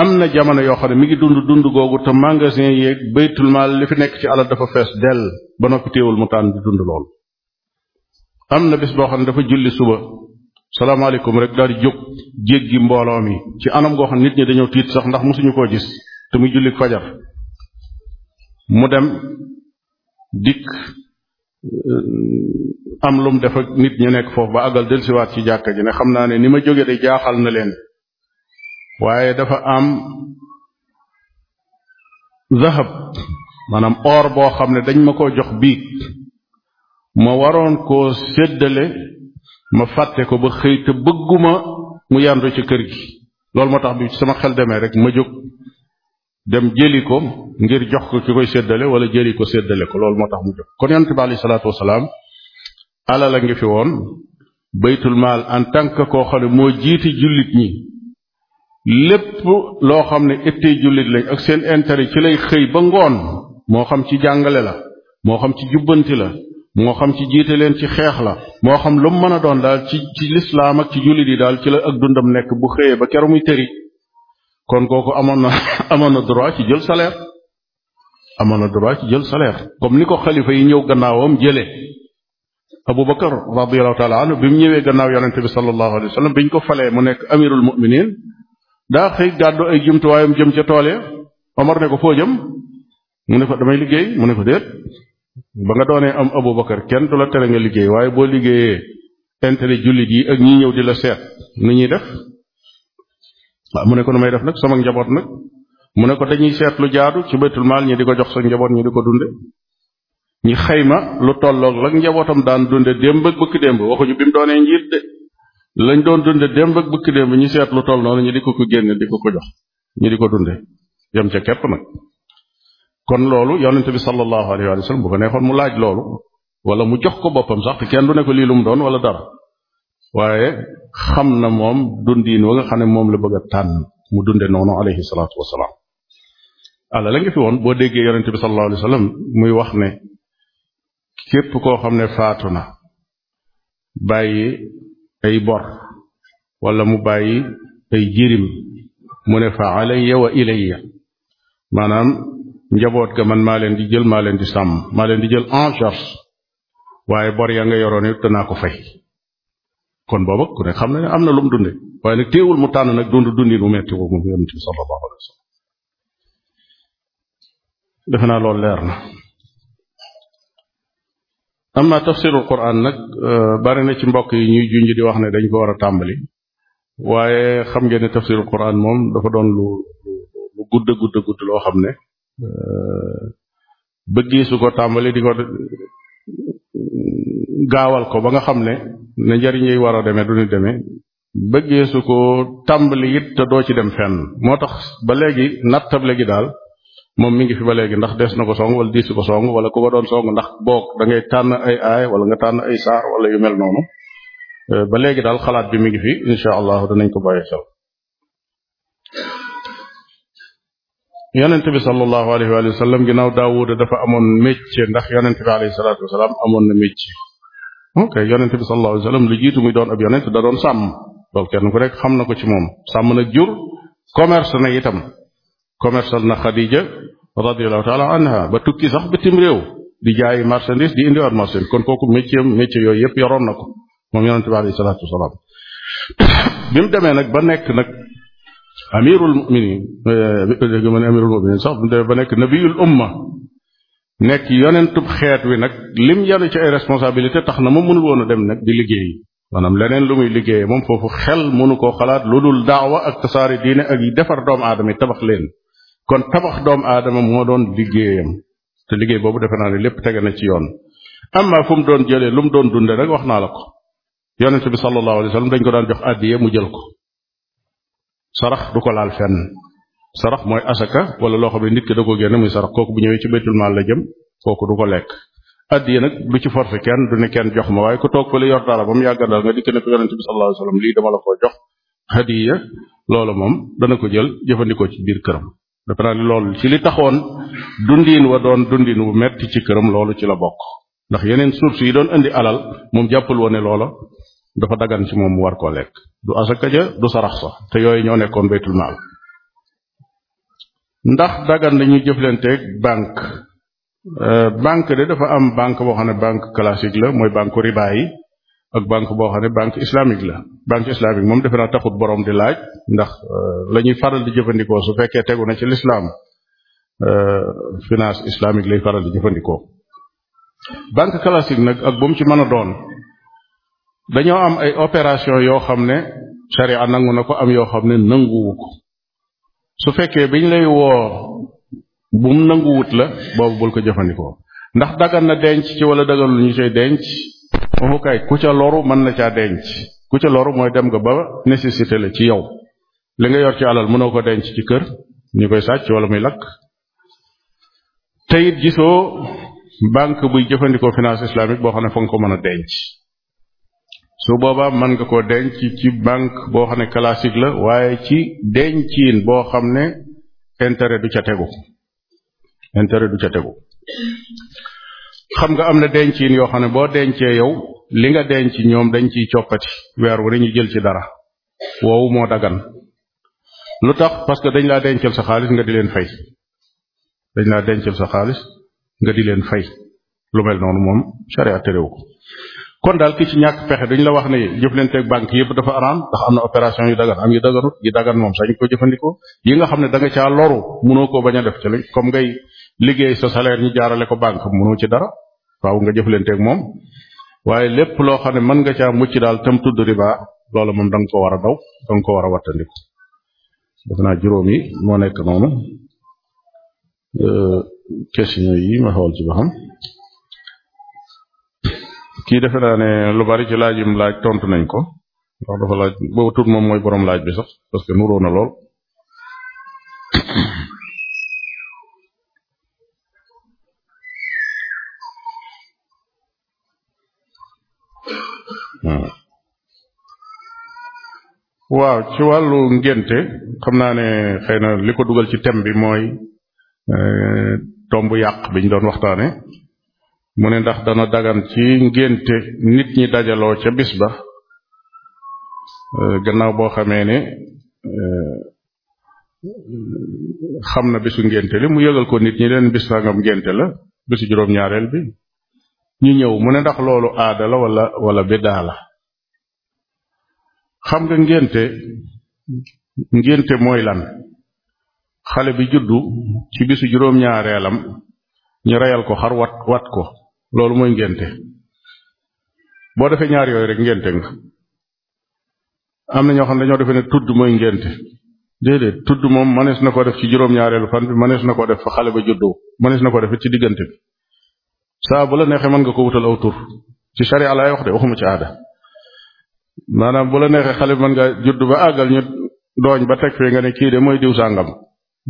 am na jamono yoo xam ne mi ngi dund dund googu te magasin yeeg baytul maal li fi nekk ci alal dafa fees dell ba noppi téewul mu tànn di dund loolu am na bés boo xam ne dafa julli suba salaamaaleykum rek daal di jóg jéggi mbooloo mi ci anam goo xam nit ñi dañoo tiit sax ndax mosuñu koo gis te muy julli fajar mu dem dikk euh, am lum def nit ñu nekk foofu ba àggal delsiwaat ci jàkka ji ne xam naa ne ni ma jóge de jaaxal na leen waaye dafa am zahab maanaam or boo xam ne dañ ma koo jox biig ma waroon koo séddale ma fàtte ko ba xëy te bëgguma mu yàndu ci kër gi loolu moo tax bi sama xel demee rek ma jóg dem jëli ko ngir jox ko ki koy séddale wala jëli ko séddale ko loolu moo tax mu jóg kon yonent bi alayhi salaatu wasalaam alal a ngi fi woon baytul maal en tant que koo xam ne moo jiiti jullit ñi lépp loo xam ne ittey jullit lañ ak seen intérêt ci lay xëy ba ngoon moo xam ci jàngale la moo xam ci jubbanti la moo xam ci jiite leen ci xeex la moo xam lu mu mën a doon daal ci ci lislaam ak ci jullit yi daal ci la ak dundam nekk bu xëyee ba keroog muy tëri kon kooku amoon na amoon na droit ci jël salaire amoon na droit ci jël salaire comme ni ko xalifa yi ñëw gannaawam jëlee Abubakar radiallahu taala anhu bi mu ñëwee gannaaw yonente bi sallallahu alayhi wa sallam bi ko falee mu nekk amirul muminin daa xëy gàddu ay jumtuwaayam jëm ca tool ya Omar ne ko foo jëm mu ne ko damay liggéey mu ne ko déet ba nga doonee am Abubakar kenn du la tere nga liggéey waaye boo liggéeyee intérêt jullit yi ak ñi ñëw di la seet nu ñuy def waa mu ne ko nu may def nag sama njaboot nag mu ne ko dañuy seet lu jaadu ci baytul maal ñi di ko jox sa njaboot ñi di ko dunde ñi xayma lu tolloog la njabootam daan dunde démb ak bëkk démb waxuñu lañ doon dunde démb ak bëkk démb ñi seet lu toll noonu ñi di ko ko di ko ko jox ñi di ko dunde yem ca képp nag kon loolu yonente bi sallallahu alayhi wa sallam bu ko neexoon mu laaj loolu wala mu jox ko boppam sax te kenn du ne ko lii lu mu doon wala dara waaye xam na moom dundiin wa nga xam ne moom la bëgg a tànn mu dunde noonu alayhi salaatu wasalaam ala la nga fi woon boo déggee yonente bi sallallahu alayhi wa sallam muy wax ne képp koo xam ne faatu na bàyyi ay bor wala mu bàyyi ay jirim mu ne fa alayya wa ilayya maanaam njaboot ga man maa leen di jël maa leen di sàmm maa leen di jël en charge waaye bor nga yoroon it danaa ko fay kon booba ku ne xam na ne am na lu mu dunde waaye nag téewul mu tànn nag dund dundin mu metti woo moom yonent bi sallallahu defe naa loolu leer na amma tafsirul quran nag euh, bari na ci mbokk yi ñuy junj di wax ne dañ ko war a tàmbali waaye xam ngeen ne tafsirul quran moom dafa doon lu lu gudd gudd gudd loo xam ne Euh, bëggee su ko tàmbali di ko euh, gaawal ko ba nga xam ne na njariñ yi war a deme du ñu demee bëggee su ko tàmbali it te doo ci dem fenn moo tax ba léegi nattable gi daal moom mi ngi fi ba léegi ndax des na ko song wala diisu ko song wala ku ko doon song ndax boog da ngay tànn ay aay wala nga tànn ay saar wala yu mel noonu euh, ba léegi daal xalaat bi mi ngi fi incha allah danañ ko bàyyi xel yonente bi sallallahu alayhi wa sallam ginnaaw daawuda dafa amoon métier ndax yonente bi alayhi salaatu wasalaam amoon na métier ok yonente bi sallallahu alayhi muy doon ab yonente da doon sàmm loolu kenn ku nekk xam na ko ci moom sàmm nag jur commerce na itam commercial na Khadija radiyallahu taala anha ba tukki sax bitim réew di jaayi marchandise di indiwaat marchandise kon kooku métier métier yooyu yëpp yoroon na ko moom yonente bi alayhi bi mu demee nag ba nekk nag amirul muminin eh, ma ne amirul muminin sax ba nekk nabiyul umma nekk yonentub xeet wi nag lim yanu ci ay responsabilité tax na ma mënul woon a dem nag di liggéey maanaam leneen lu muy liggéey moom foofu xel mënu koo xalaat lu dul daawa ak tasaari diine ak yi defar doomu aadama yi tabax leen kon tabax doomu aadama moo doon liggéeyam te liggéey boobu defe naa ne lépp tege na ci yoon amma fu mu doon jëlee lu mu doon dunde rek wax naa la ko yonente bi sallallahu a dañ ko daan jox addiye mu jël ko sarax du ko laal fenn sarax mooy asaka wala loo xam ne nit ki da ko génne muy sarax kooku bu ñëwee ci baytul maal la jëm kooku du ko lekk addiya nag du ci forfait kenn du ne kenn jox ma waaye ko toog fa li yor dara ba mu yàgga dal nga dikk ne ko yonente lii dama la ko jox hadiya loolu moom dana ko jël jëfandikoo ci biir këram dafa naa loolu ci li taxoon dundiin wa doon dundiin wu metti ci këram loolu ci la bokk ndax yeneen source yi doon indi alal moom jàppal woon ne dafa dagan ci moom mu war koo lekk du asaka du sarax sax te yooyu ñoo nekkoon baytul maal ndax dagan dañuy jëflanteeg banque euh, banque de dafa am banque boo xam ne banque classique la mooy banque riba yi ak banque boo xam ne banque islamique la banque islamique moom defe naa taxut borom di laaj ndax euh, lañuy faral di jëfandikoo su fekkee tegu na ci l'islam euh, finance islamique lay faral di jëfandikoo banque classique nag ak bu mu ci mën a doon dañoo am ay opération yoo xam ne sharia nangu na ko am yoo xam ne nanguwu ko su fekkee biñ lay woo bu bum nanguwut la boobu bul ko jëfandikoo ndax dagan na denc ci wala dagal lu ñu cay denc foofu kay ku ca loru mën na caa denc ku ca loru mooy dem nga ba nécessité la ci yow li nga yor ci alal mënoo ko denc ci kër ñu koy sàcc wala muy lakk te it gisoo banque buy jëfandikoo finance islamique boo xam ne fa nga ko mën a denc su boobaa mën nga koo denc ci banque boo xam ne classique la waaye ci denciin boo xam ne intérêt du ca tegu intérêt du ca tegu xam nga am na denciin yoo xam ne boo dencee yow li nga denc ñoom dañ ciy coppati weer wu ne jël ci dara woowu moo dagan lu tax parce que dañ laa denceel sa xaalis nga di leen fay dañ laa denceel sa xaalis nga di leen fay lu mel noonu moom charia terewu ko kon daal ki ci ñàkk pexe dañ la wax ne jëflanteeg banque yëpp dafa araam ndax am na opération yu dagan am yu daganut yi dagan moom sañ ko jëfandikoo yi nga xam ne da nga caa loru mënoo ko bañ a def ci comme ngay liggéey sa salaire ñu jaarale ko banque mënoo ci dara waaw nga jëflanteeg moom waaye lépp loo xam ne mën nga caa mucc daal tam tudd riba loola moom da nga ko war a daw da nga ko war a wattandiku def naa juróom yi moo nekk noonu euh, question yi kii defe naa ne lu bari ci laajim laaj tontu nañ ko ndax dafa moom mooy boroom laaj bi sax parce que nuroo na lool
hmm. waaw
ci wàllu ngénte xam naa ne xëy na dugal ci thème bi mooy eh, tomb yàq biñ doon waxtaane mu ne ndax dana dagan ci ngénte nit ñi dajaloo ca bis ba euh, gannaaw boo xamee ne euh, xam na bisu ngénte li mu yëgal ko nit ñi leen bis sangam ngénte la bisu juróom-ñaareel bi ñu ñëw mu ne ndax loolu aada la wala wala bidaa la xam nga ngénte ngénte mooy lan xale bi juddu ci bisu juróom-ñaareelam ñu reyal ko xar wat wat ko loolu mooy ngénte boo defee ñaar yooyu rek ngénte nga am na ñoo xam ne dañoo defee ne tudd mooy ngénte déedéet tudd moom mënees na ko def ci juróom-ñaareelu fan bi mënees na ko def xale ba juddoo mënees na ko def ci diggante bi saa bu la neexee mën nga ko wutal aw tur ci sharia laay wax de waxuma ci aada maanaam bu la neexee xale bi mën nga judd ba àggal ñu dooñ ba teg fee nga ne kii de mooy diw sàngam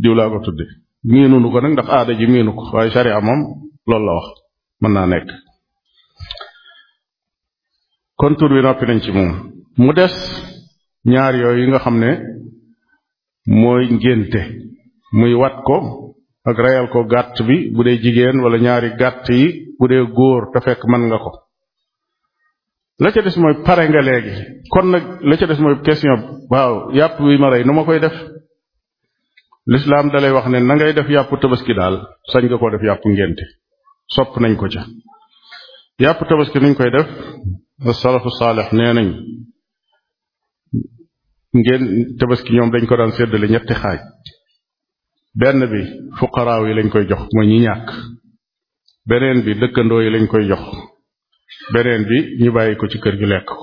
diw laa ko tudde miinu nu ko nag ndax aada ji miinu ko waaye sharia moom loolu la wax mën naa nekk kon tur bi noppi nañ ci moom mu des ñaar yooyu yi nga xam ne mooy ngénte muy wat ko ak reyal ko gàtt bi bu dee jigéen wala ñaari gàtt yi bu dee góor te fekk mën nga ko la ca des mooy pare nga léegi kon nag la ca des mooy question waaw yàpp wi ma rey nu ma koy def lislaam dalay wax ne na ngay def yàpp tabaski daal sañ nga koo def yàpp ngénte sopp nañ ko ca yàpp ki nuñ koy def salafu saalex nee nañ ngeen tabaski ñoom dañ ko daan seddale ñetti xaaj benn bi fuqaraaw yi lañ koy jox mooy ñi ñàkk beneen bi dëkkandoo yi lañ koy jox beneen bi ñu bàyyi ko ci kër gi lekk ko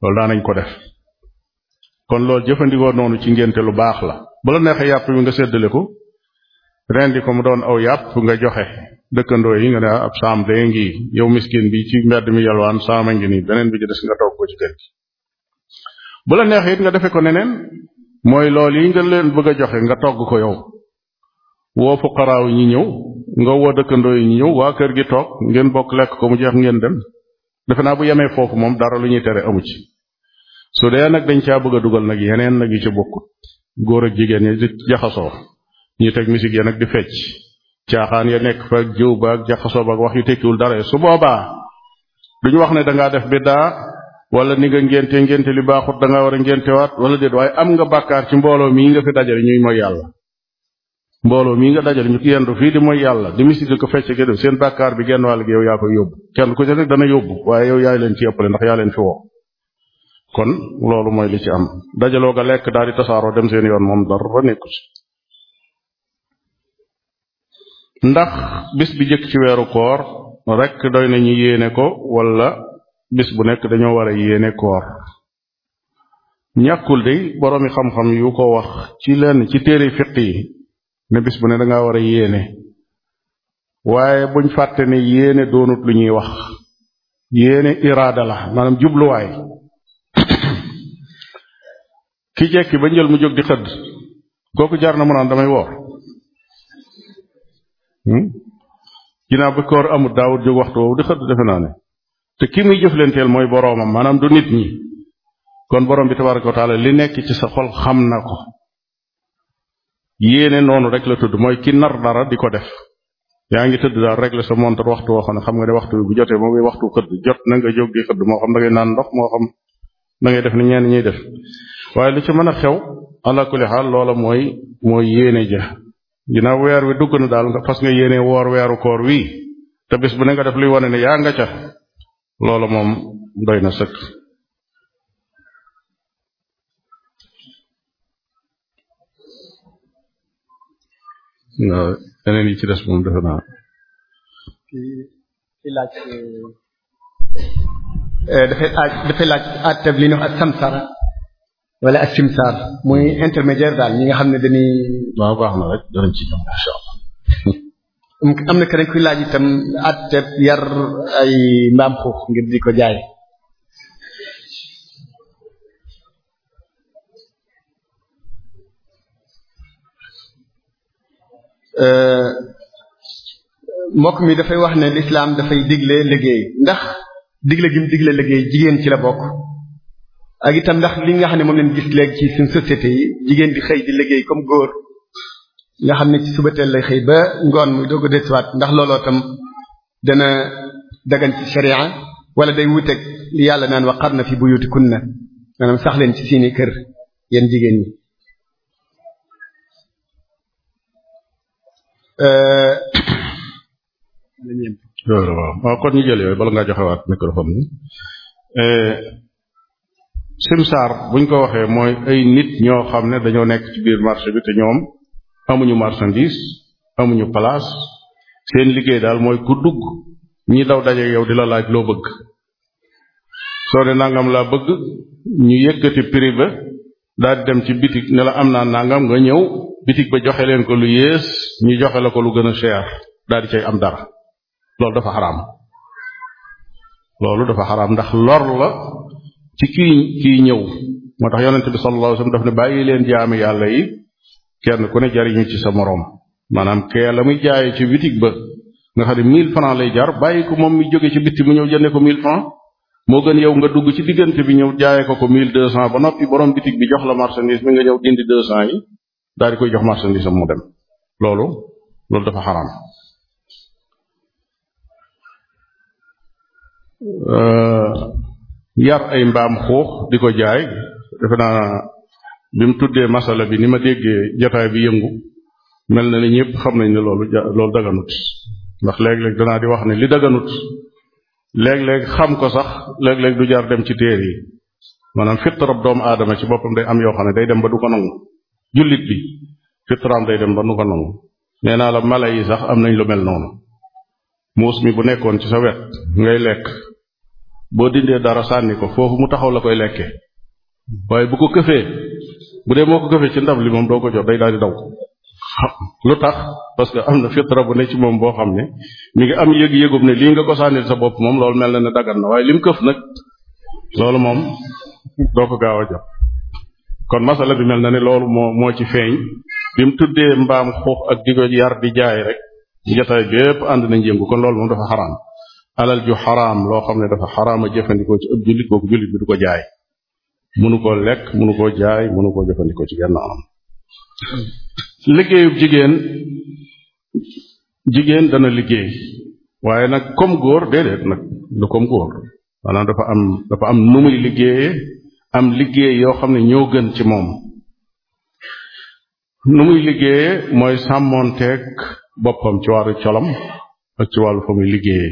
loolu daanañ ko def kon loolu jëfandikoo noonu ci ngénte lu baax la bu la neexee yàpp bi nga séddale ko rendi ko mu doon aw yàpp nga joxe dëkkandoo yi nga ne ab saam dee ngi yow miskin bi ci mbedd mi yalwaan saama ngi nii beneen bi ci des nga toog ko ci kër gi bu la neexee it nga defe ko neneen mooy lool yi nga leen bëgg a joxe nga togg ko yow woo fuqaraaw ñi ñëw nga woo dëkkandoo yi ñi ñëw waa kër gi toog ngeen bokk lekk ko mu jeex ngeen dem defe naa bu yemee foofu moom dara lu ñuy tere amu ci su dee nag dañ caa bëgg a dugal nag yeneen nag yi ci bokkut góor ak jigéen ñi di jaxasoo ñi teg misik ya nag di caaxaan ya nekk fa ak jëw ba ak jaxasoo ba ak wax yu tekkiwul dara su boobaa duñu wax ne dangaa def bi biddaa wala ni nga ngénte ngénte li baaxut dangaa war a ngéntewaat wala déet waaye am nga bàkkaar ci mbooloo mii nga fi dajale ñuy mooy yàlla mbooloo mii nga dajale ñu ki yendu fii di mooy yàlla di misik ko fecc ki def seen bàkkaar bi genn wàll gi yow yaa koy yóbbu kenn ku ci dana yóbbu waaye yow yaay leen ci ëppale ndax yaa leen fi woo kon loolu mooy li ci am dajaloo ga lekk daal di tasaaroo dem seen yoon moom dara nekku ci ndax bis bi jëkk ci weeru koor rek doy nañu yéene ko wala bis bu nekk dañoo war a yéene koor ñàkkul de boroomi xam-xam yu ko wax ci lenn ci téere fiq yi ne bis bu ne danga war a yéene waaye buñ fàtte ne yéene doonut lu ñuy wax yéene iraada la maanaam jubluwaay ki jekki ba njël mu jóg di xëdd kooku jaar na mu naan damay woor Hmm? ginnaaw ba koor amut daawut jóg waxtu woowu di xëdd defe naa ne te ki muy jëflenteel mooy boroomam maanaam du nit ñi kon boroom bi tabaraka wa taala li nekk ci sa xol xam na ko yéene noonu rek la tudd mooy ki nar dara di ko def yaa ngi tëdd daal régler sa montre waxtu woo xam ne xam nga ne waxtu bu jotee moom muy waxtu xëdd jot na nga jóg di xëdd moo xam da ngay naan ndox moo xam na ngay def ni ñeen ñuy def waaye lu ci mën a xew ala kulli xaal loola mooy mooy yéene ja ginnaaw weer wi dugg na daal nga fas nga yéene woor weeru koor wii te bis bu ne nga def luy wane ne yaa nga ca loolu moom doy na sëkk waaw yeneen yi ci des moom defe naa
eh, dafay laaj dafay laaj li ñu wax samsara wala ak simsaar muy intermédiaire daal ñi nga xam ne dañuy. waaw baax na rek danañ ci ñëw am na keneen kuy laaj itam at yar ay mbaam xuux ngir di ko jaay. Euh, mbokk mi dafay wax ne lislaam dafay digle liggéey ndax digle gi mu digle liggéey jigéen ci la bokk. ak itam ndax li nga xam ne moom leen gis léegi ci suñ société yi jigéen di xëy di liggéey comme góor nga xam ne ci subateel lay xëy ba ngoon muy doog a desuwaat ndax looloo tam dana dagan ci wala day wuteeg li yàlla naan wa qarna fi buyutikunna maanaam sax leen ci seeni kër yéen jigéen ñi euh,
waaw kon ñu simsaar buñ ko waxee mooy ay nit ñoo xam ne dañoo nekk ci biir marché bi te ñoom amuñu marchandise amuñu palaas seen liggéey daal mooy ku dugg ñi daw daje yow di la laaj loo bëgg soo ne nangam laa bëgg ñu yëkkati prix ba daal di dem ci bitig ne la am naa nangam nga ñëw bitig ba joxe leen ko lu yées ñu joxe la ko lu gën a cher daal di cay am dara loolu dafa xaraam loolu dafa xaraam ndax lor la ci kii kii ñëw moo tax yonente bi sallallahu alayhi wasallam daf ne bàyyi leen jaami yàlla yi kenn ku ne jariñu ci sa moroom maanaam kee la muy jaayee ci bitig ba nga xam ne mille francs lay jar bàyyi ko moom mi jóge ci bitti mu ñëw jënde ko mille francs moo gën yow nga dugg ci diggante bi ñëw jaayee ko ko mille deux cents ba noppi borom bitig bi jox la marchandise
mi nga ñëw dindi deux cents yi
daal di koy jox marchandise am mu dem loolu loolu dafa xaraam euh, yar ay mbaam xuux di ko jaay defe naa bi mu tuddee masala bi ni ma déggee jotaay bi yëngu mel na ne ñëpp xam nañ ne loolu loolu daganut ndax léeg-léeg danaa di wax ne li daganut léeg-léeg xam ko sax léeg-léeg du jaar dem ci téere yi maanaam fitrab doomu aadama ci boppam day am yoo xam ne day dem ba du ko nangu jullit bi fitraam day dem ba du ko nangu nee naa la mala yi sax am nañ lu mel noonu muus mi bu nekkoon ci sa wet ngay lekk boo dindee dara sànni ko foofu mu taxaw la koy lekke waaye bu ko këfee bu dee moo ko këfee ci ndab li moom doo ko jot day daal di daw lu tax parce que am na fitra bu ne ci moom boo xam ne mi ngi am yëg-yëgum ne lii nga ko sànnil sa bopp moom loolu mel na ne dagan na waaye lim këf nag loolu moom doo ko gaaw a jot kon masala bi mel na ne loolu moo moo ci feeñ bi mu tuddee mbaam xuux ak di ko yar di jaay rek jataay bépp ànd nañ yëngu kon loolu moom dafa alal ju xaraam loo xam ne dafa xaraama jëfandikoo ci ëpp jullit kooku jullit bi du ko jaay mënu koo lekk mënu koo jaay mënu koo jëfandikoo ci genn anam liggéeyub jigéen jigéen dana liggéey waaye nag comme góor déedéet nag du comme góor maanaam dafa am dafa am nu muy liggéeye am liggéey yoo xam ne ñoo gën ci moom nu muy liggéeye mooy sàmmoonteeg boppam ci wàllu colom ak ci wàllu fa muy liggéeye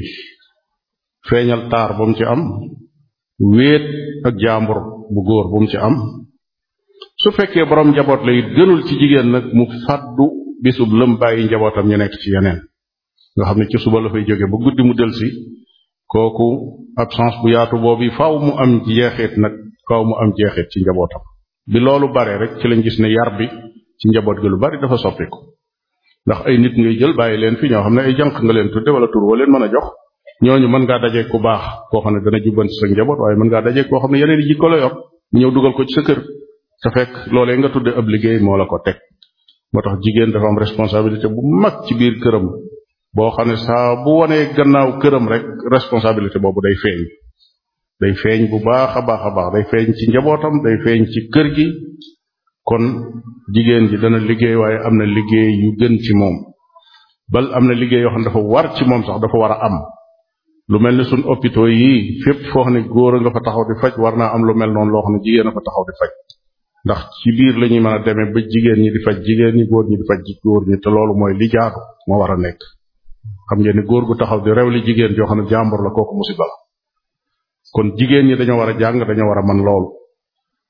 feeñal taar bu mu ci am wéet ak jaambur bu góor bu mu ci am su fekkee boroom njaboot la it gënul ci jigéen nag mu fàddu bisub lëm bàyyi njabootam ñu nekk ci yeneen nga xam ne ci suba la fay jóge ba guddi mu delsi kooku absence bu yaatu boobu faw mu am jeexit nag faaw mu am jeexit ci njabootam bi loolu bare rek ci lañ gis ne yar bi ci njaboot gi lu bari dafa soppiku ndax ay nit ngay jël bàyyi leen fi ñoo xam ne ay jànq nga leen tudde wala tur wa leen mën a jox ñooñu mën ngaa daje ku baax koo xam ne dana jubbanti sa njaboot waaye mën ngaa daje koo xam ne yeneen yi jikko la yor ñëw dugal ko sa kër te fekk loolee nga tudde ab liggéey moo la ko teg moo tax jigéen dafa am responsabilité bu mag ci biir këram boo xam ne saa bu wanee gannaaw këram rek responsabilité boobu day feeñ day feeñ bu baax a baax a baax day feeñ ci njabootam day feeñ ci kër gi kon jigéen ji dana liggéey waaye am na liggéey yu gën moom bal am na liggéey yoo xam ne dafa war ci moom sax dafa war a am lu mel ni suñ hôpitaux yii fépp foo xam ne góor a nga fa taxaw di faj war naa am lu mel noonu loo xam ne jigéen a fa taxaw di faj ndax ci biir la ñuy mën a demee ba jigéen ñi di faj jigéen ñi góor ñi di faj góor ñi te loolu mooy li jaadu moo war a nekk xam ngeen ni góor gu taxaw di rew li jigéen joo xam ne jàmbur la kooku musiba la kon jigéen ñi dañoo war a jàng dañoo war a man loolu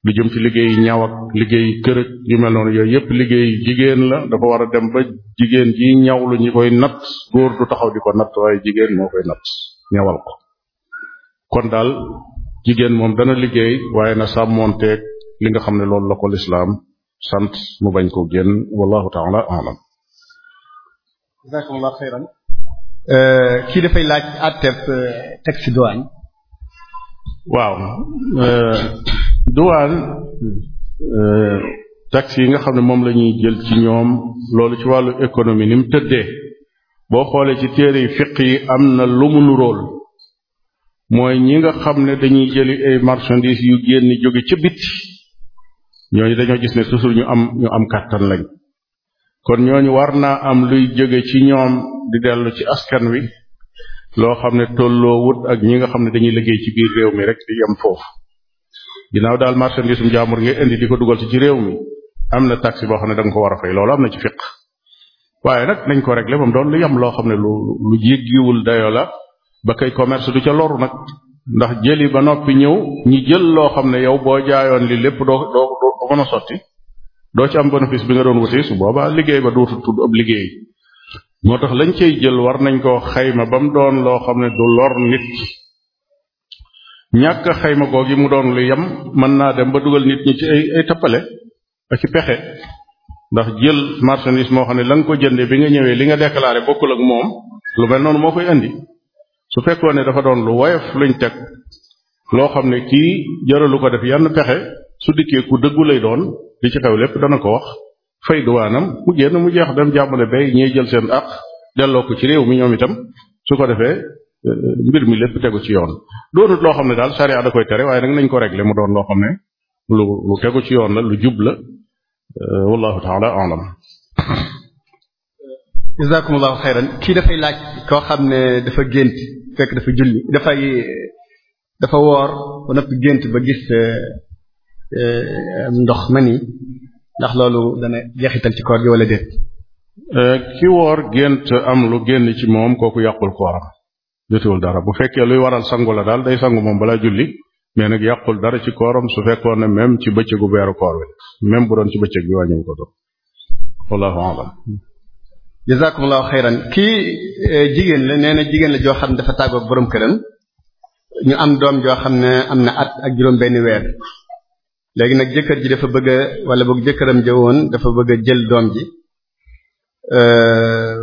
lu jëm ci liggéey ñaw ak liggéey kër ak yu mel noonu yooyu yëpp liggéey jigéen la dafa war a dem ba jigéen ji ñawlu ñi koy natt góor du taxaw di ko natt waaye jigéen moo koy natt ñawal ko kon daal jigéen moom dana liggéey waaye na sàmmoonteeg li nga xam ne loolu la ko lislaam sant mu bañ koo génn wallahu taala alam
jazakumullah xeyran eh, kii dafay laaj àtteeb eh, taxe douane waaw eh, douane
taxe yi nga xam ne moom la ñuy jël ci ñoom loolu ci wàllu économie ni mu tëddee boo xoolee ci téere yi fiq yi am na lu mu nuróol mooy ñi nga xam ne dañuy jëli ay marchandises yu génn jóge ca biti ñooñu dañoo gis ne toujours ñu am ñu am kàttan lañ kon ñooñu war naa am luy jóge ci ñoom di dellu ci askan wi loo xam ne tolloo wut ak ñi nga xam ne dañuy liggéey ci biir réew mi rek di yem foofu ginnaaw daal marchandise um jaamur ngay indi di ko dugal ci ci réew mi am na taxe boo xam ne da ko wara a fay loolu am na ci fiq waaye nag nañ ko rek ba moom doon lu yem loo xam ne lu lu jéggiwul dayoo la ba kay commerce du ca loru nag ndax jëli ba noppi ñëw ñi jël loo xam ne yow boo jaayoon li lépp doo doo doo mën a sotti doo ci am bénéfice bi nga doon wuti su boobaa liggéey ba dootul tudd ab liggéey moo tax lañ cay jël war nañ koo xayma ba mu doon loo xam ne du lor nit ñàkk xayma googi mu doon lu yem mën naa dem ba dugal nit ñi ci ay tappale ak ci pexe ndax jël marchandise moo xam ne la nga ko jënde bi nga ñëwee li nga déclaré bokkul ak moom lu mel noonu moo koy indi su fekkoon ne dafa doon lu woyof luñ teg loo xam ne kii jaralu ko def yenn pexe su dikkee ku dëggu lay doon li ci xew lépp dana ko wax fay duwaanam mu génn mu jeex dem jàmmale bay ñiy jël seen àq delloo ko ci réew mi ñoom itam su ko defee euh, mbir mi lépp tegu ci yoon doonut loo xam ne daal charia da koy tere waaye nag nañ ko régler mu doon loo xam ne lu lu tegu ci yoon la lu jub la Euh, wallahu taala alam
jazakumullahu xeyran kii dafay laaj koo xam ne dafa gént fekk dafa julli dafay dafa woor ba noppi gént ba gis euh, ndox ma ni ndax loolu dana jeexital ci koor gi wala déet
euh, ki woor gént am lu génn ci moom kooku yàqul kooram jotiwul dara bu fekkee luy waral sangu la daal day sangu moom balaa julli mais nag yàqul dara ci kooram su fekkoon ne même ci bëccëgu weeru koor wi même bu doon ci bëccëg bi wàññiwu ko doon wallahu alam
jazakumullahu xeyran kii eh, jigéen la nee na jigéen la joo xam ne dafa tàggoog borom këram ñu am doom joo xam ne am na at ak juróom benn weer léegi nag jëkkër ji dafa bëgg a wala boog jëkkëram woon dafa bëgg jël doom ji eh,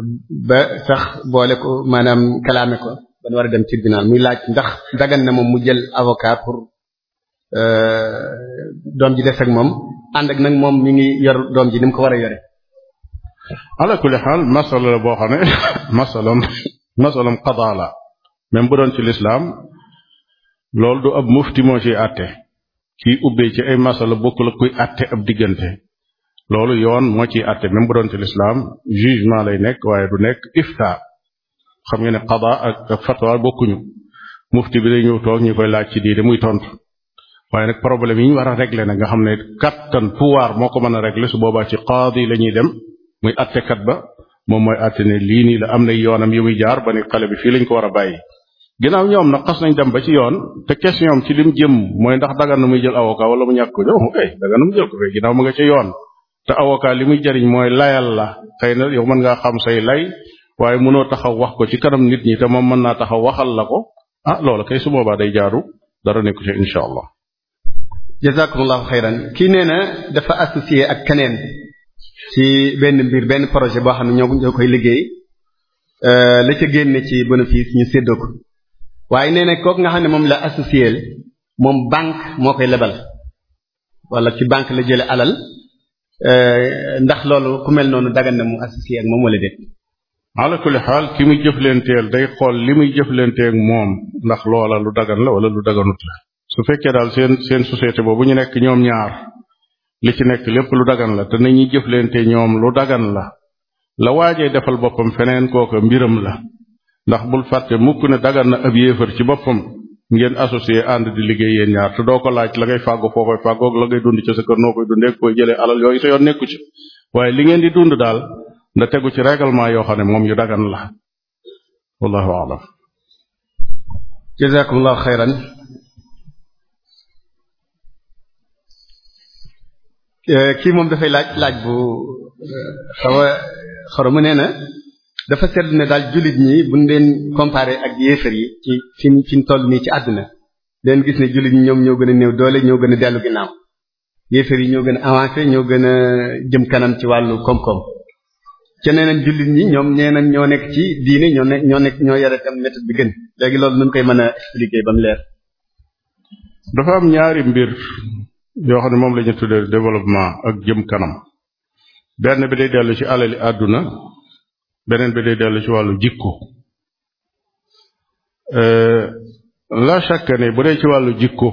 ba sax boole ko maanaam kalaame ko ban war a dem tribunal muy laaj ndax dagan na moom mu jël avocat pour euh, doom ji des ak moom ànd ak nag moom mi ngi yor doom ji ni mu ko war a yore. ala kulli xaal masala la boo xam ne
masalam masalam qadaa la même bu doon ci lislaam loolu du ab mufti moo ciy àtte kiy ubbee ci ay masala bokkul ak kuy àtte ab diggante loolu yoon moo ciy àtte même bu doon ci lislaam jugement lay nekk waaye du nekk ifta xam nga ne qada ak fatwa bokkuñu mufti bi day ñëw toog ñu koy laaj ci diine muy ton waaye nag problème yi ñu war a régler nag nga xam ne kattan pouvoir moo ko mën a régler su boobaa ci qaadi la ñuy dem muy attekat ba moom mooy atte ne lii nii la am na yoonam yi muy jaar ba ne xale bi fii lañ ko war a bàyyi. ginnaaw ñoom nag xas nañ dem ba ci yoon te question ci lim jëm mooy ndax daga na muy jël avocat wala mu ñàkk ko jël ok dagan na mu jël ko fee ginnaaw yoon te avocat li muy jariñ mooy layal la xëy na yow mën ngaa xam say lay waaye mënoo taxaw wax ko ci kanam nit ñi te moom mën naa taxaw waxal la ko ah loola kay su boobaa day jaaru dara nekku ci insha allah
jazakumullahu xayran kii nee na dafa associé ak keneen ci benn mbir benn projet boo xam ne ñoo ñoo koy liggéey euh, la ca génne ci bénéfice ñu séddoo ko waaye nee na kooku nga xam ne moom la associé moom banque moo koy lebal wala ci banque la jële alal euh, ndax loolu ku mel noonu dagan na mu associé ak moom wala déet ala
kulli xaal ki muy jëflenteel day xool li muy jëflenteeg moom ndax loola lu dagan la walla lu daganut la su fekkee daal seen seen société boobu ñu nekk ñoom ñaar li ci nekk lépp lu dagan la te nañuy jëflente ñoom lu dagan la la waajee defal boppam feneen kooka mbiram la ndax bul fàtte mukk ne dagan na ab yéefar ci boppam ngeen associé ànd di liggéey yéen ñaar te doo ko laaj la ngay fàggu foo koy fàggoog la ngay dund ca sa kër noo koy dundee koy jëlee alal yooyu te yoon nekku ci waaye li ngeen di dund daal na tegu ci règlement yoo xam ne moom yu dagan
la wallahu alam jazakumullahu xayran eh, kii moom dafay laaj laaj bu xaw a xoro mu nee na dafa sedd ne daal jullit ñi buñ leen comparé ak yéefar yi ci fi fi toll nii ci àdduna leen gis ne jullit ñi ñoom ñoo gën a néew doole ñoo gën a dellu ginnaaw yéefar yi ñoo gën a avancé ñoo gën a jëm kanam ci wàllu koom-koom ca nee jullit ñi ñoom nee nañ ñoo nekk ci diine ñoo nekk ñoo nekk ñoo yore tam méthode bi gën léegi loolu nu koy mën a expliquer ba mu leer.
dafa am ñaari mbir yoo xam ne moom la ñu tuddee développement ak jëm kanam benn bi day dellu ci alali àdduna beneen bi day dellu ci wàllu jikko. Euh, la chaque année bu dee ci wàllu jikko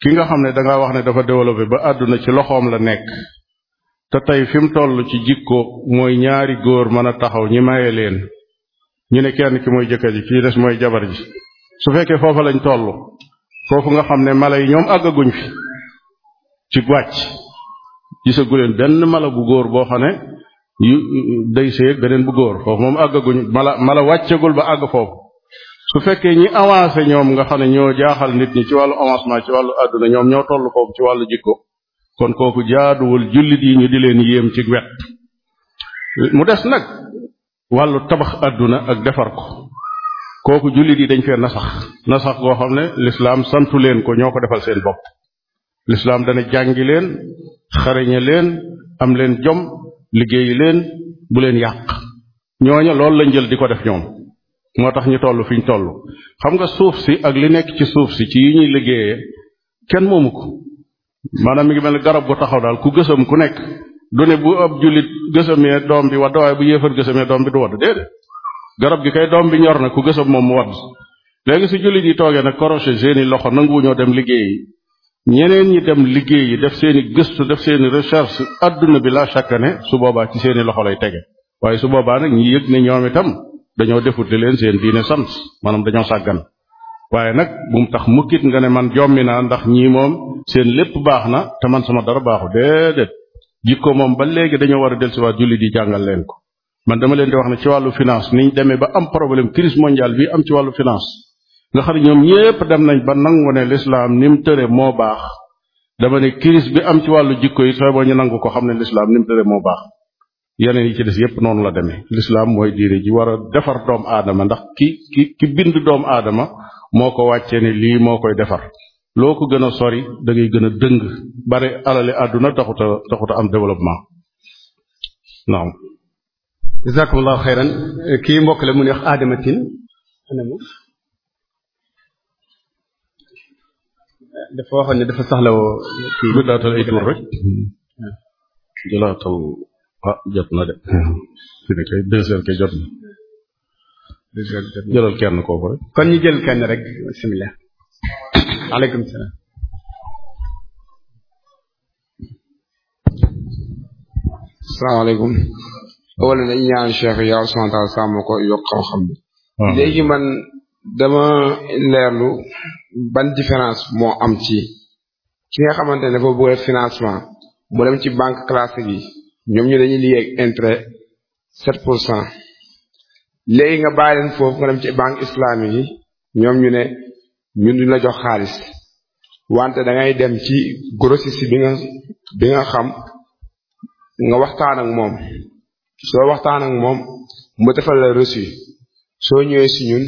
ki nga xam ne danga wax ne dafa développé ba àdduna ci loxoom la nekk. te tey fi mu toll ci jikko mooy ñaari góor mën a taxaw ñi maye leen ñu ne kenn ki mooy jëkkër ji kii des mooy jabar ji su fekkee foofa lañ toll foofu nga xam ne mala yi ñoom àggaguñ fi ci wàcc gisagu leen benn mala bu góor boo xam ne yu day séeg beneen bu góor foofu moom àggaguñ mala mala wàccagul ba àgg foofu su fekkee ñi avancé ñoom nga xam ne ñoo jaaxal nit ñi ci wàllu avancement ci wàllu àdduna ñoom ñoo toll foofu ci wàllu jikko kon kooku jaaduwul jullit yi ñu di leen yéem ci wet mu des nag wàllu tabax àdduna ak defar ko kooku jullit yi dañ fee nasax nasax goo xam ne lislaam santu leen ko ñoo ko defal seen bopp lislaam dana jàngi leen xarañe leen am leen jom liggéey leen bu leen yàq ñooña loolu lañ jël di ko def ñoom moo tax ñu toll fi ñu toll xam nga suuf si ak li nekk ci suuf si ci yi ñuy liggéeye kenn moomu ko maanaam mi ngi mel ne garab gu taxaw daal ku gësam ku nekk du ne bu ab jullit gësamee doom bi wadd waaye bu yéefar gësëmee doom bi du wadd de garab gi kay doom bi ñor na ku gësam moom mu wadd léegi su jullit yi toogee na croché seeni loxo nanguwuñoo dem liggéeyi ñeneen ñi dem liggéey liggéeyi def seeni gëstu def seeni recherche adduna bi laa chaque ne su boobaa ci seeni loxo lay tege waaye su boobaa nag ñi yëg ne ñoom itam dañoo defut li leen seen diine sant maanaam dañoo sàggan waaye nag bu mu tax mukkit nga ne man jommi naa ndax ñii moom seen lépp baax na te man sama dara baaxu déedéet jikko moom ba léegi dañoo war a dellusiwaat julli di jàngal leen ko man dama leen di wax ne ci wàllu finance niñ demee ba am problème crise mondiale bi am ci wàllu finance nga xam ñoom ñépp dem nañ ba nangu ne lislaam ni mu tëre moo baax dama ne crise bi am ci wàllu jikko yi sooy boo ñu nangu ko xam ne lislaam ni mu tëre moo baax yeneen yi ci des noonu la demee lislaam mooy diine ji war defar doomu aadama ndax ki ki ki bind doomu aadama moo ko wàccee ne lii moo koy defar loo ko gën a sori da gën a dëng bare alale àdduna taxuta am développement naam
jazakumullahu xeyran kii mbokk la mu ne wax Adama Tine dafa waxoon ne dafa soxla woo kii bi ay tur rek
jëlaatal ah. ah jot na de ah. jot na
jëlal kenn kooku rek kon ñu jël kenn rek bismillah aleykum salaam asalaamaaleykum wala dañ ñaan cheikh ya subhanahu wa ta'ala sàmm ko yokk xam-xam bi léegi man dama leerlu ban différence moo am ci ki nga xamante ne dafa bëgg financement mu dem ci banque classique yi ñoom ñu dañuy liggéey ak sept pour cent léegi nga bàyyi leen foofu nga dem ci banque islamique yi ñoom ñu ne ñun duñ la jox xaalis wante da ngay dem ci grossiste bi nga bi nga xam nga waxtaan ak moom soo waxtaan ak moom mu defal la reçu soo ñëwee si ñun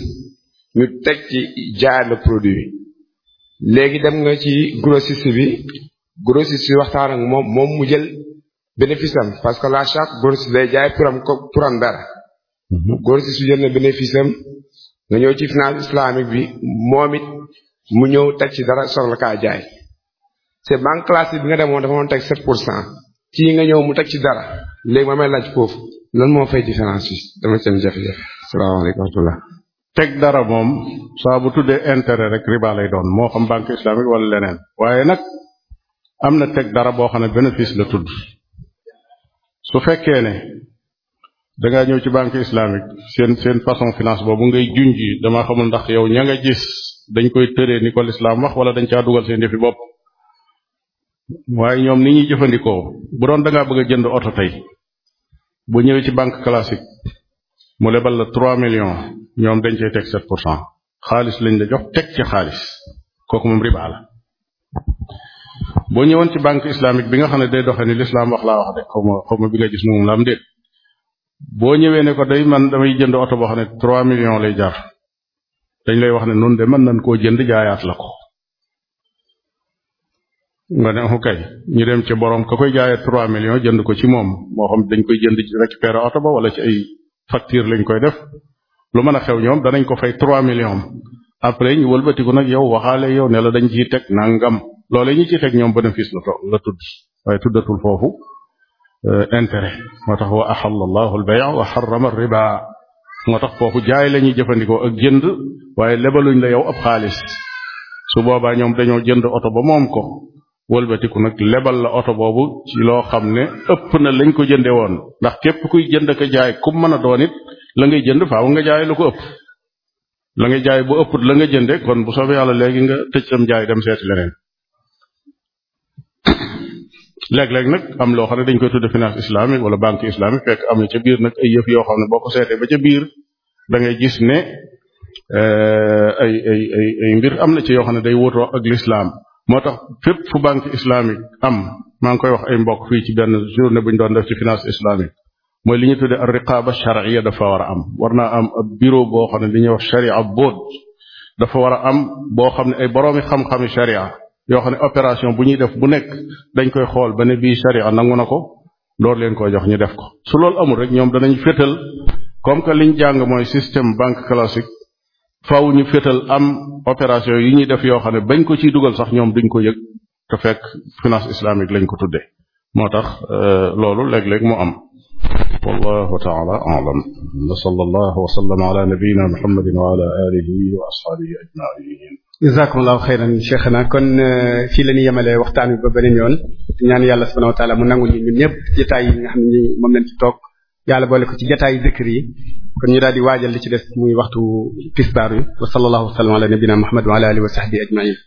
ñu teg ci jaay la produit léegi dem nga ci grossiste bi grossiste bi waxtaan ak moom moom mu jël bénéfice parce que la chaque grossiste day jaay puram ko puram dara Mm-hmm. góor si su jot na bénéfice am nga ñëw ci finance islamique bi moom it mu ñëw teg ci dara soxla kaa jaay c'est banque classique bi nga demoon dafa moon teg 7 pour cent ci nga ñëw mu teg ci dara léegi ma may laaj foofu lan moo fay différence bi dama ci am jafe-jafe salaamaaleykum wa rahmatullah
teg dara moom saa bu tuddee intérêt rek riba lay doon moo xam banque islamique wala leneen waaye nag am na teg dara boo xam ne bénéfice la tudd su fekkee ne da ñëw ci banque islamique seen seen façon finance boobu ngay junj damaa xamul ndax yow ña nga gis dañ koy tëree ni ko lislaam wax wala dañ caa dugal seen yëfi bopp waaye ñoom ni ñuy jëfandikoo bu doon da ngaa bëgg a jënd oto tey bu ñëwee ci banque classique mu lebal la trois millions ñoom dañ cay teg sept xaalis lañ la jox teg ci xaalis kooku moom riba la boo ñëwoon ci banque islamique bi nga xam ne day doxee ni lislaam wax laa wax de xaw bi nga gis moom boo ñëwee ne ko day man damay jënd oto boo xam ne trois millions lay jar dañ lay wax ne nun de mën nañ koo jënd jaayaat la ko nga ne kay ñu dem ci boroom ka koy jaayee trois millions jënd ko ci moom moo xam dañ koy jënd ci oto ba wala ci ay facture lañ koy def lu mën a xew ñoom danañ ko fay trois millions après ñu wëlbatiku nag yow waxaale yow ne la dañ ciy teg nangam loole ñu ciy teg ñoom bénéfice la la tudd waaye tuddatul foofu Euh, intérêt moo tax wa axalla allahu albaya wa xarama riba moo tax foofu jaay la ñuy jëfandikoo ak jënd waaye lebaluñ la yow ab xaalis su boobaa ñoom dañoo jënd oto ba moom ko wëlbatiku nag lebal la oto boobu ci loo xam ne ëpp na lañ ko jënde woon ndax képp kuy jënd ko jaay ku mën a doon la ngay jënd faaw nga jaay lu ko ëpp la nga jaay bu ëpp la nga jënde kon bu soobee yàlla léegi nga tëj sam jaay dem seet leneen léeg-léeg nag am loo xam ne dañ koy tudde finance islamique wala banque islamique fekk am na ca biir nag ay yëf yoo xam ne boo ko seetee ba ca biir da ngay gis ne eh, ay ay ay mbir am na ci yoo xam ne day wóotoo ak l'islam moo tax fépp fu banque islamique am maa ngi koy wax ay mbokk fii ci benn journée bu ñu doon def ci finance islamique mooy li ñu tudde ar riqaba charia dafa war a am war naa am ab bureau boo xam ne li ñuy wax charia board dafa war a am boo xam ne ay boromi xam-xami yoo xam ne opération bu ñuy def bu nekk dañ koy xool ba ne bii nangu na ko door leen koo jox ñu def ko su loolu amul rek ñoom danañ fétal comme que liñ jàng mooy système banque classique faw ñu fétal am opération yi ñuy def yoo xam ne bañ ko ciy dugal sax ñoom duñ ko yëg te fekk finance islamique lañ ko tuddee moo tax euh, loolu léeg-léeg mu am wallahu taala alam wa sallallahu wa sallam ala nabiyina muhammadin wa ala alihi wa ashabihi ajmain
jazakumullahu xeyran cheikhna kon euh, fii la ñuy yemale waxtaan wi ba beneen yoon di ñaan yàlla subhanahu wa taala mu nangul ñu ñun ñëpp yi nga xam ne ñu moom lañ ci toog yàlla boole ko ci jotaay yi kon ñu daal di waajal li ci des muy waxtu tisbaar yi wa sallallahu wa sallam ala nabina muhammad wa ala alihi wa sahbihi ajmain